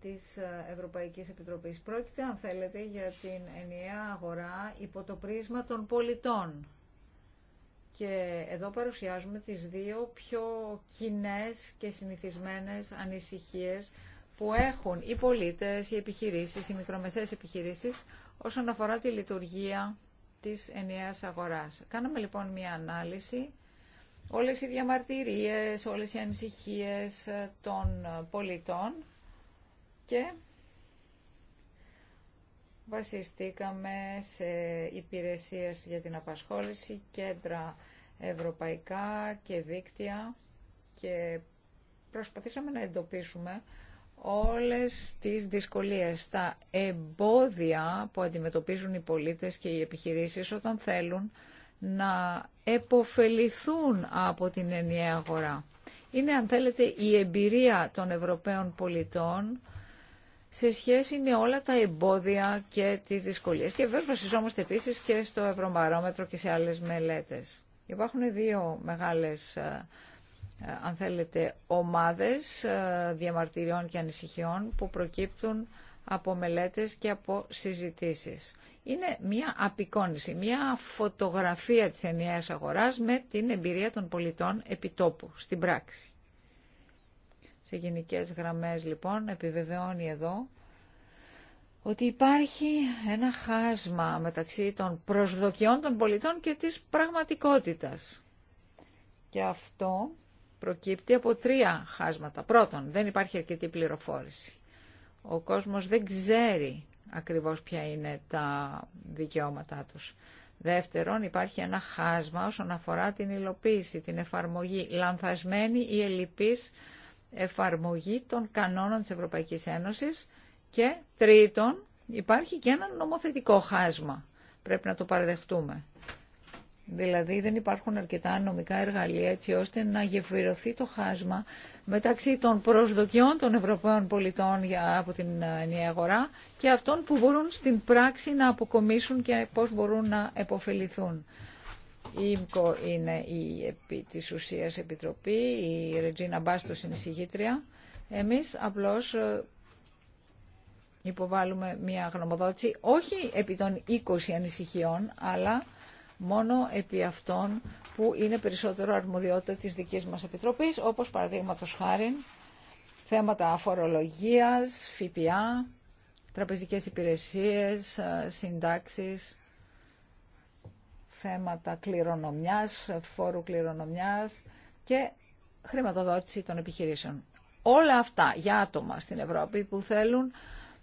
της ε, Ευρωπαϊκής Επιτροπής. Πρόκειται, αν θέλετε, για την ενιαία αγορά υπό το πρίσμα των πολιτών. Και εδώ παρουσιάζουμε τις δύο πιο κοινέ και συνηθισμένες ανησυχίες που έχουν οι πολίτες, οι επιχειρήσεις, οι μικρομεσαίες επιχειρήσεις όσον αφορά τη λειτουργία της ενιαίας αγοράς. Κάναμε λοιπόν μια ανάλυση όλες οι διαμαρτυρίες, όλες οι ανησυχίες των πολιτών και βασιστήκαμε σε υπηρεσίες για την απασχόληση, κέντρα ευρωπαϊκά και δίκτυα και προσπαθήσαμε να εντοπίσουμε όλες τις δυσκολίες, τα εμπόδια που αντιμετωπίζουν οι πολίτες και οι επιχειρήσεις όταν θέλουν να εποφεληθούν από την ενιαία αγορά. Είναι, αν θέλετε, η εμπειρία των Ευρωπαίων πολιτών σε σχέση με όλα τα εμπόδια και τις δυσκολίες. Και βέβαια βασιζόμαστε επίσης και στο ευρωμαρόμετρο και σε άλλες μελέτες. Υπάρχουν δύο μεγάλες, ε, ε, αν θέλετε, ομάδες ε, διαμαρτυριών και ανησυχιών που προκύπτουν από μελέτες και από συζητήσεις. Είναι μια απεικόνηση, μια φωτογραφία της ενιαίας αγοράς με την εμπειρία των πολιτών επιτόπου, στην πράξη. Σε γενικές γραμμές λοιπόν επιβεβαιώνει εδώ ότι υπάρχει ένα χάσμα μεταξύ των προσδοκιών των πολιτών και της πραγματικότητας. Και αυτό προκύπτει από τρία χάσματα. Πρώτον, δεν υπάρχει αρκετή πληροφόρηση. Ο κόσμος δεν ξέρει ακριβώς ποια είναι τα δικαιώματά τους. Δεύτερον, υπάρχει ένα χάσμα όσον αφορά την υλοποίηση, την εφαρμογή, λανθασμένη ή ελλειπής εφαρμογή των κανόνων της Ευρωπαϊκής Ένωσης και τρίτον, υπάρχει και ένα νομοθετικό χάσμα. Πρέπει να το παραδεχτούμε. Δηλαδή δεν υπάρχουν αρκετά νομικά εργαλεία έτσι ώστε να γεφυρωθεί το χάσμα μεταξύ των προσδοκιών των Ευρωπαίων πολιτών από την ε, ενιαία αγορά και αυτών που μπορούν στην πράξη να αποκομίσουν και πώς μπορούν να επωφεληθούν. Η ΙΜΚΟ είναι η επί της ουσίας επιτροπή, η Ρετζίνα Μπάστος είναι η συγγήτρια. Εμείς απλώς ε, υποβάλλουμε μια γνωμοδότηση όχι επί των 20 ανησυχιών, αλλά μόνο επί αυτών που είναι περισσότερο αρμοδιότητα της δικής μας Επιτροπής, όπως παραδείγματο χάρη θέματα φορολογίας, ΦΠΑ, τραπεζικές υπηρεσίες, ε, συντάξεις, θέματα κληρονομιάς, φόρου κληρονομιάς και χρηματοδότηση των επιχειρήσεων. Όλα αυτά για άτομα στην Ευρώπη που θέλουν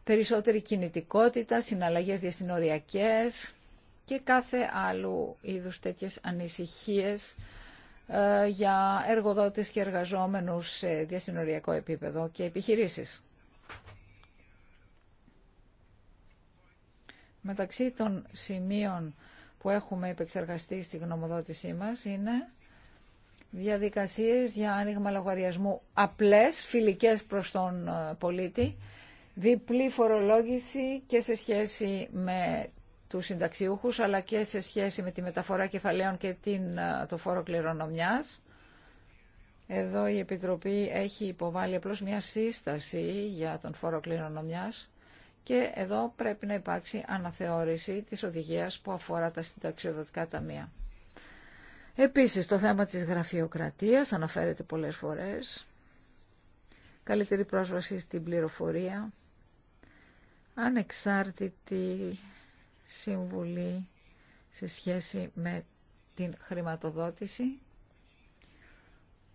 περισσότερη κινητικότητα, συναλλαγές διασυνοριακές, και κάθε άλλου είδους τέτοιες ανησυχίες ε, για εργοδότες και εργαζόμενους σε διασυνοριακό επίπεδο και επιχειρήσεις. Μεταξύ των σημείων που έχουμε επεξεργαστεί στη γνωμοδότησή μας είναι διαδικασίες για άνοιγμα λογαριασμού απλές, φιλικές προς τον ε, πολίτη, διπλή φορολόγηση και σε σχέση με του συνταξιούχους αλλά και σε σχέση με τη μεταφορά κεφαλαίων και την, το φόρο κληρονομιάς. Εδώ η Επιτροπή έχει υποβάλει απλώς μια σύσταση για τον φόρο κληρονομιάς και εδώ πρέπει να υπάρξει αναθεώρηση της οδηγίας που αφορά τα συνταξιοδοτικά ταμεία. Επίσης το θέμα της γραφειοκρατίας αναφέρεται πολλές φορές. Καλύτερη πρόσβαση στην πληροφορία, ανεξάρτητη συμβουλή σε σχέση με την χρηματοδότηση,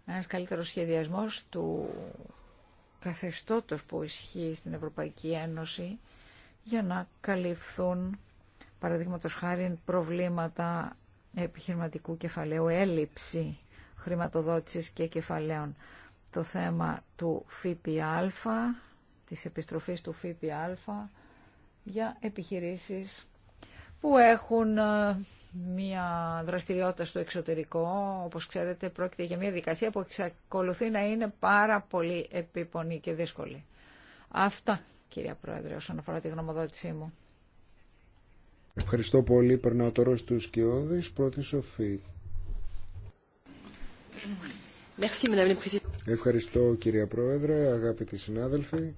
ένας καλύτερος σχεδιασμός του καθεστώτος που ισχύει στην Ευρωπαϊκή Ένωση για να καλυφθούν παραδείγματος χάρη προβλήματα επιχειρηματικού κεφαλαίου, έλλειψη χρηματοδότησης και κεφαλαίων. Το θέμα του ΦΠΑ, της επιστροφής του ΦΠΑ για επιχειρήσεις που έχουν ε, μια δραστηριότητα στο εξωτερικό. Όπως ξέρετε πρόκειται για μια δικασία που εξακολουθεί να είναι πάρα πολύ επίπονη και δύσκολη. Αυτά κυρία Πρόεδρε όσον αφορά τη γνωμοδότησή μου. Ευχαριστώ πολύ. Περνάω τώρα στους Σκιώδης. Πρώτη Σοφή. Ευχαριστώ κυρία Πρόεδρε, αγαπητοί συνάδελφοι.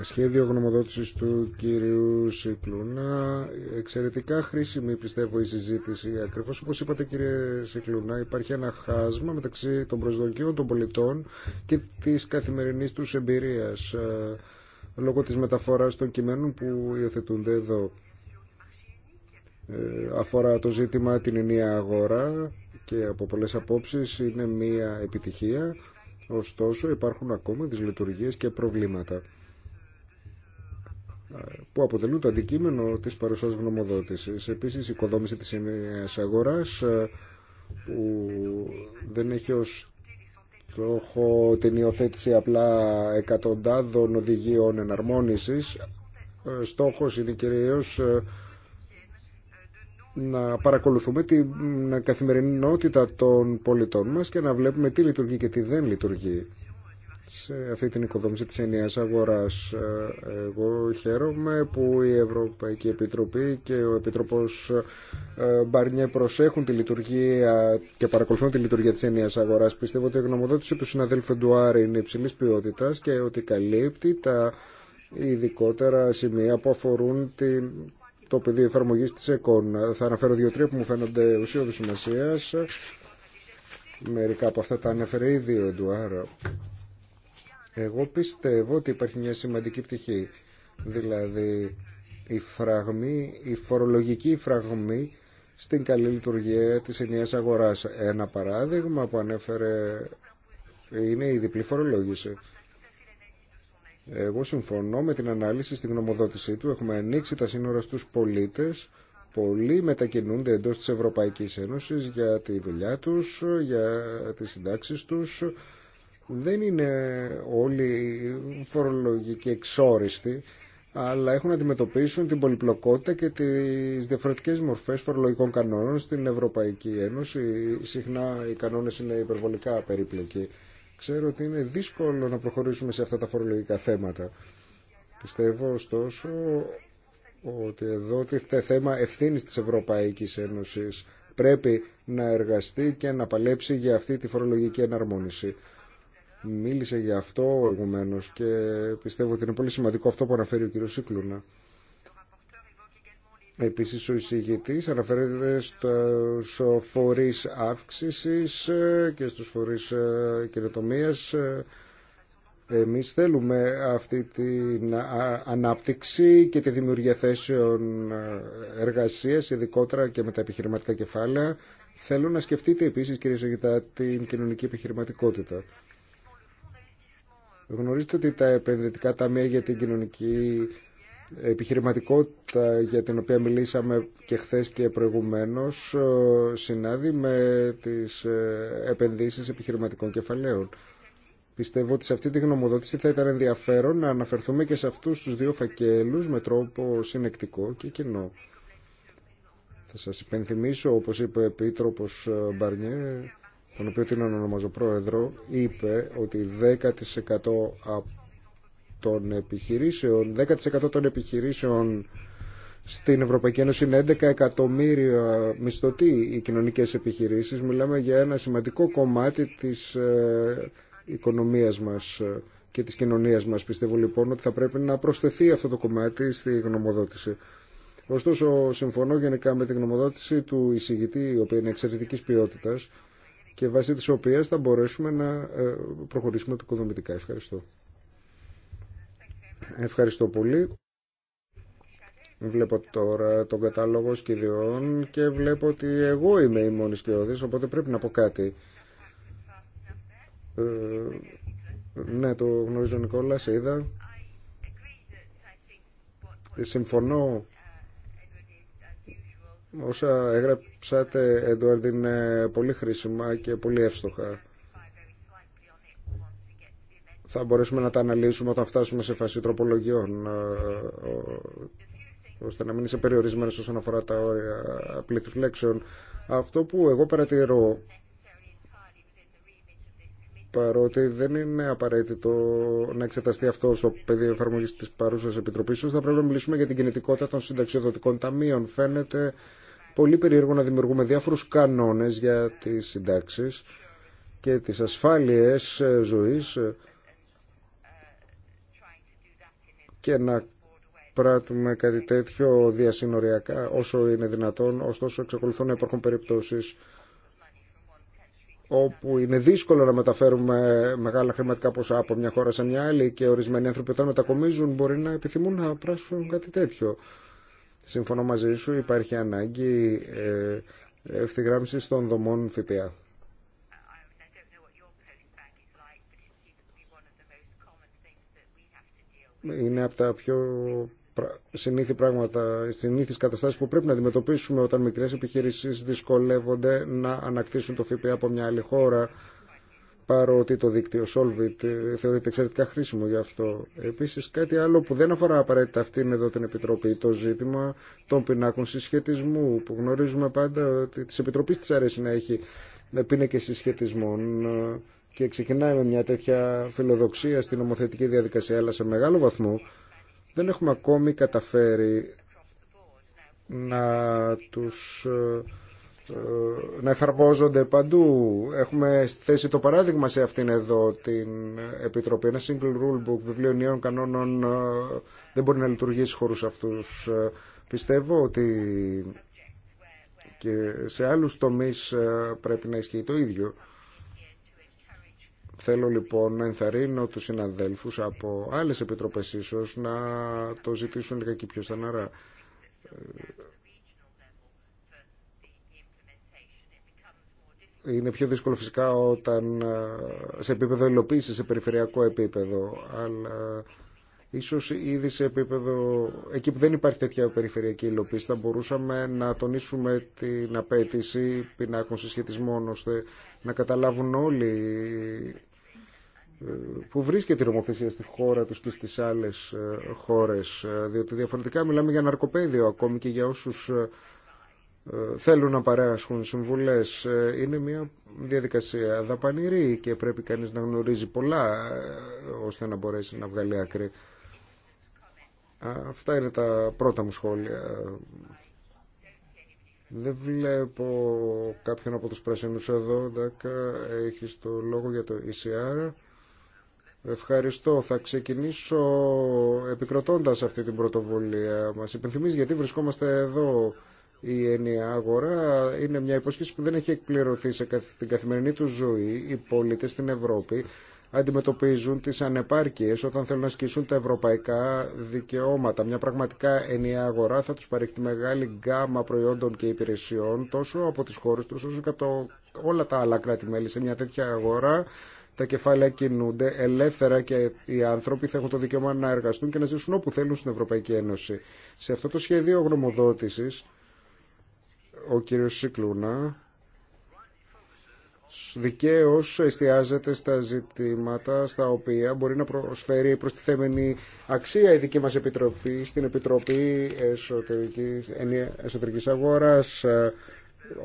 σχέδιο γνωμοδότησης του κυρίου Σικλούνα. Εξαιρετικά χρήσιμη πιστεύω η συζήτηση. Ακριβώς όπως είπατε κύριε Σικλούνα υπάρχει ένα χάσμα μεταξύ των προσδοκίων των πολιτών και της καθημερινής τους εμπειρίας ε, λόγω της μεταφοράς των κειμένων που υιοθετούνται εδώ. Ε, αφορά το ζήτημα την ενία αγορά και από πολλές απόψεις είναι μια επιτυχία. Ωστόσο υπάρχουν ακόμα δυσλειτουργίες και προβλήματα που αποτελούν το αντικείμενο της παρουσίας γνωμοδότησης. Επίσης, η οικοδόμηση της ενιαίας αγοράς ε, που δεν έχει ως στόχο την υιοθέτηση απλά εκατοντάδων οδηγίων εναρμόνισης. Ε, στόχος είναι κυρίως ε, να παρακολουθούμε την καθημερινότητα των πολιτών μας και να βλέπουμε τι λειτουργεί και τι δεν λειτουργεί σε αυτή την οικοδόμηση της ενιαίας αγοράς. Ε, εγώ χαίρομαι που η Ευρωπαϊκή Επιτροπή και ο Επιτροπός ε, Μπαρνιέ προσέχουν τη λειτουργία και παρακολουθούν τη λειτουργία της ενιαίας αγοράς. Πιστεύω ότι η γνωμοδότηση του συναδέλφου Ντουάρη είναι υψηλής ποιότητας και ότι καλύπτει τα ειδικότερα σημεία που αφορούν την το πεδίο εφαρμογή τη ΕΚΟΝ. Θα αναφέρω δύο-τρία που μου φαίνονται ουσιώδη σημασία. Μερικά από αυτά τα ανέφερε ήδη ο Εντουάρα. Εγώ πιστεύω ότι υπάρχει μια σημαντική πτυχή. Δηλαδή, η φραγμή, η φορολογική φραγμή στην καλή λειτουργία της ενιαίας αγοράς. Ένα παράδειγμα που ανέφερε είναι η διπλή φορολόγηση. Εγώ συμφωνώ με την ανάλυση στην γνωμοδότησή του. Έχουμε ανοίξει τα σύνορα στους πολίτες. Πολλοί μετακινούνται εντός της Ευρωπαϊκής Ένωσης για τη δουλειά τους, για τις συντάξεις τους, δεν είναι όλοι φορολογικοί εξόριστοι, αλλά έχουν να αντιμετωπίσουν την πολυπλοκότητα και τις διαφορετικές μορφές φορολογικών κανόνων στην Ευρωπαϊκή Ένωση. Συχνά οι κανόνες είναι υπερβολικά περίπλοκοι. Ξέρω ότι είναι δύσκολο να προχωρήσουμε σε αυτά τα φορολογικά θέματα. Πιστεύω, ωστόσο, ότι εδώ τίθεται θέμα ευθύνης της Ευρωπαϊκής Ένωσης. Πρέπει να εργαστεί και να παλέψει για αυτή τη φορολογική εναρμόνιση μίλησε για αυτό προηγουμένω και πιστεύω ότι είναι πολύ σημαντικό αυτό που αναφέρει ο κύριος Σίκλουνα. Επίσης ο εισηγητής αναφέρεται στους φορείς αύξησης και στους φορείς ε, κοινοτομίας. Εμείς θέλουμε αυτή την ανάπτυξη και τη δημιουργία θέσεων ε, εργασίας, ειδικότερα και με τα επιχειρηματικά κεφάλαια. Θέλω να σκεφτείτε επίσης, κύριε Σογητά, την κοινωνική επιχειρηματικότητα. Γνωρίζετε ότι τα επενδυτικά ταμεία για την κοινωνική επιχειρηματικότητα για την οποία μιλήσαμε και χθες και προηγουμένως ε, συνάδει με τις ε, επενδύσεις επιχειρηματικών κεφαλαίων. Πιστεύω ότι σε αυτή τη γνωμοδότηση θα ήταν ενδιαφέρον να αναφερθούμε και σε αυτούς τους δύο φακέλους με τρόπο συνεκτικό και κοινό. Θα σας υπενθυμίσω, όπως είπε ο Επίτροπος ε, Μπαρνιέ, τον οποίο την ονομάζω πρόεδρο, είπε ότι 10% των επιχειρήσεων, 10% των επιχειρήσεων στην Ευρωπαϊκή Ένωση είναι 11 εκατομμύρια μισθωτοί οι κοινωνικές επιχειρήσεις. Μιλάμε για ένα σημαντικό κομμάτι της ε, οικονομίας μας και της κοινωνίας μας. Πιστεύω λοιπόν ότι θα πρέπει να προσθεθεί αυτό το κομμάτι στη γνωμοδότηση. Ωστόσο, συμφωνώ γενικά με τη γνωμοδότηση του εισηγητή, η οποία είναι εξαιρετική ποιότητας, και βάσει τη οποία θα μπορέσουμε να ε, προχωρήσουμε επικοδομητικά. Ευχαριστώ. Ευχαριστώ πολύ. Βλέπω τώρα τον κατάλογο σκηδιών και βλέπω ότι εγώ είμαι η μόνη σκηδιώδης, οπότε πρέπει να πω κάτι. Ε, ναι, το γνωρίζω Νικόλα, σε είδα. Ε, συμφωνώ Όσα έγραψατε, Εντουάρντ, είναι πολύ χρήσιμα και πολύ εύστοχα. Θα μπορέσουμε να τα αναλύσουμε όταν φτάσουμε σε φάση τροπολογιών, ε, ώστε να μην είσαι περιορισμένος όσον αφορά τα όρια πλήθους Αυτό που εγώ παρατηρώ, παρότι δεν είναι απαραίτητο να εξεταστεί αυτό στο πεδίο εφαρμογής της παρούσας επιτροπής, θα πρέπει να μιλήσουμε για την κινητικότητα των συνταξιοδοτικών ταμείων. Φαίνεται πολύ περίεργο να δημιουργούμε διάφορους κανόνες για τις συντάξεις και τις ασφάλειες ε, ζωής ε, και να πράττουμε κάτι τέτοιο διασυνοριακά όσο είναι δυνατόν, ωστόσο εξακολουθούν να υπάρχουν περιπτώσεις όπου είναι δύσκολο να μεταφέρουμε μεγάλα χρηματικά ποσά από μια χώρα σε μια άλλη και ορισμένοι άνθρωποι όταν μετακομίζουν μπορεί να επιθυμούν να πράσουν κάτι τέτοιο. Συμφωνώ μαζί σου, υπάρχει ανάγκη ε, ευθυγράμμισης των δομών ΦΠΑ. Είναι από τα πιο συνήθι πράγματα, συνήθει καταστάσει που πρέπει να αντιμετωπίσουμε όταν μικρές επιχειρήσεις δυσκολεύονται να ανακτήσουν το ΦΠΑ από μια άλλη χώρα παρότι το δίκτυο Solvit ε, θεωρείται εξαιρετικά χρήσιμο γι' αυτό. Επίσης κάτι άλλο που δεν αφορά απαραίτητα αυτήν εδώ την Επιτροπή, το ζήτημα των πινάκων συσχετισμού που γνωρίζουμε πάντα ότι της Επιτροπής της αρέσει να έχει ε, πίνακες συσχετισμών ε, και ξεκινάει με μια τέτοια φιλοδοξία στην νομοθετική διαδικασία, αλλά σε μεγάλο βαθμό δεν έχουμε ακόμη καταφέρει να τους ε, να εφαρμόζονται παντού. Έχουμε θέσει το παράδειγμα σε αυτήν εδώ την Επιτροπή. Ένα single rule book βιβλίο νέων κανόνων ε, δεν μπορεί να λειτουργήσει χωρίς αυτούς. Ε, πιστεύω ότι και σε άλλους τομείς πρέπει να ισχύει το ίδιο. Θέλω λοιπόν να ενθαρρύνω τους συναδέλφους από άλλες επιτροπές ίσως να το ζητήσουν λίγα και πιο στεναρά Είναι πιο δύσκολο φυσικά όταν ε, σε επίπεδο υλοποίηση, σε περιφερειακό επίπεδο, αλλά ίσως ήδη σε επίπεδο, εκεί που δεν υπάρχει τέτοια περιφερειακή υλοποίηση, θα μπορούσαμε να τονίσουμε την απέτηση πινάκων συσχετισμών, ώστε να καταλάβουν όλοι ε, που βρίσκεται η νομοθεσία στη χώρα τους και στις άλλες ε, χώρες διότι διαφορετικά μιλάμε για ναρκοπαίδιο ακόμη και για όσους θέλουν να παράσχουν συμβουλές. Ε, είναι μια διαδικασία δαπανηρή και πρέπει κανείς να γνωρίζει πολλά ε, ώστε να μπορέσει να βγάλει άκρη. Αυτά είναι τα πρώτα μου σχόλια. Δεν βλέπω κάποιον από τους πρασινούς εδώ. Δάκα, έχεις το λόγο για το ECR. Ευχαριστώ. Θα ξεκινήσω επικροτώντας αυτή την πρωτοβουλία. Μας υπενθυμίζει γιατί βρισκόμαστε εδώ η ενιαία αγορά είναι μια υπόσχεση που δεν έχει εκπληρωθεί σε την καθημερινή του ζωή. Οι πολίτε στην Ευρώπη αντιμετωπίζουν τι ανεπάρκειες όταν θέλουν να ασκήσουν τα ευρωπαϊκά δικαιώματα. Μια πραγματικά ενιαία αγορά θα του παρέχει τη μεγάλη γκάμα προϊόντων και υπηρεσιών τόσο από τι χώρε του όσο και από το, όλα τα άλλα κράτη-μέλη. Σε μια τέτοια αγορά τα κεφάλαια κινούνται ελεύθερα και οι άνθρωποι θα έχουν το δικαίωμα να εργαστούν και να ζήσουν όπου θέλουν στην Ευρωπαϊκή Ένωση. Σε αυτό το σχέδιο γνωμοδότηση ο κύριος Σικλούνα δικαίως εστιάζεται στα ζητήματα στα οποία μπορεί να προσφέρει τη προστιθέμενη αξία η δική μας Επιτροπή στην Επιτροπή Εσωτερικής, Εσωτερικής Αγοράς ε,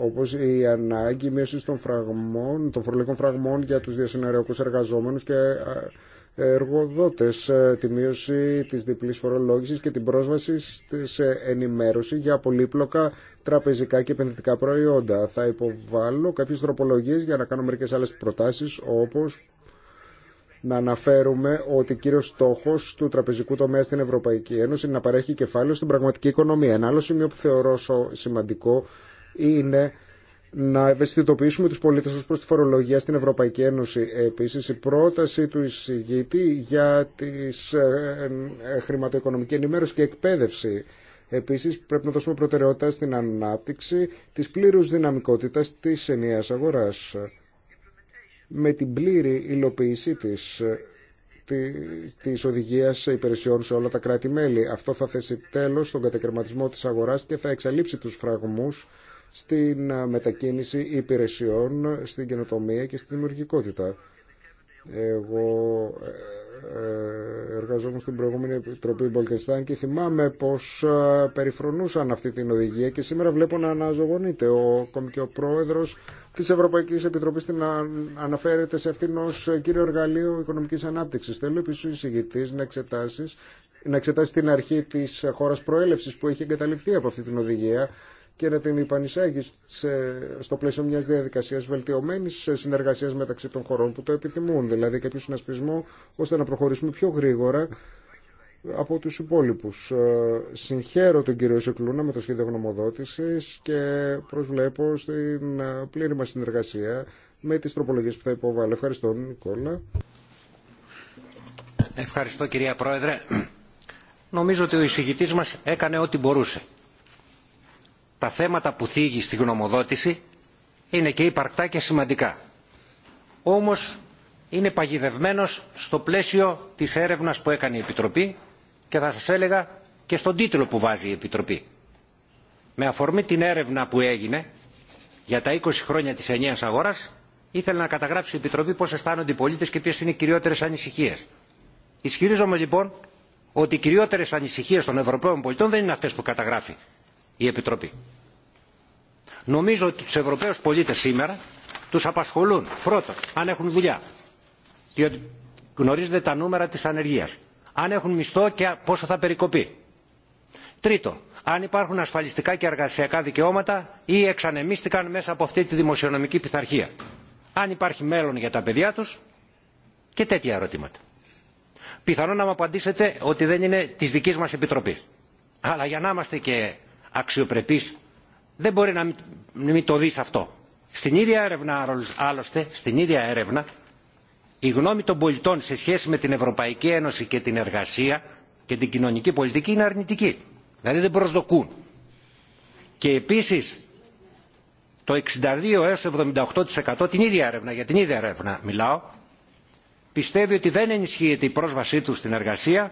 όπως η ανάγκη μείωση των, φραγμών, των φορολογικών φραγμών για τους διασυναριακούς εργαζόμενους και ε, εργοδότες, ε, τη μείωση της διπλής φορολόγησης και την πρόσβαση σε ενημέρωση για πολύπλοκα τραπεζικά και επενδυτικά προϊόντα. Θα υποβάλω κάποιες τροπολογίες για να κάνω μερικές άλλες προτάσεις όπως να αναφέρουμε ότι κύριο στόχο του τραπεζικού τομέα στην Ευρωπαϊκή Ένωση είναι να παρέχει κεφάλαιο στην πραγματική οικονομία. Ένα άλλο σημείο που θεωρώ σημαντικό είναι να ευαισθητοποιήσουμε του πολίτες ως προς τη φορολογία στην Ευρωπαϊκή Ένωση. Επίση, η πρόταση του εισηγητή για τη ε, ε, χρηματοοικονομική ενημέρωση και εκπαίδευση. Επίσης, πρέπει να δώσουμε προτεραιότητα στην ανάπτυξη της πλήρους δυναμικότητας της ενιαίας αγοράς με την πλήρη υλοποίησή της ε, της οδηγίας υπηρεσιών σε όλα τα κράτη-μέλη. Αυτό θα θέσει τέλο στον κατακαιρματισμό τη αγορά και θα εξαλείψει του φραγμού στην ε, μετακίνηση υπηρεσιών, στην καινοτομία και στη δημιουργικότητα. Εγώ ε, ε, εργαζόμουν στην προηγούμενη Επιτροπή Μπολκεστάν και θυμάμαι πως περιφρονούσαν αυτή την οδηγία και σήμερα βλέπω να αναζωογονείται. Ο ακόμη και ο πρόεδρος της Ευρωπαϊκής Επιτροπής την αναφέρεται σε αυτήν ως κύριο εργαλείο οικονομικής ανάπτυξης. Θέλω επίσης ο εισηγητής να εξετάσει να την αρχή της χώρας προέλευσης που έχει εγκαταλειφθεί από αυτή την οδηγία και να την υπανισάγει στο πλαίσιο μια διαδικασία βελτιωμένη συνεργασία μεταξύ των χωρών που το επιθυμούν. Δηλαδή κάποιο συνασπισμό ώστε να προχωρήσουμε πιο γρήγορα από τους υπόλοιπους. Ε, συγχαίρω τον κύριο Σεκλούνα με το σχέδιο γνωμοδότησης και προσβλέπω στην ε, πλήρη μας συνεργασία με τις τροπολογίες που θα υποβάλλω. Ευχαριστώ, Νικόλα. Ευχαριστώ, κυρία Πρόεδρε. Νομίζω ότι ο εισηγητής μας έκανε ό,τι μπορούσε τα θέματα που θίγει στη γνωμοδότηση είναι και υπαρκτά και σημαντικά. Όμως είναι παγιδευμένος στο πλαίσιο της έρευνας που έκανε η Επιτροπή και θα σας έλεγα και στον τίτλο που βάζει η Επιτροπή. Με αφορμή την έρευνα που έγινε για τα 20 χρόνια της ενιαίας αγοράς ήθελε να καταγράψει η Επιτροπή πώς αισθάνονται οι πολίτες και ποιες είναι οι κυριότερες ανησυχίες. Ισχυρίζομαι λοιπόν ότι οι κυριότερες ανησυχίες των Ευρωπαίων πολιτών δεν είναι αυτές που καταγράφει η Επιτροπή. Νομίζω ότι τους Ευρωπαίους πολίτες σήμερα τους απασχολούν πρώτον αν έχουν δουλειά, διότι γνωρίζετε τα νούμερα της ανεργίας, αν έχουν μισθό και πόσο θα περικοπεί. Τρίτο, αν υπάρχουν ασφαλιστικά και εργασιακά δικαιώματα ή εξανεμίστηκαν μέσα από αυτή τη δημοσιονομική πειθαρχία. Αν υπάρχει μέλλον για τα παιδιά τους και τέτοια ερωτήματα. Πιθανόν να μου απαντήσετε ότι δεν είναι της δικής μας Επιτροπής. Αλλά για να είμαστε και αξιοπρεπής δεν μπορεί να μην, το δεις αυτό. Στην ίδια έρευνα άλλωστε, στην ίδια έρευνα η γνώμη των πολιτών σε σχέση με την Ευρωπαϊκή Ένωση και την εργασία και την κοινωνική πολιτική είναι αρνητική. Δηλαδή δεν προσδοκούν. Και επίσης το 62 έως 78% την ίδια έρευνα, για την ίδια έρευνα μιλάω, πιστεύει ότι δεν ενισχύεται η πρόσβασή τους στην εργασία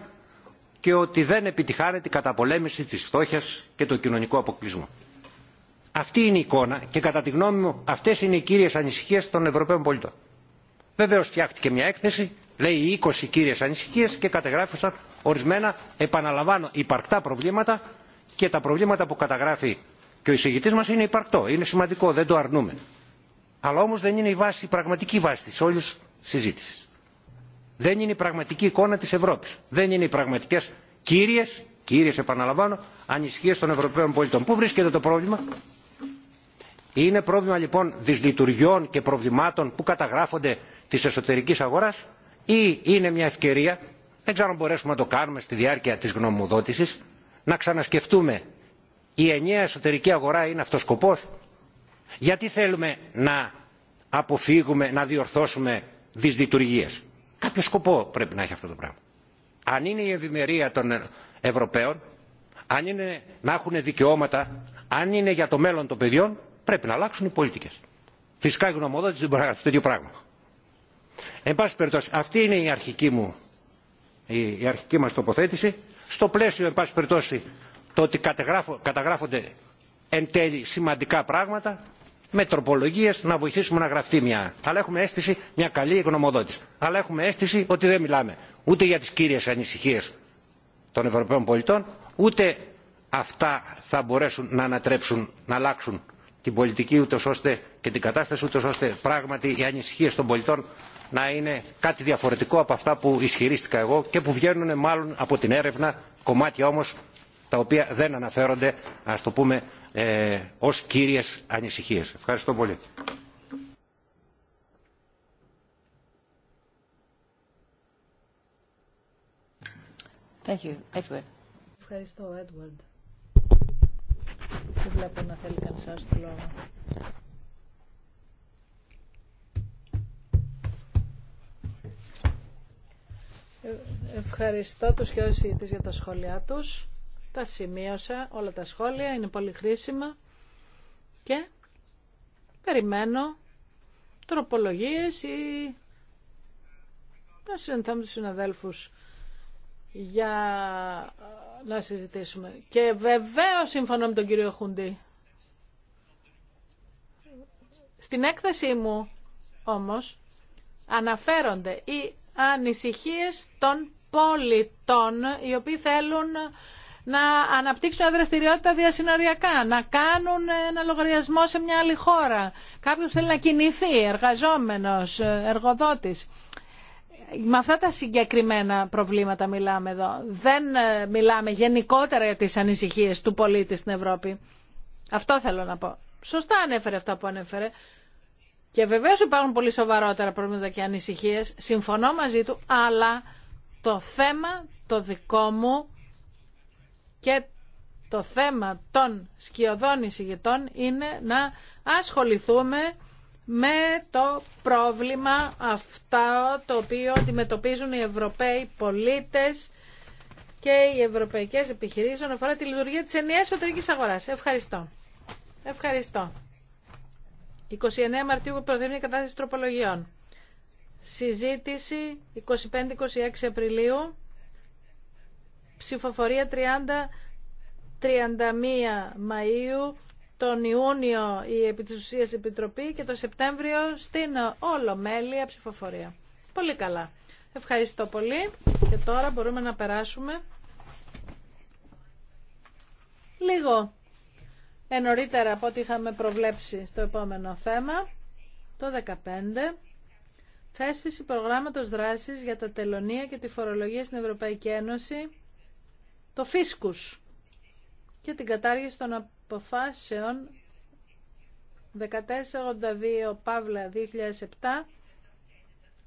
και ότι δεν επιτυχάνεται η καταπολέμηση της φτώχειας και του κοινωνικού αποκλεισμού. Αυτή είναι η εικόνα και κατά τη γνώμη μου αυτές είναι οι κύριες ανησυχίες των Ευρωπαίων πολιτών. Βεβαίως φτιάχτηκε μια έκθεση, λέει 20 κύριες ανησυχίες και κατεγράφησαν ορισμένα, επαναλαμβάνω, υπαρκτά προβλήματα και τα προβλήματα που καταγράφει και ο εισηγητής μας είναι υπαρκτό, είναι σημαντικό, δεν το αρνούμε. Αλλά όμως δεν είναι η, βάση, η πραγματική βάση της όλης συζήτησης δεν είναι η πραγματική εικόνα της Ευρώπης. Δεν είναι οι πραγματικές κύριες, κύριες επαναλαμβάνω, ανησυχίες των Ευρωπαίων πολιτών. Πού βρίσκεται το πρόβλημα? Είναι πρόβλημα λοιπόν δυσλειτουργιών και προβλημάτων που καταγράφονται της εσωτερικής αγοράς ή είναι μια ευκαιρία, δεν ξέρω αν μπορέσουμε να το κάνουμε στη διάρκεια της γνωμοδότησης, να ξανασκεφτούμε η ενιαία εσωτερική αγορά είναι αυτός σκοπός. Γιατί θέλουμε να αποφύγουμε, να διορθώσουμε δυσλειτουργίες Κάποιο σκοπό πρέπει να έχει αυτό το πράγμα. Αν είναι η ευημερία των Ευρωπαίων, αν είναι να έχουν δικαιώματα, αν είναι για το μέλλον των παιδιών, πρέπει να αλλάξουν οι πολιτικέ. Φυσικά η γνωμοδότηση δεν μπορεί να γράψει τέτοιο πράγμα. Εν πάση περιπτώσει, αυτή είναι η αρχική μου, η, η αρχική μας τοποθέτηση. Στο πλαίσιο, εν πάση περιπτώσει, το ότι καταγράφονται εν τέλει σημαντικά πράγματα, με τροπολογίες να βοηθήσουμε να γραφτεί μια. Αλλά έχουμε αίσθηση μια καλή γνωμοδότηση. Αλλά έχουμε αίσθηση ότι δεν μιλάμε ούτε για τις κύριες ανησυχίες των Ευρωπαίων πολιτών, ούτε αυτά θα μπορέσουν να ανατρέψουν, να αλλάξουν την πολιτική και την κατάσταση ούτε ώστε πράγματι οι ανησυχίες των πολιτών να είναι κάτι διαφορετικό από αυτά που ισχυρίστηκα εγώ και που βγαίνουν μάλλον από την έρευνα κομμάτια όμως τα οποία δεν αναφέρονται ας το πούμε ε, ως κύριες ανησυχίες. Ευχαριστώ πολύ. Thank you. Edward. Ευχαριστώ, Edward. Δεν βλέπω να θέλει κανείς άλλος το λόγο. Ε, ευχαριστώ τους και όσοι για τα σχόλιά τους. Τα σημείωσα όλα τα σχόλια, είναι πολύ χρήσιμα και περιμένω τροπολογίες ή να συναντάμε τους για ε, να συζητήσουμε. Και βεβαίως συμφωνώ με τον κύριο Χουντή. Στην έκθεσή μου όμως αναφέρονται οι ανησυχίες των πολιτών οι οποίοι θέλουν να αναπτύξουν δραστηριότητα διασυνοριακά, να κάνουν ένα λογαριασμό σε μια άλλη χώρα. Κάποιο θέλει να κινηθεί, εργαζόμενο, εργοδότη. Με αυτά τα συγκεκριμένα προβλήματα μιλάμε εδώ. Δεν ε, μιλάμε γενικότερα για τις ανησυχίες του πολίτη στην Ευρώπη. Αυτό θέλω να πω. Σωστά ανέφερε αυτά που ανέφερε. Και βεβαίως υπάρχουν πολύ σοβαρότερα προβλήματα και ανησυχίες. Συμφωνώ μαζί του, αλλά το θέμα το δικό μου και το θέμα των σκιωδών εισηγητών είναι να ασχοληθούμε με το πρόβλημα αυτά το οποίο αντιμετωπίζουν οι Ευρωπαίοι πολίτες και οι ευρωπαϊκές επιχειρήσεις όσον αφορά τη λειτουργία της ενιαίας εσωτερικής αγοράς. Ευχαριστώ. Ευχαριστώ. 29 Μαρτίου προθέμενη κατάσταση τροπολογιών. Συζήτηση 25-26 Απριλίου ψηφοφορία 30, 31 Μαΐου, τον Ιούνιο η Επιτροπή και το Σεπτέμβριο στην Ολομέλεια ψηφοφορία. Πολύ καλά. Ευχαριστώ πολύ και τώρα μπορούμε να περάσουμε λίγο ενωρίτερα από ό,τι είχαμε προβλέψει στο επόμενο θέμα, το 15. Θέσφυση προγράμματος δράσης για τα τελωνία και τη φορολογία στην Ευρωπαϊκή Ένωση το φίσκους και την κατάργηση των αποφάσεων 1482 Παύλα 2007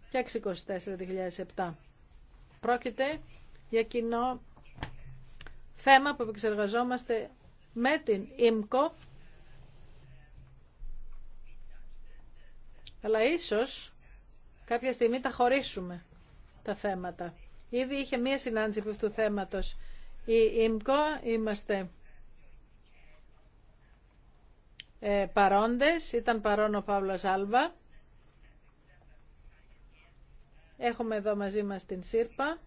και 624 2007. Πρόκειται για κοινό θέμα που επεξεργαζόμαστε με την ΙΜΚΟ αλλά ίσως κάποια στιγμή τα χωρίσουμε τα θέματα. Ήδη είχε μία συνάντηση από αυτού του θέματος η ΙΜΚΟ είμαστε ε, παρόντες, ήταν παρόν ο Παύλος Άλβα. Έχουμε εδώ μαζί μας την ΣΥΡΠΑ.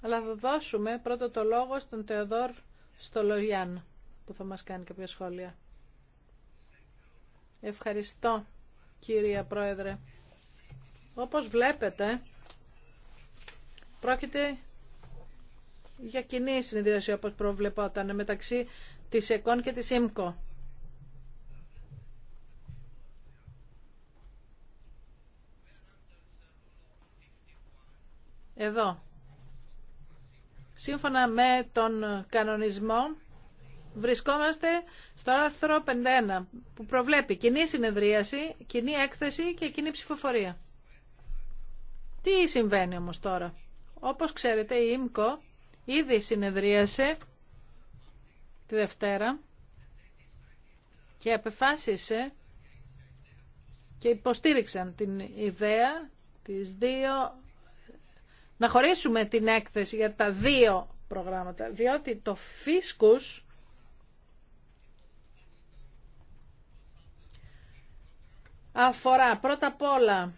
Αλλά θα δώσουμε πρώτο το λόγο στον Θεοδόρ Στολογιάν που θα μας κάνει κάποια σχόλια. Ευχαριστώ κυρία Πρόεδρε. Όπως βλέπετε πρόκειται για κοινή συνεδρίαση όπως προβλεπόταν μεταξύ της ΕΚΟΝ και της ΕΜΚΟ. Εδώ. Σύμφωνα με τον κανονισμό βρισκόμαστε στο άρθρο 51 που προβλέπει κοινή συνεδρίαση, κοινή έκθεση και κοινή ψηφοφορία. Τι συμβαίνει όμως τώρα. Όπως ξέρετε η ΙΜΚΟ ήδη συνεδρίασε τη Δευτέρα και απεφάσισε και υποστήριξαν την ιδέα της δύο να χωρίσουμε την έκθεση για τα δύο προγράμματα, διότι το φίσκους αφορά πρώτα απ' όλα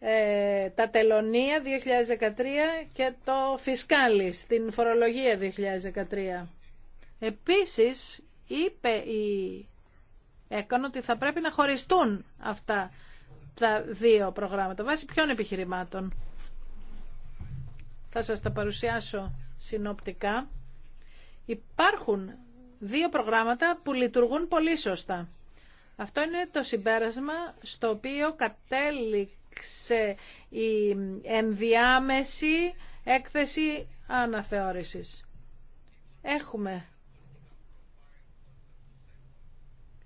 ε, τα τελωνία 2013 και το Φυσκάλι στην φορολογία 2013. Επίσης είπε η έκανε ότι θα πρέπει να χωριστούν αυτά τα δύο προγράμματα. Βάσει ποιων επιχειρημάτων. Θα σας τα παρουσιάσω συνοπτικά. Υπάρχουν δύο προγράμματα που λειτουργούν πολύ σωστά. Αυτό είναι το συμπέρασμα στο οποίο κατέληξε υπήρξε η ενδιάμεση έκθεση αναθεώρησης. Έχουμε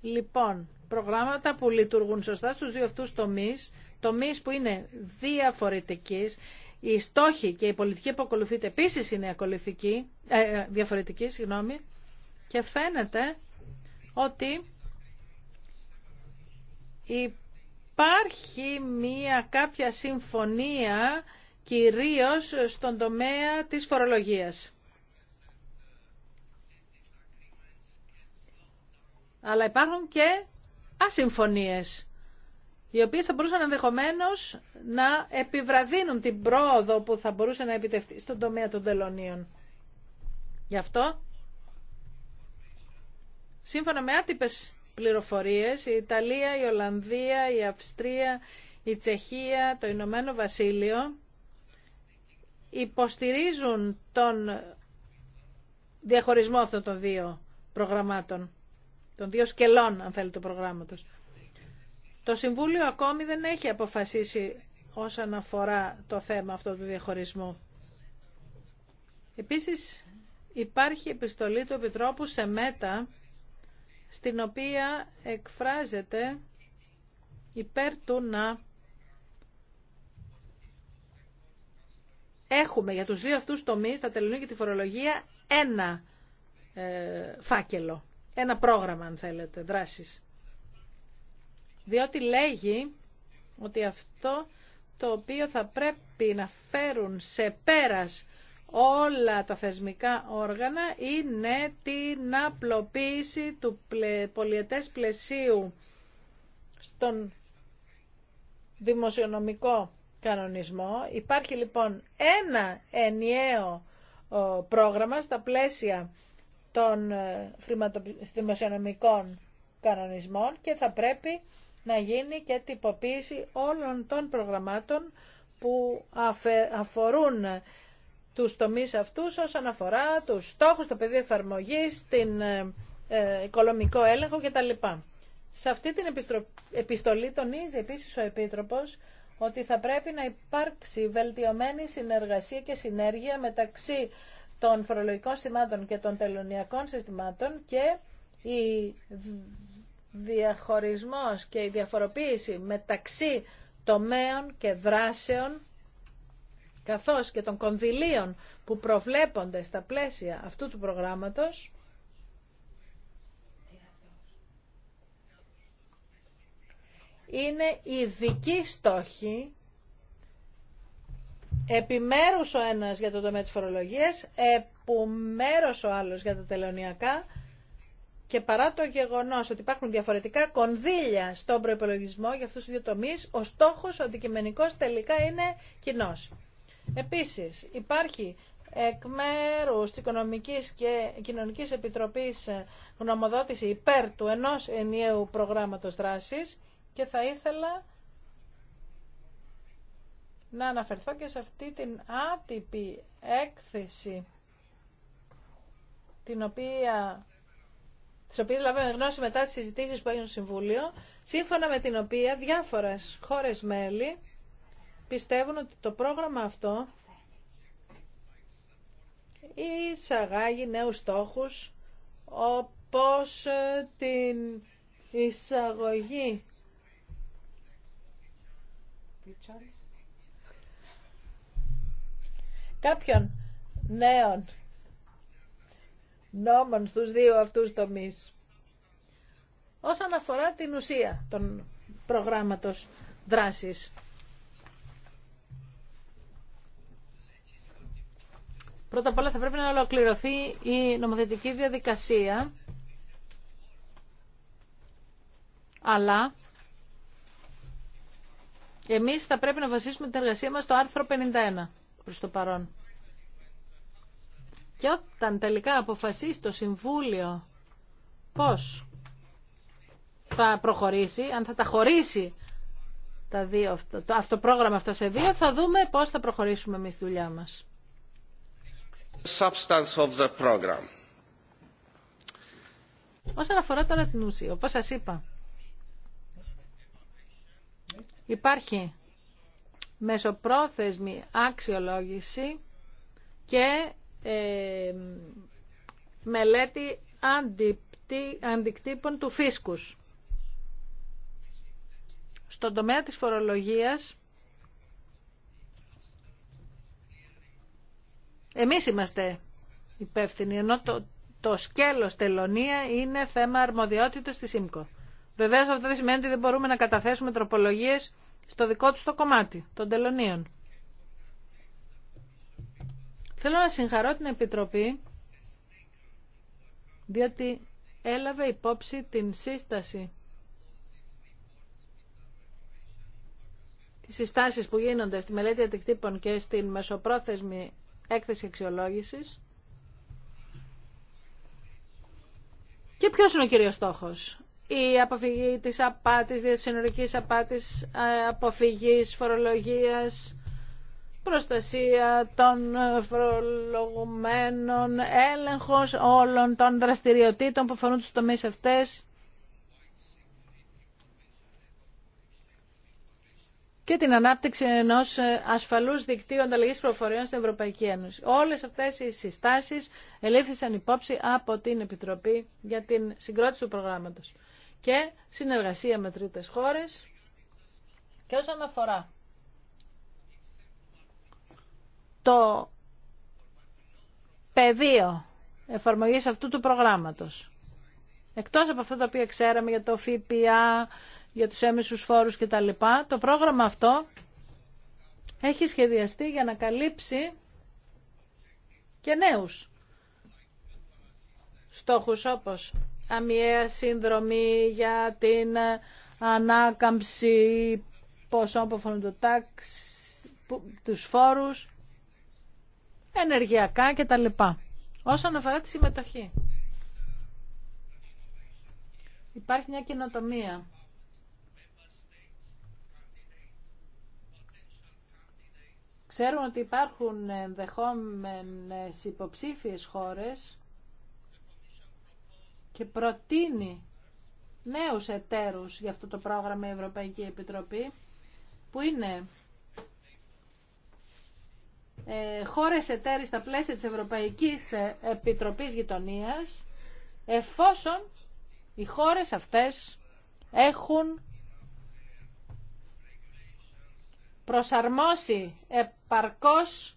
λοιπόν προγράμματα που λειτουργούν σωστά στους δύο αυτούς τομείς, τομείς που είναι διαφορετικής, οι στόχοι και η πολιτική που ακολουθείται επίσης είναι ε, ε, διαφορετική και φαίνεται ότι η υπάρχει μία κάποια συμφωνία κυρίως στον τομέα της φορολογίας. Αλλά υπάρχουν και ασυμφωνίες, οι οποίες θα μπορούσαν ενδεχομένω να επιβραδύνουν την πρόοδο που θα μπορούσε να επιτευχθεί στον τομέα των τελωνίων. Γι' αυτό, σύμφωνα με άτυπες πληροφορίες. Η Ιταλία, η Ολλανδία, η Αυστρία, η Τσεχία, το Ηνωμένο Βασίλειο υποστηρίζουν τον διαχωρισμό αυτών των δύο προγραμμάτων, των δύο σκελών, αν θέλετε, του προγράμματος. Το Συμβούλιο ακόμη δεν έχει αποφασίσει όσον αφορά το θέμα αυτό του διαχωρισμού. Επίσης, υπάρχει επιστολή του Επιτρόπου σε μέτα στην οποία εκφράζεται υπέρ του να έχουμε για τους δύο αυτούς τομείς, τα τελωνία και τη φορολογία, ένα ε, φάκελο, ένα πρόγραμμα αν θέλετε, δράσης. Διότι λέγει ότι αυτό το οποίο θα πρέπει να φέρουν σε πέρας όλα τα θεσμικά όργανα είναι την απλοποίηση του πολιετές πλαισίου στον δημοσιονομικό κανονισμό. Υπάρχει λοιπόν ένα ενιαίο πρόγραμμα στα πλαίσια των ε, δημοσιονομικών κανονισμών και θα πρέπει να γίνει και τυποποίηση όλων των προγραμμάτων που αφορούν τους τομείς αυτούς όσον αφορά τους στόχους, το πεδίο εφαρμογής, την ε, ε, οικονομικό έλεγχο κτλ. Σε αυτή την επιστολή τονίζει επίσης ο Επίτροπος ότι θα πρέπει να υπάρξει βελτιωμένη συνεργασία και συνέργεια μεταξύ των φορολογικών συστημάτων και των τελωνιακών συστημάτων και η διαχωρισμός και η διαφοροποίηση μεταξύ τομέων και δράσεων καθώς και των κονδυλίων που προβλέπονται στα πλαίσια αυτού του προγράμματος, είναι ειδικοί στόχοι επιμέρους ο ένας για το τομέα της φορολογίας, επιμέρους ο άλλος για τα τελωνιακά και παρά το γεγονός ότι υπάρχουν διαφορετικά κονδύλια στον προϋπολογισμό για αυτούς τους δύο τομείς, ο στόχος, ο αντικειμενικός τελικά είναι κοινός. Επίσης, υπάρχει εκ μέρου τη Οικονομική και Κοινωνική Επιτροπή ε, γνωμοδότηση υπέρ του ενό ενιαίου προγράμματο δράση και θα ήθελα να αναφερθώ και σε αυτή την άτυπη έκθεση την οποία τις οποίες λάβαμε γνώση μετά τις συζητήσει που έγιναν στο Συμβούλιο, σύμφωνα με την οποία διάφορες χώρες μέλη πιστεύουν ότι το πρόγραμμα αυτό εισαγάγει νέους στόχους όπως ε, την εισαγωγή κάποιων νέων νόμων στους δύο αυτούς τομείς. Όσον αφορά την ουσία των προγράμματος δράσης. Πρώτα απ' όλα θα πρέπει να ολοκληρωθεί η νομοθετική διαδικασία, αλλά εμείς θα πρέπει να βασίσουμε την εργασία μας στο άρθρο 51 προς το παρόν. Και όταν τελικά αποφασίσει το Συμβούλιο πώς θα προχωρήσει, αν θα τα χωρίσει τα δύο, το, πρόγραμμα αυτό σε δύο, θα δούμε πώς θα προχωρήσουμε εμείς τη δουλειά μας substance of the program. Όσον αφορά τώρα την ουσία, όπως σας είπα, υπάρχει μεσοπρόθεσμη αξιολόγηση και ε, μελέτη αντικτύπων του φίσκους. Στον τομέα της φορολογίας Εμείς είμαστε υπεύθυνοι, ενώ το, το σκέλος τελωνία είναι θέμα αρμοδιότητας της ΣΥΜΚΟ. Βεβαίως αυτό δεν σημαίνει ότι δεν μπορούμε να καταθέσουμε τροπολογίες στο δικό τους το κομμάτι των τελωνίων. Θέλω να συγχαρώ την Επιτροπή, διότι έλαβε υπόψη την σύσταση τις συστάσεις που γίνονται στη μελέτη αντικτύπων και στην μεσοπρόθεσμη έκθεση αξιολόγησης. Και ποιος είναι ο κύριος στόχος. Η αποφυγή της απάτης, διασυνορικής απάτης, ε, αποφυγής, φορολογίας, προστασία των φορολογουμένων, έλεγχος όλων των δραστηριοτήτων που αφορούν τους τομείς αυτές και την ανάπτυξη ενό ε, ασφαλούς δικτύου ανταλλαγή προφορίων στην Ευρωπαϊκή Ένωση. Όλες αυτές οι συστάσεις ελήφθησαν υπόψη από την Επιτροπή για την συγκρότηση του προγράμματος και συνεργασία με τρίτες χώρες και όσον αφορά το πεδίο εφαρμογής αυτού του προγράμματος. Εκτός από αυτά τα οποία ξέραμε για το ΦΠΑ, για τους έμεσους φόρους κτλ. Το πρόγραμμα αυτό έχει σχεδιαστεί για να καλύψει και νέους στόχους όπως αμοιαία σύνδρομη για την ανάκαμψη πόσο που το τάξ, τους φόρους, ενεργειακά κτλ. Όσον αφορά τη συμμετοχή. Υπάρχει μια κοινοτομία. Ξέρουμε ότι υπάρχουν ενδεχόμενες υποψήφιες χώρες και προτείνει νέους εταίρους για αυτό το πρόγραμμα η Ευρωπαϊκή Επιτροπή που είναι ε, χώρες χώρες-εταίρες στα πλαίσια της Ευρωπαϊκής ε, Επιτροπής Γειτονίας εφόσον οι χώρες αυτές έχουν προσαρμόσει ε, παρκώς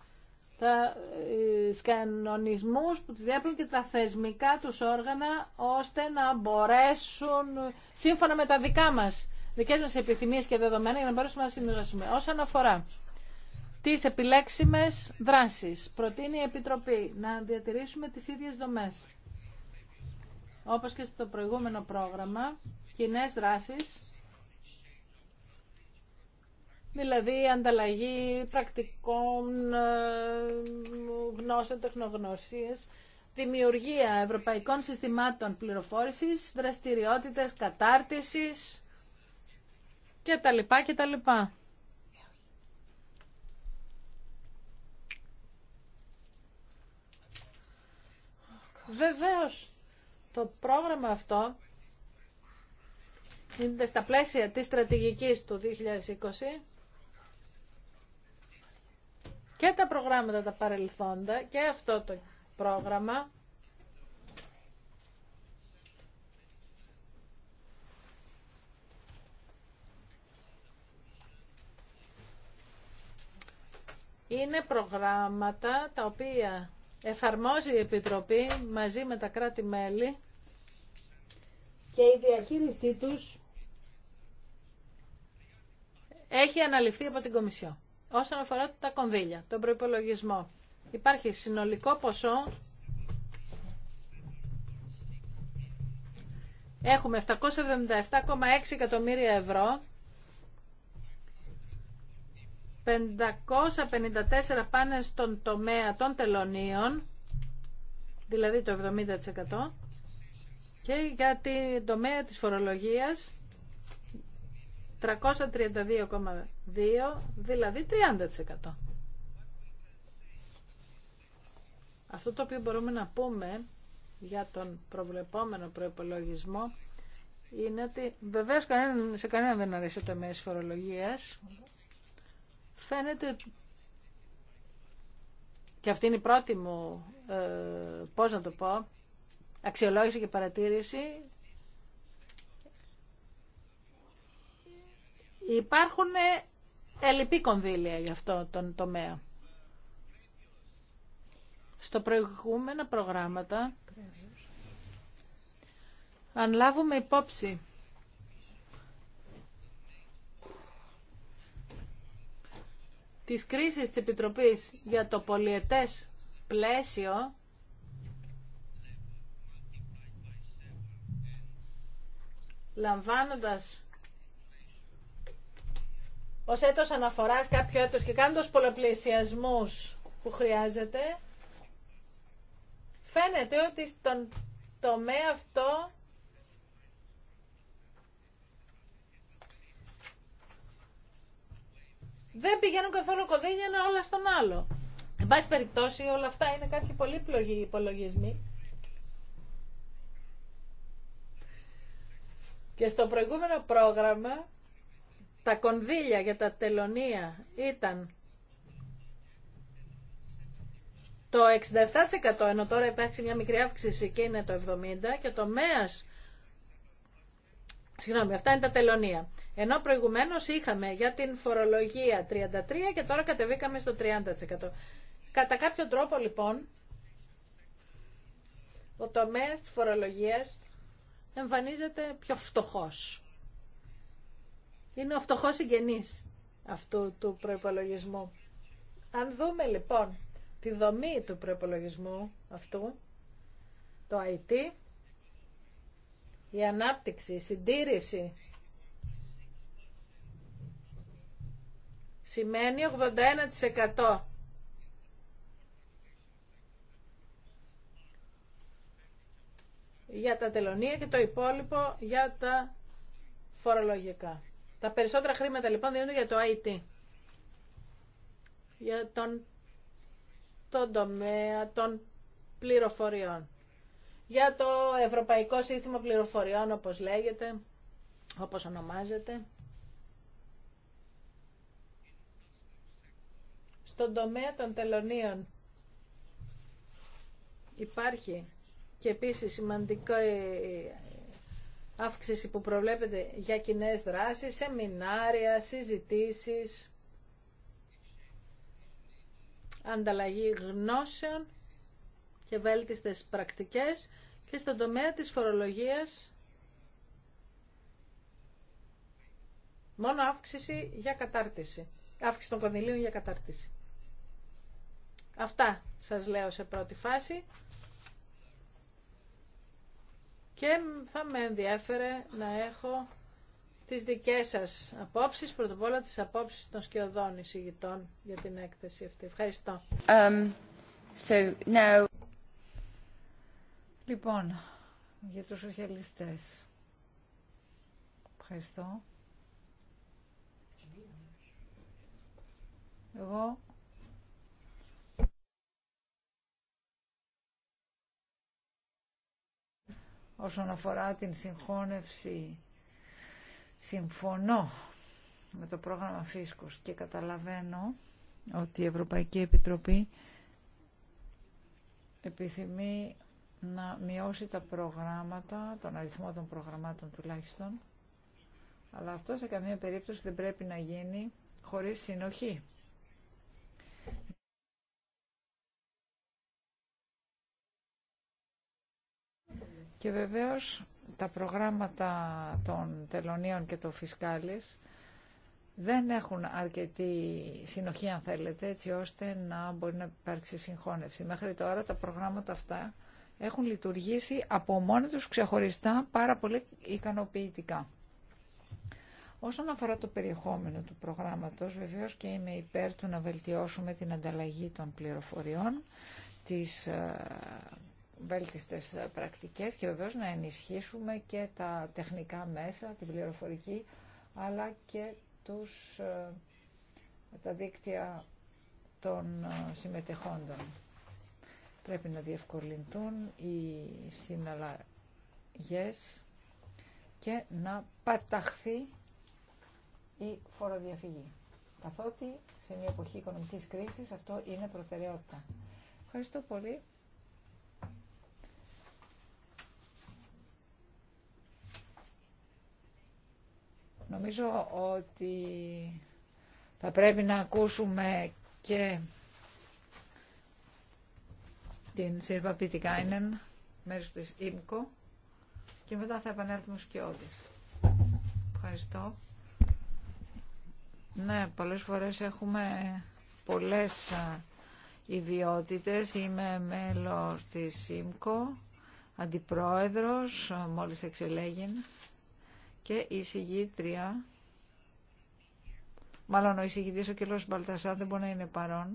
τα ε, κανονισμούς που τους διέπλουν και τα θεσμικά τους όργανα ώστε να μπορέσουν σύμφωνα με τα δικά μας δικές μας επιθυμίες και δεδομένα για να μπορέσουμε να συνεργαστούμε. Όσον αφορά τις επιλέξιμες δράσεις, προτείνει η Επιτροπή να διατηρήσουμε τις ίδιες δομές. Όπως και στο προηγούμενο πρόγραμμα, κοινέ δράσεις Δηλαδή ανταλλαγή πρακτικών, ε, γνώσεων, τεχνογνωσίες, δημιουργία ευρωπαϊκών συστημάτων πληροφόρησης, δραστηριότητες κατάρτισης και τα λοιπά και τα λοιπά. Βεβαίως, το πρόγραμμα αυτό είναι στα πλαίσια της στρατηγικής του 2020 και τα προγράμματα τα παρελθόντα και αυτό το πρόγραμμα είναι προγράμματα τα οποία εφαρμόζει η Επιτροπή μαζί με τα κράτη-μέλη και η διαχείρισή τους έχει αναλυφθεί από την Κομισιό όσον αφορά τα κονδύλια, τον προϋπολογισμό. Υπάρχει συνολικό ποσό. Έχουμε 777,6 εκατομμύρια ευρώ. 554 πάνε στον τομέα των τελωνίων, δηλαδή το 70%. Και για την τομέα της φορολογίας 332,2 δηλαδή 30%. Αυτό το οποίο μπορούμε να πούμε για τον προβλεπόμενο προϋπολογισμό είναι ότι βεβαίως σε κανέναν δεν αρέσει το μέσο φορολογίας. Φαίνεται και αυτή είναι η πρώτη μου, ε, να το πω, αξιολόγηση και παρατήρηση Υπάρχουν ε, ελλειπή κονδύλια για αυτό το τομέα. Στο προηγούμενα προγράμματα, αν λάβουμε υπόψη της κρίσης της Επιτροπής για το πολιετές πλαίσιο, λαμβάνοντας ως έτος αναφοράς κάποιο έτος και κάνοντας πολλαπλησιασμούς που χρειάζεται, φαίνεται ότι στον τομέα αυτό δεν πηγαίνουν καθόλου κονδύλια ένα όλα στον άλλο. Εν πάση περιπτώσει όλα αυτά είναι κάποιοι πολύπλογοι υπολογισμοί. Και στο προηγούμενο πρόγραμμα τα κονδύλια για τα τελωνία ήταν το 67% ενώ τώρα υπάρχει μια μικρή αύξηση και είναι το 70% και το ΜΕΑΣ Συγγνώμη, αυτά είναι τα τελωνία. Ενώ προηγουμένω είχαμε για την φορολογία 33% και τώρα κατεβήκαμε στο 30%. Κατά κάποιο τρόπο λοιπόν, ο τομέας της φορολογίας εμφανίζεται πιο φτωχός είναι ο φτωχό συγγενή αυτού του προπολογισμού. Αν δούμε λοιπόν τη δομή του προπολογισμού αυτού, το IT, η ανάπτυξη, η συντήρηση σημαίνει 81% για τα τελωνία και το υπόλοιπο για τα φορολογικά. Τα περισσότερα χρήματα λοιπόν δίνονται για το IT. Για τον, τον τομέα των πληροφοριών. Για το Ευρωπαϊκό Σύστημα Πληροφοριών όπως λέγεται, όπως ονομάζεται. Στον τομέα των τελωνίων υπάρχει και επίσης σημαντικό αύξηση που προβλέπεται για κοινέ δράσεις, σεμινάρια, συζητήσεις, ανταλλαγή γνώσεων και βέλτιστες πρακτικές και στον τομέα της φορολογίας μόνο αύξηση για κατάρτιση. Αύξηση των κονδυλίων για κατάρτιση. Αυτά σας λέω σε πρώτη φάση και θα με ενδιέφερε να έχω τις δικές σας απόψεις, πρώτα απ' όλα τις απόψεις των σκιωδών εισηγητών για την έκθεση αυτή. Ευχαριστώ. Um, λοιπόν, για τους σοσιαλιστές. Ευχαριστώ. Εγώ όσον αφορά την συγχώνευση. Συμφωνώ με το πρόγραμμα Φίσκος και καταλαβαίνω ότι η Ευρωπαϊκή Επιτροπή επιθυμεί να μειώσει τα προγράμματα, τον αριθμό των προγραμμάτων τουλάχιστον, αλλά αυτό σε καμία περίπτωση δεν πρέπει να γίνει χωρίς συνοχή. Και βεβαίως τα προγράμματα των τελωνίων και των φυσκάλης δεν έχουν αρκετή συνοχή αν θέλετε έτσι ώστε να μπορεί να υπάρξει συγχώνευση. Μέχρι τώρα τα προγράμματα αυτά έχουν λειτουργήσει από μόνοι τους ξεχωριστά πάρα πολύ ικανοποιητικά. Όσον αφορά το περιεχόμενο του προγράμματος, βεβαίως και είμαι υπέρ του να βελτιώσουμε την ανταλλαγή των πληροφοριών, τις ε, βέλτιστες πρακτικές και βεβαίως να ενισχύσουμε και τα τεχνικά μέσα, την πληροφορική, αλλά και τους, ε, τα δίκτυα των ε, συμμετεχόντων. Πρέπει να διευκολυνθούν οι συναλλαγές και να παταχθεί η φοροδιαφυγή. Καθότι σε μια εποχή οικονομικής κρίσης αυτό είναι προτεραιότητα. Ευχαριστώ πολύ. Νομίζω ότι θα πρέπει να ακούσουμε και την Σύρβα Πιτικάινεν, μέσω της ΙΜΚΟ, και μετά θα επανέλθουμε στους κοιότης. Ευχαριστώ. Ναι, πολλές φορές έχουμε πολλές ιδιότητες. Είμαι μέλος της ΣΥΜΚΟ, αντιπρόεδρος, μόλις εξελέγην και η συγγήτρια, μάλλον ο εισηγητής ο κύριος Μπαλτασά δεν μπορεί να είναι παρόν.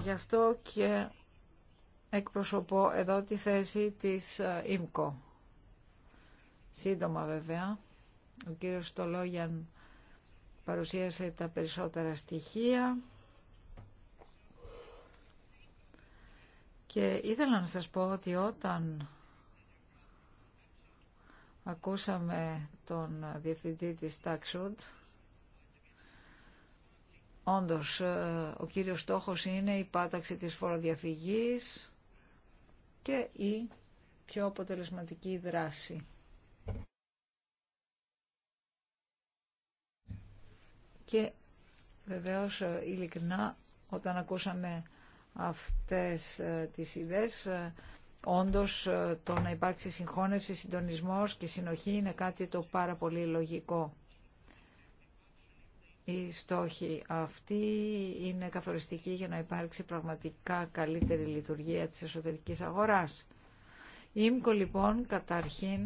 Γι' αυτό και εκπροσωπώ εδώ τη θέση της ε, ΙΜΚΟ. Σύντομα βέβαια, ο κύριος Στολόγιαν παρουσίασε τα περισσότερα στοιχεία και ήθελα να σας πω ότι όταν Ακούσαμε τον διευθυντή της Taxud. Όντως, ε, ο κύριος στόχος είναι η πάταξη της φοροδιαφυγής και η πιο αποτελεσματική δράση. Και βεβαίως, ε, ειλικρινά, όταν ακούσαμε αυτές ε, τις ιδέες, Όντως ε, το να υπάρξει συγχώνευση, συντονισμός και συνοχή είναι κάτι το πάρα πολύ λογικό. Οι στόχοι αυτοί είναι καθοριστικοί για να υπάρξει πραγματικά καλύτερη λειτουργία της εσωτερικής αγοράς. Η ΙΜΚΟ λοιπόν καταρχήν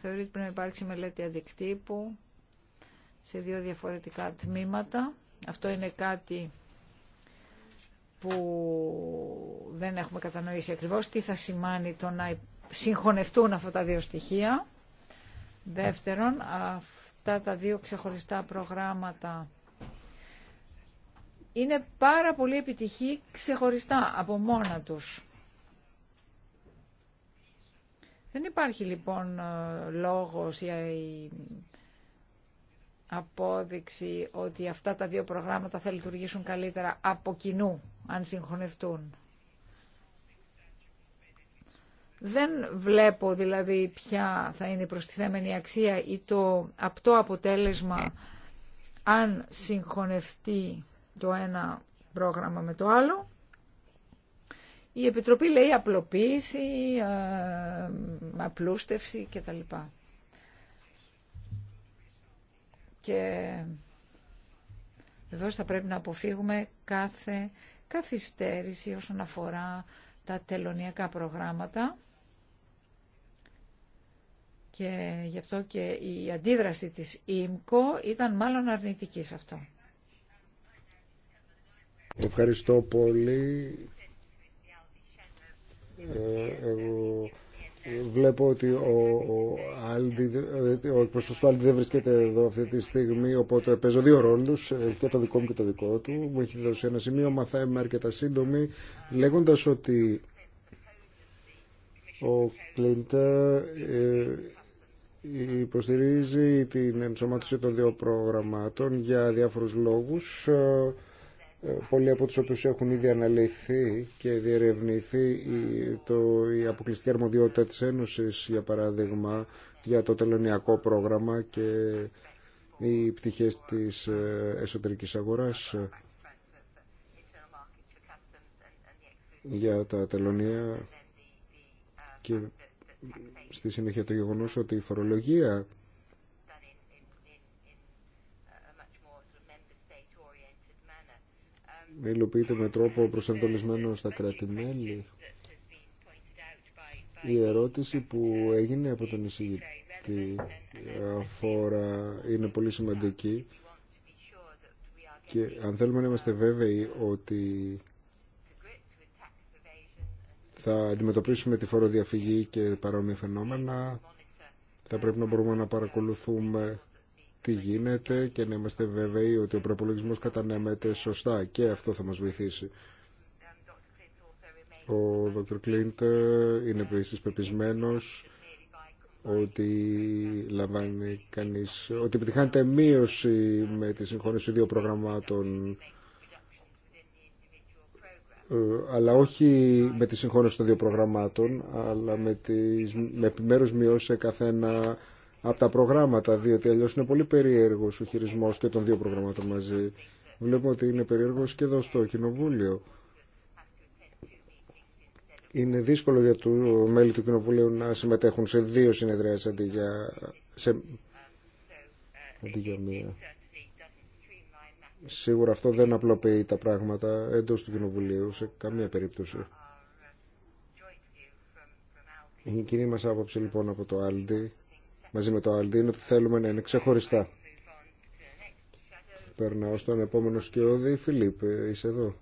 θεωρεί ότι πρέπει να υπάρξει μελέτη αντικτύπου σε δύο διαφορετικά τμήματα. Αυτό είναι κάτι που δεν έχουμε κατανοήσει ακριβώς τι θα σημάνει το να συγχωνευτούν αυτά τα δύο στοιχεία. Δεύτερον, αυτά τα δύο ξεχωριστά προγράμματα είναι πάρα πολύ επιτυχή ξεχωριστά από μόνα τους. Δεν υπάρχει λοιπόν ε, λόγος ή ε, απόδειξη ότι αυτά τα δύο προγράμματα θα λειτουργήσουν καλύτερα από κοινού, αν συγχωνευτούν. Δεν βλέπω δηλαδή ποια θα είναι η προστιθέμενη αξία ή το απτό αποτέλεσμα αν συγχωνευτεί το ένα πρόγραμμα με το άλλο. Η Επιτροπή λέει απλοποίηση, ε, απλούστευση κτλ και βεβαίως θα πρέπει να αποφύγουμε κάθε καθυστέρηση όσον αφορά τα τελωνιακά προγράμματα και γι' αυτό και η αντίδραση της ΙΜΚΟ ήταν μάλλον αρνητική σε αυτό. Ευχαριστώ πολύ. Ε, Βλέπω ότι ο, ο, ε, ο του Άλντι δεν βρίσκεται εδώ αυτή τη στιγμή, οπότε παίζω δύο ρόλους, ε, και το δικό μου και το δικό του. Μου έχει δώσει ένα σημείο θα είμαι αρκετά σύντομη, λέγοντας ότι ο Κλίντα ε, υποστηρίζει την ενσωμάτωση των δύο προγραμμάτων για διάφορους λόγους. Ε, πολλοί από τους οποίους έχουν ήδη αναλυθεί και διερευνηθεί η, το, η αποκλειστική αρμοδιότητα της Ένωσης, για παράδειγμα, για το τελωνιακό πρόγραμμα και οι πτυχές της ε, εσωτερικής αγοράς ε, για τα τελωνία και στη συνέχεια το γεγονός ότι η φορολογία υλοποιείται με τρόπο προσανατολισμένο στα κράτη-μέλη. Η ερώτηση που έγινε από τον εισηγητή αφορά, είναι πολύ σημαντική και αν θέλουμε να είμαστε βέβαιοι ότι θα αντιμετωπίσουμε τη φοροδιαφυγή και παρόμοια φαινόμενα, θα πρέπει να μπορούμε να παρακολουθούμε τι γίνεται και να είμαστε βέβαιοι ότι ο προπολογισμό κατανέμεται σωστά και αυτό θα μας βοηθήσει. Ο Δ. Κλίντ είναι επίσης πεπισμένος ότι λαμβάνει κανείς, ότι επιτυχάνεται μείωση με τη συγχώνευση δύο προγραμμάτων ε, αλλά όχι με τη συγχώνευση των δύο προγραμμάτων, αλλά με, τις, με επιμέρους μειώσει σε καθένα από τα προγράμματα, διότι αλλιώ είναι πολύ περίεργο ο χειρισμό και των δύο προγραμμάτων μαζί. Βλέπω ότι είναι περίεργο και εδώ στο Κοινοβούλιο. Είναι δύσκολο για το μέλη του Κοινοβουλίου να συμμετέχουν σε δύο συνεδριάσεις αντί για, σε... αντί για μία. Σίγουρα αυτό δεν απλοποιεί τα πράγματα εντός του Κοινοβουλίου σε καμία περίπτωση. Η κοινή μας άποψη λοιπόν από το Άλντι μαζί με το ΑΛΔ ότι θέλουμε να είναι ξεχωριστά. Περνάω στον επόμενο σκιώδη. Φιλίπ, είσαι εδώ.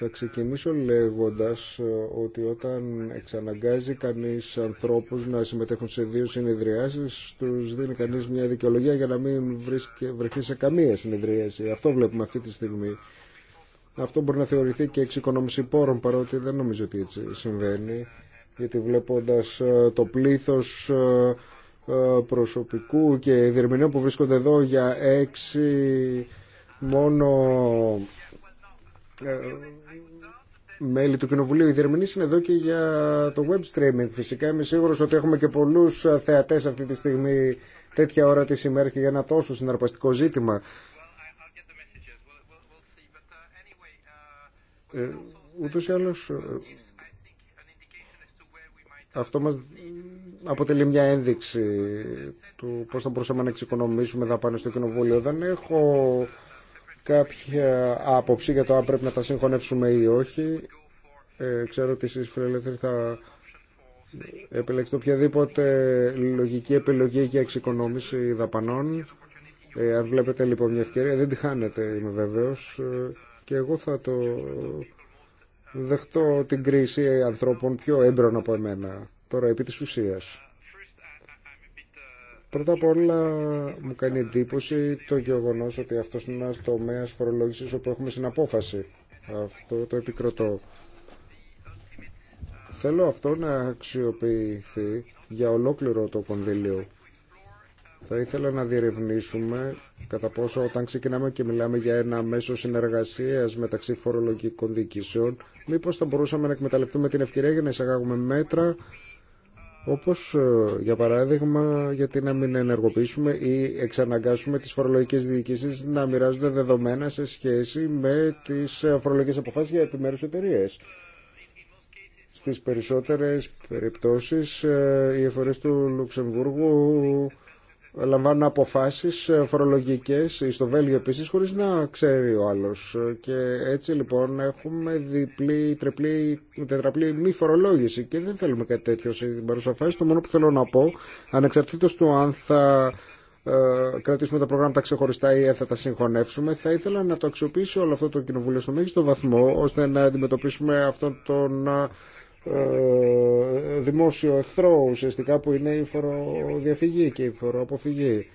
Θα ξεκινήσω λέγοντας ε, ότι όταν εξαναγκάζει κανείς ανθρώπους να συμμετέχουν σε δύο συνεδριάσεις, τους δίνει κανείς μια δικαιολογία για να μην βρεθεί σε καμία συνεδρίαση. Αυτό βλέπουμε αυτή τη στιγμή. Αυτό μπορεί να θεωρηθεί και εξοικονόμηση πόρων, παρότι δεν νομίζω ότι έτσι συμβαίνει γιατί βλέποντας ε, το πλήθος ε, ε, προσωπικού και διερμηνέων που βρίσκονται εδώ για έξι μόνο μέλη του Κοινοβουλίου. Οι διερμηνείς είναι εδώ και για το web streaming. Φυσικά είμαι σίγουρος ότι έχουμε και πολλούς θεατές αυτή τη στιγμή τέτοια ώρα της ημέρας και για ένα τόσο συναρπαστικό ζήτημα. ούτως ή άλλως αυτό μας αποτελεί μια ένδειξη του πώς θα μπορούσαμε να εξοικονομήσουμε δαπάνε στο κοινοβούλιο. Δεν έχω κάποια άποψη για το αν πρέπει να τα συγχωνεύσουμε ή όχι. Ε, ξέρω ότι εσείς φιλελεύθεροι θα επιλέξετε οποιαδήποτε λογική επιλογή για εξοικονόμηση δαπανών. Ε, αν βλέπετε λοιπόν μια ευκαιρία, δεν τη χάνετε είμαι βέβαιος ε, και εγώ θα το δεχτώ την κρίση ανθρώπων πιο έμπρον από εμένα. Τώρα, επί της ουσίας. Πρώτα απ' όλα μου κάνει εντύπωση το γεγονός ότι αυτός είναι ένας τομέας φορολόγησης όπου έχουμε συναπόφαση. Αυτό το επικροτώ. Θέλω αυτό να αξιοποιηθεί για ολόκληρο το κονδύλιο θα ήθελα να διερευνήσουμε κατά πόσο όταν ξεκινάμε και μιλάμε για ένα μέσο συνεργασία μεταξύ φορολογικών διοικήσεων, μήπω θα μπορούσαμε να εκμεταλλευτούμε την ευκαιρία για να εισαγάγουμε μέτρα όπω ε, για παράδειγμα γιατί να μην ενεργοποιήσουμε ή εξαναγκάσουμε τι φορολογικέ διοικησει, να μοιράζονται δεδομένα σε σχέση με τι ε, φορολογικέ αποφάσει για επιμέρου εταιρείε. Στις περισσότερες περιπτώσεις ε, οι εφορέ του Λουξεμβούργου λαμβάνουν αποφάσεις ε, φορολογικέ ε, στο Βέλγιο επίση χωρίς να ξέρει ο άλλο. Ε, και έτσι λοιπόν έχουμε διπλή, τριπλή, τετραπλή μη φορολόγηση και δεν θέλουμε κάτι τέτοιο στην παρούσα το μόνο που θέλω να πω ανεξαρτήτως του αν θα κρατήσουμε τα προγράμματα ξεχωριστά ή θα τα συγχωνεύσουμε. Θα ήθελα να το αξιοποιήσει όλο αυτό το κοινοβούλιο στο μέγιστο βαθμό ώστε να αντιμετωπίσουμε αυτόν τον ε, δημόσιο εχθρό ουσιαστικά που είναι η φοροδιαφυγή και η φοροαποφυγή.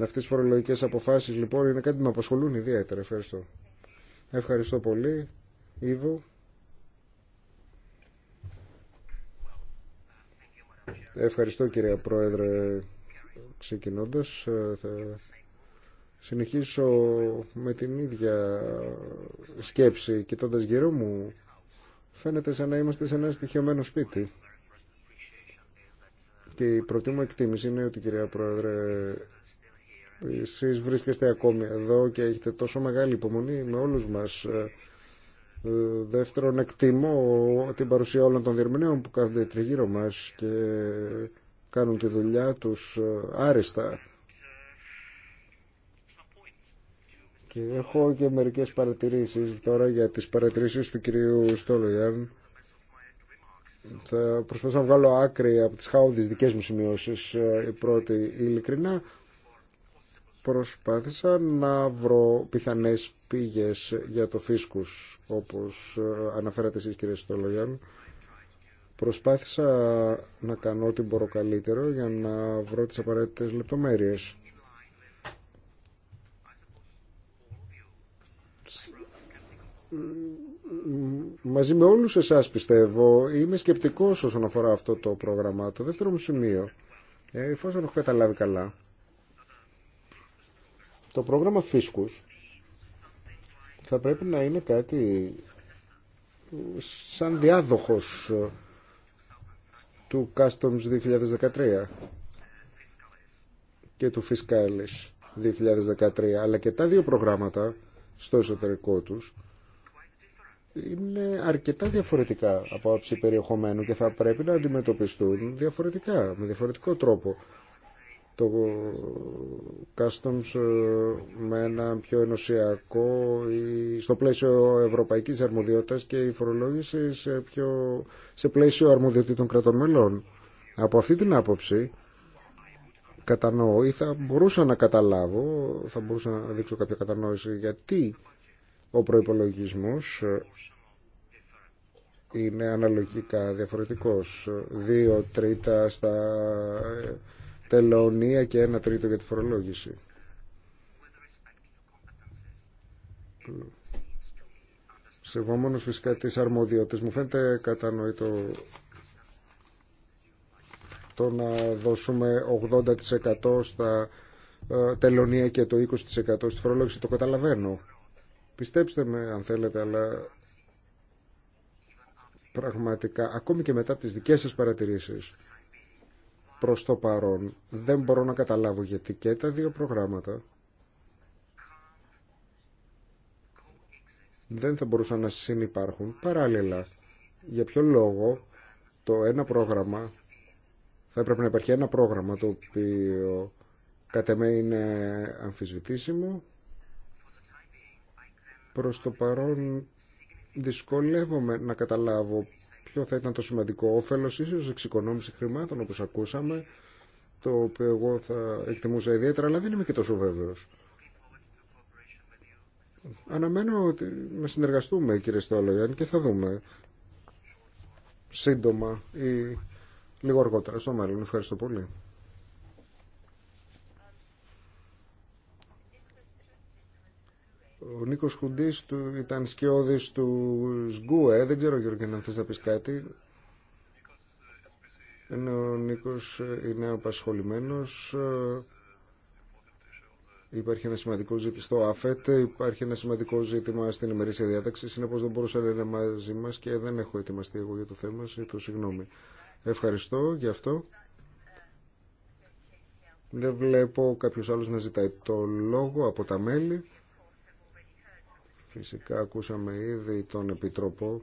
Αυτές οι φορολογικές αποφάσεις λοιπόν είναι κάτι που με απασχολούν ιδιαίτερα. Ευχαριστώ. Ευχαριστώ πολύ. Ήβο. Ευχαριστώ κυρία Πρόεδρε. Ξεκινώντας ε, θα συνεχίσω με την ίδια σκέψη κοιτώντας γύρω μου Φαίνεται σαν να είμαστε σε ένα στοιχειωμένο σπίτι. Και η πρώτη μου εκτίμηση είναι ότι, κυρία Πρόεδρε, εσείς βρίσκεστε ακόμη εδώ και έχετε τόσο μεγάλη υπομονή με όλους μας. Ε, δεύτερον, εκτιμώ την παρουσία όλων των διερμηνέων που κάθονται τριγύρω μας και κάνουν τη δουλειά τους ε, άριστα. Και έχω και μερικές παρατηρήσεις τώρα για τις παρατηρήσεις του κυρίου Στόλογιάν. Θα προσπαθήσω να βγάλω άκρη από τις χάουδες δικές μου σημειώσεις. Ε, η πρώτη, ειλικρινά, προσπάθησα να βρω πιθανές πήγες για το φίσκους, όπως ε, αναφέρατε εσείς κύριε Στολογιάν. Προσπάθησα να κάνω ό,τι μπορώ καλύτερο για να βρω τις απαραίτητες λεπτομέρειες. μαζί με όλους εσάς πιστεύω είμαι σκεπτικός όσον αφορά αυτό το πρόγραμμα. Το δεύτερο μου σημείο, εφόσον έχω καταλάβει καλά, το πρόγραμμα φίσκους θα πρέπει να είναι κάτι σαν διάδοχος του Customs 2013 και του Fiscalis 2013 αλλά και τα δύο προγράμματα στο εσωτερικό τους είναι αρκετά διαφορετικά από άψη περιεχομένου και θα πρέπει να αντιμετωπιστούν διαφορετικά, με διαφορετικό τρόπο. Το customs ε, με ένα πιο ενωσιακό ή στο πλαίσιο ευρωπαϊκής αρμοδιότητας και η φορολόγηση σε, πιο, σε πλαίσιο αρμοδιοτήτων κρατών μελών. Από αυτή την άποψη κατανοώ ή θα μπορούσα να καταλάβω, θα μπορούσα να δείξω κάποια κατανόηση γιατί ο προϋπολογισμός είναι αναλογικά διαφορετικός. Δύο τρίτα στα ε, τελωνία και ένα τρίτο για τη φορολόγηση. Σεβόμενος φυσικά τις αρμοδιότητες μου φαίνεται κατανοητό το να δώσουμε 80% στα ε, τελωνία και το 20% στη φορολόγηση. Το καταλαβαίνω. Πιστέψτε με αν θέλετε, αλλά πραγματικά, ακόμη και μετά τις δικές σας παρατηρήσεις, προς το παρόν, δεν μπορώ να καταλάβω γιατί και τα δύο προγράμματα δεν θα μπορούσαν να συνεπάρχουν παράλληλα. Για ποιο λόγο το ένα πρόγραμμα θα έπρεπε να υπάρχει ένα πρόγραμμα το οποίο κατ' εμέ είναι αμφισβητήσιμο. Προς το παρόν δυσκολεύομαι να καταλάβω ποιο θα ήταν το σημαντικό όφελος, ίσως εξοικονόμηση χρημάτων όπως ακούσαμε, το οποίο εγώ θα εκτιμούσα ιδιαίτερα, αλλά δεν είμαι και τόσο βέβαιος. Αναμένω ότι να συνεργαστούμε κύριε Στολογιάν, και θα δούμε σύντομα η λίγο αργότερα στο μέλλον. Ευχαριστώ πολύ. Ο Νίκο Χουντή ήταν σκιώδη του Σγκούε. Δεν ξέρω, Γιώργη, αν θε να πει κάτι. Ενώ ο Νίκο είναι απασχολημένο. Υπάρχει ένα σημαντικό ζήτημα στο ΑΦΕΤ, υπάρχει ένα σημαντικό ζήτημα στην ημερήσια διάταξη. Συνεπώ δεν μπορούσε να είναι μαζί μα και δεν έχω ετοιμαστεί εγώ για το θέμα. συγγνώμη. Ευχαριστώ γι' αυτό. Δεν βλέπω κάποιος άλλος να ζητάει το λόγο από τα μέλη. Φυσικά ακούσαμε ήδη τον Επιτροπό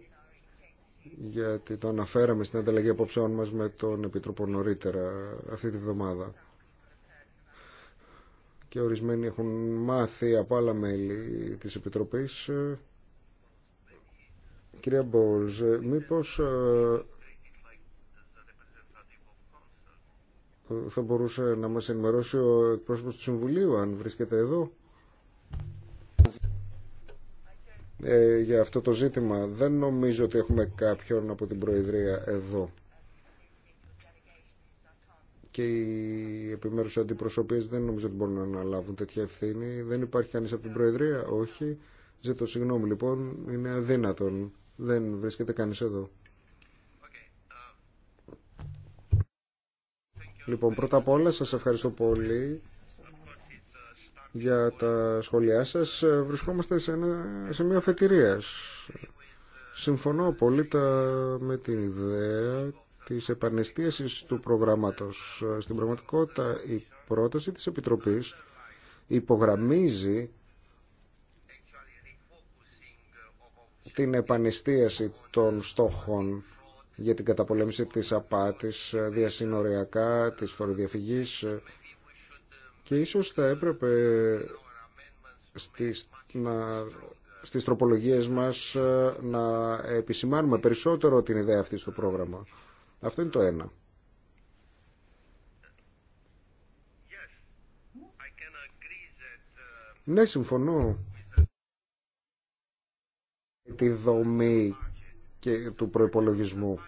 γιατί το αναφέραμε στην ανταλλαγή απόψεών μας με τον Επιτροπό νωρίτερα αυτή τη βδομάδα. Και ορισμένοι έχουν μάθει από άλλα μέλη της Επιτροπής. Κυρία Μπόλς, μήπως ε, θα μπορούσε να μας ενημερώσει ο εκπρόσωπος του Συμβουλίου αν βρίσκεται εδώ ε, για αυτό το ζήτημα. Δεν νομίζω ότι έχουμε κάποιον από την Προεδρία εδώ. Και οι επιμέρους αντιπροσωπείες δεν νομίζω ότι μπορούν να αναλάβουν τέτοια ευθύνη. Δεν υπάρχει κανείς από την Προεδρία, όχι. Ζήτω συγγνώμη λοιπόν, είναι αδύνατον. Δεν βρίσκεται κανείς εδώ. Λοιπόν, πρώτα απ' όλα σας ευχαριστώ πολύ για τα σχόλιά σας. Βρισκόμαστε σε, σε μια αφετηρία. Συμφωνώ τα με την ιδέα της επανεστίασης του προγράμματος. Στην πραγματικότητα η πρόταση της Επιτροπής υπογραμμίζει την επανεστίαση των στόχων για την καταπολέμηση της απάτης διασυνοριακά, της φοροδιαφυγής και ίσως θα έπρεπε στις, να, στις τροπολογίες μας ε, να επισημάνουμε περισσότερο την ιδέα αυτή στο πρόγραμμα. Αυτό είναι το ένα. Ναι, συμφωνώ. Τη δομή και του προϋπολογισμού.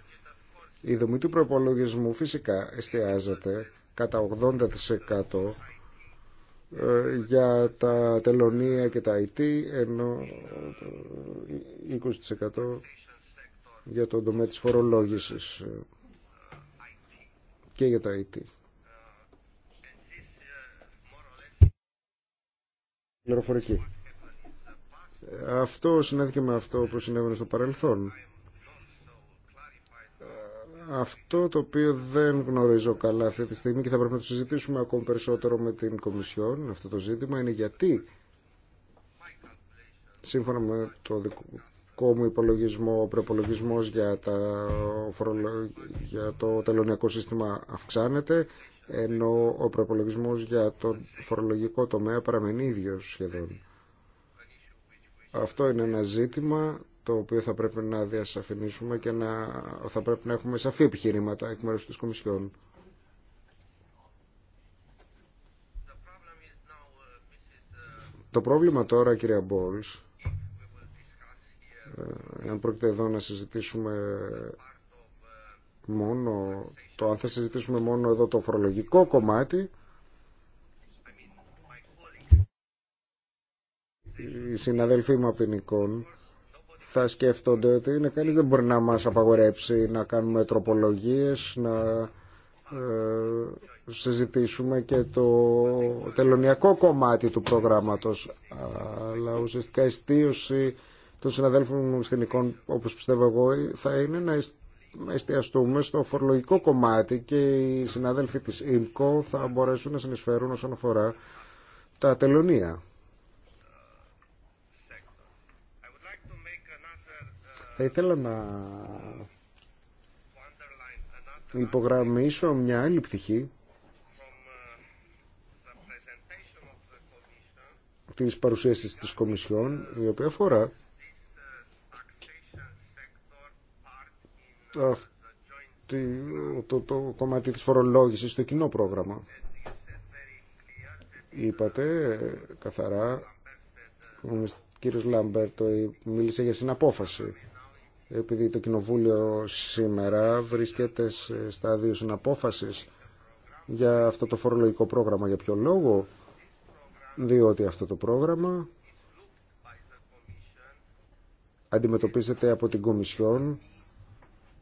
Η δομή του προϋπολογισμού φυσικά εστιάζεται κατά 80% ε, για τα τελωνία και τα IT ενώ 20% για τον τομέα της φορολόγησης ε, και για τα IT. Ε, αυτό συνέβη και με αυτό που συνέβαινε στο παρελθόν. Αυτό το οποίο δεν γνωρίζω καλά αυτή τη στιγμή και θα πρέπει να το συζητήσουμε ακόμη περισσότερο με την Κομισιόν αυτό το ζήτημα είναι γιατί σύμφωνα με το δικό μου υπολογισμό ο προπολογισμό για, τα... για το τελωνιακό σύστημα αυξάνεται ενώ ο προπολογισμό για το φορολογικό τομέα παραμένει ίδιος σχεδόν. Αυτό είναι ένα ζήτημα το οποίο θα πρέπει να διασαφηνίσουμε και να, θα πρέπει να έχουμε σαφή επιχειρήματα εκ μέρους της Κομισιόν. Το πρόβλημα τώρα, κυρία Μπόλς, αν ε, πρόκειται εδώ να συζητήσουμε μόνο το αν θα συζητήσουμε μόνο εδώ το φορολογικό κομμάτι οι συναδελφοί μου από την εικόνα θα σκέφτονται ότι είναι καλή δεν μπορεί να μας απαγορέψει να κάνουμε τροπολογίες, να ε, συζητήσουμε και το τελωνιακό κομμάτι του προγράμματος. Αλλά ουσιαστικά η στίωση των συναδέλφων μου στην όπως πιστεύω εγώ, θα είναι να εστιαστούμε στο φορολογικό κομμάτι και οι συνάδελφοι της ΙΜΚΟ θα μπορέσουν να συνεισφέρουν όσον αφορά τα τελωνία. Θα ήθελα να υπογραμμίσω μια άλλη πτυχή της παρουσίασης της Κομισιόν η οποία αφορά το, το κομμάτι της φορολόγησης στο κοινό πρόγραμμα. Είπατε καθαρά, ο κύριος λάμπερτο, μίλησε για συναπόφαση επειδή το Κοινοβούλιο σήμερα βρίσκεται σε στάδιο συναπόφασης για αυτό το φορολογικό πρόγραμμα. Για ποιο λόγο, διότι αυτό το πρόγραμμα αντιμετωπίζεται από την Κομισιόν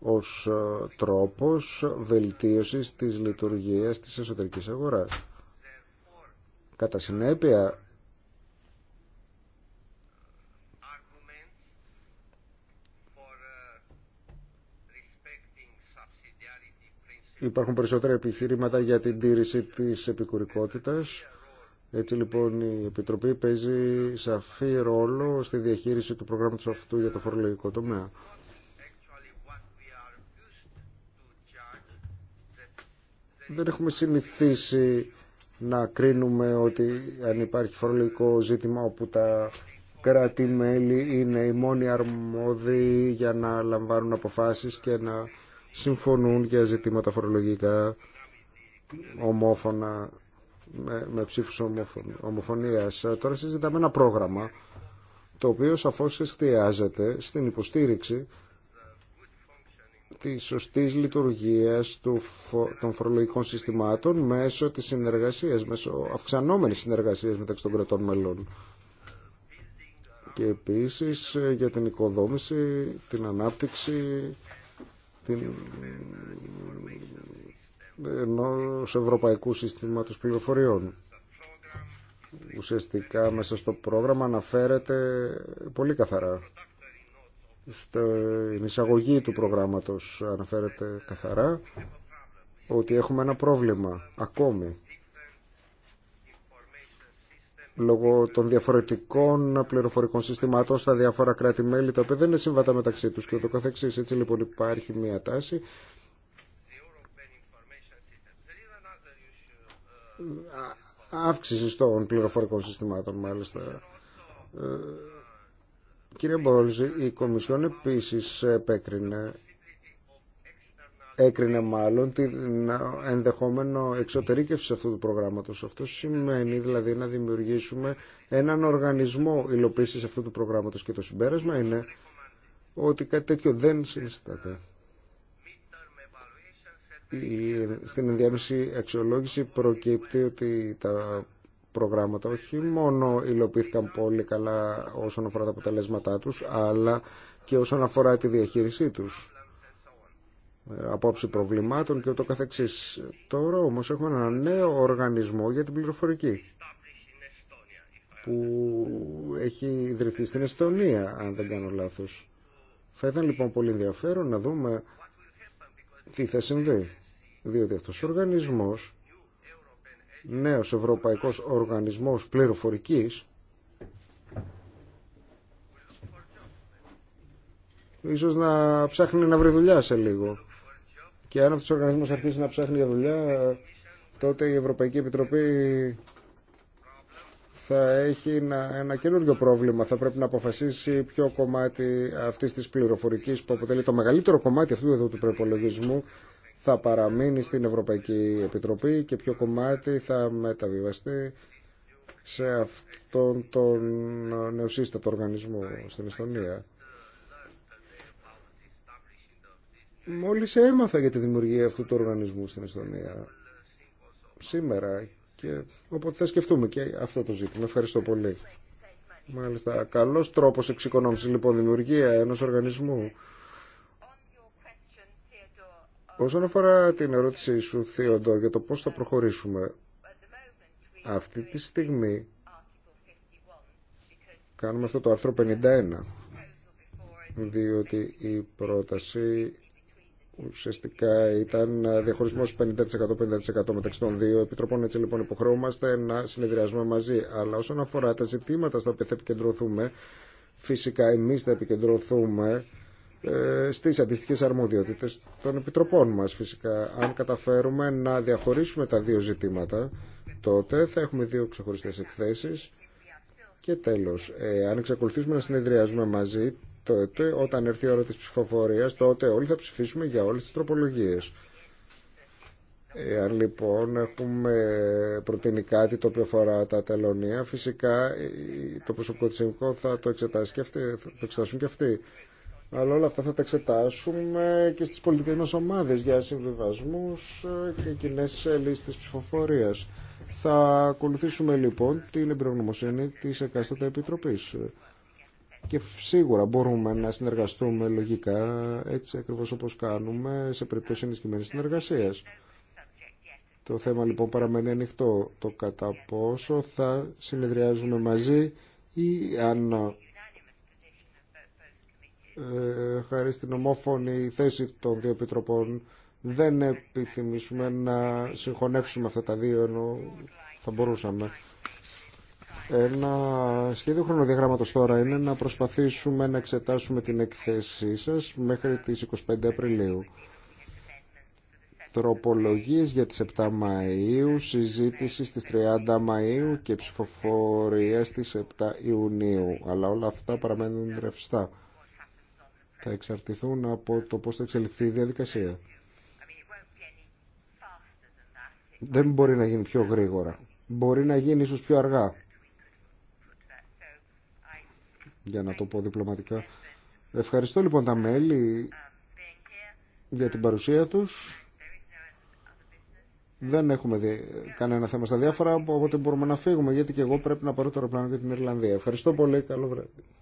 ως ε, τρόπος βελτίωσης της λειτουργίας της εσωτερικής αγοράς. Κατά συνέπεια, Υπάρχουν περισσότερα επιχειρήματα για την τήρηση της επικουρικότητας. Έτσι λοιπόν η Επιτροπή παίζει σαφή ρόλο στη διαχείριση του προγράμματος αυτού για το φορολογικό τομέα. Δεν έχουμε συνηθίσει να κρίνουμε ότι αν υπάρχει φορολογικό ζήτημα όπου τα κράτη-μέλη είναι οι μόνοι αρμόδιοι για να λαμβάνουν αποφάσεις και να συμφωνούν για ζητήματα φορολογικά ομόφωνα με, με ψήφους ομοφωνίας. Ε, τώρα συζητάμε ένα πρόγραμμα το οποίο σαφώς εστιάζεται στην υποστήριξη της σωστή λειτουργία του, των φορολογικών συστημάτων μέσω της συνεργασία, μέσω αυξανόμενη συνεργασία μεταξύ των κρατών μελών και επίσης ε, για την οικοδόμηση, την ανάπτυξη την ενός ευρωπαϊκού συστήματος πληροφοριών. Ουσιαστικά μέσα στο πρόγραμμα αναφέρεται πολύ καθαρά. Στην εισαγωγή του προγράμματος αναφέρεται καθαρά ότι έχουμε ένα πρόβλημα ακόμη λόγω των διαφορετικών πληροφορικών συστημάτων στα διάφορα κράτη-μέλη, τα οποία δεν είναι συμβατά μεταξύ τους και ούτω καθεξής. Έτσι λοιπόν υπάρχει μια τάση. Αύξηση των πληροφορικών συστημάτων, μάλιστα. Ε, κύριε Μπόλζη, η Κομισιόν επίσης επέκρινε έκρινε μάλλον την ενδεχόμενο εξωτερήκευση αυτού του προγράμματος. Αυτό σημαίνει δηλαδή να δημιουργήσουμε έναν οργανισμό υλοποίηση αυτού του προγράμματος και το συμπέρασμα είναι ότι κάτι τέτοιο δεν συνιστάται. Στην ενδιάμεση αξιολόγηση προκύπτει ότι τα προγράμματα όχι μόνο υλοποιήθηκαν πολύ καλά όσον αφορά τα αποτελέσματά τους αλλά και όσον αφορά τη διαχείρισή τους απόψη προβλημάτων και ούτω καθεξής. Τώρα όμως έχουμε ένα νέο οργανισμό για την πληροφορική που έχει ιδρυθεί στην Εστονία, αν δεν κάνω λάθος. Θα ήταν λοιπόν πολύ ενδιαφέρον να δούμε τι θα συμβεί. Διότι αυτός ο οργανισμός, νέος ευρωπαϊκός οργανισμός πληροφορικής, ίσως να ψάχνει να βρει δουλειά σε λίγο. Και αν αυτός ο οργανισμός αρχίσει να ψάχνει για δουλειά, τότε η Ευρωπαϊκή Επιτροπή θα έχει ένα, ένα καινούριο πρόβλημα. Θα πρέπει να αποφασίσει ποιο κομμάτι αυτή τη πληροφορική που αποτελεί το μεγαλύτερο κομμάτι αυτού εδώ του προπολογισμού θα παραμείνει στην Ευρωπαϊκή Επιτροπή και ποιο κομμάτι θα μεταβιβαστεί σε αυτόν τον νεοσύστατο οργανισμό στην Εστονία. Μόλις έμαθα για τη δημιουργία αυτού του οργανισμού στην Εστονία σήμερα και οπότε θα σκεφτούμε και αυτό το ζήτημα. Ευχαριστώ πολύ. Μάλιστα, καλός τρόπος εξοικονόμησης λοιπόν δημιουργία ενός οργανισμού. Όσον αφορά την ερώτησή σου, Θεόντορ, για το πώς θα προχωρήσουμε, αυτή τη στιγμή κάνουμε αυτό το άρθρο 51, διότι η πρόταση Ουσιαστικά ήταν διαχωρισμό 50%-50% μεταξύ των δύο επιτροπών. Έτσι λοιπόν υποχρεούμαστε να συνεδριάζουμε μαζί. Αλλά όσον αφορά τα ζητήματα στα οποία θα επικεντρωθούμε, φυσικά εμεί θα επικεντρωθούμε ε, στις στι αντίστοιχε των επιτροπών μας. Φυσικά, αν καταφέρουμε να διαχωρίσουμε τα δύο ζητήματα, τότε θα έχουμε δύο ξεχωριστές εκθέσεις. Και τέλος, ε, αν εξακολουθήσουμε να συνεδριάζουμε μαζί, τότε όταν έρθει η ώρα της ψηφοφορίας τότε όλοι θα ψηφίσουμε για όλες τις τροπολογίες. Εάν λοιπόν έχουμε προτείνει κάτι το οποίο αφορά τα τελωνία, φυσικά το προσωπικό της ΕΜΚΟ θα το, εξετάσει και αυτοί, θα το εξετάσουν και αυτοί. Αλλά όλα αυτά θα τα εξετάσουμε και στις πολιτικές μας ομάδες για συμβιβασμούς και κοινέ λύσεις της ψηφοφορίας. Θα ακολουθήσουμε λοιπόν την εμπειρογνωμοσύνη της εκάστοτε επιτροπής και σίγουρα μπορούμε να συνεργαστούμε λογικά έτσι ακριβώς όπως κάνουμε σε περίπτωση ενισχυμένης συνεργασίας. Το θέμα λοιπόν παραμένει ανοιχτό το κατά πόσο θα συνεδριάζουμε μαζί ή αν ε, χάρη στην ομόφωνη θέση των δύο επιτροπών δεν επιθυμήσουμε να συγχωνεύσουμε αυτά τα δύο ενώ θα μπορούσαμε. Ένα σχέδιο χρονοδιαγράμματος τώρα είναι να προσπαθήσουμε να εξετάσουμε την εκθέσή σα μέχρι τις 25 Απριλίου. Τροπολογίες για τις 7 Μαΐου, συζήτηση στι 30 Μαΐου και ψηφοφορία στι 7 Ιουνίου. Αλλά όλα αυτά παραμένουν ρευστά. Θα εξαρτηθούν από το πώς θα εξελιχθεί η διαδικασία. Δεν μπορεί να γίνει πιο γρήγορα. Μπορεί να γίνει ίσως πιο αργά για να το πω διπλωματικά. Ευχαριστώ λοιπόν τα μέλη για την παρουσία τους. Δεν έχουμε κανένα θέμα στα διάφορα, οπότε μπορούμε να φύγουμε, γιατί και εγώ πρέπει να πάρω το αεροπλάνο για την Ιρλανδία. Ευχαριστώ πολύ. Καλό βράδυ.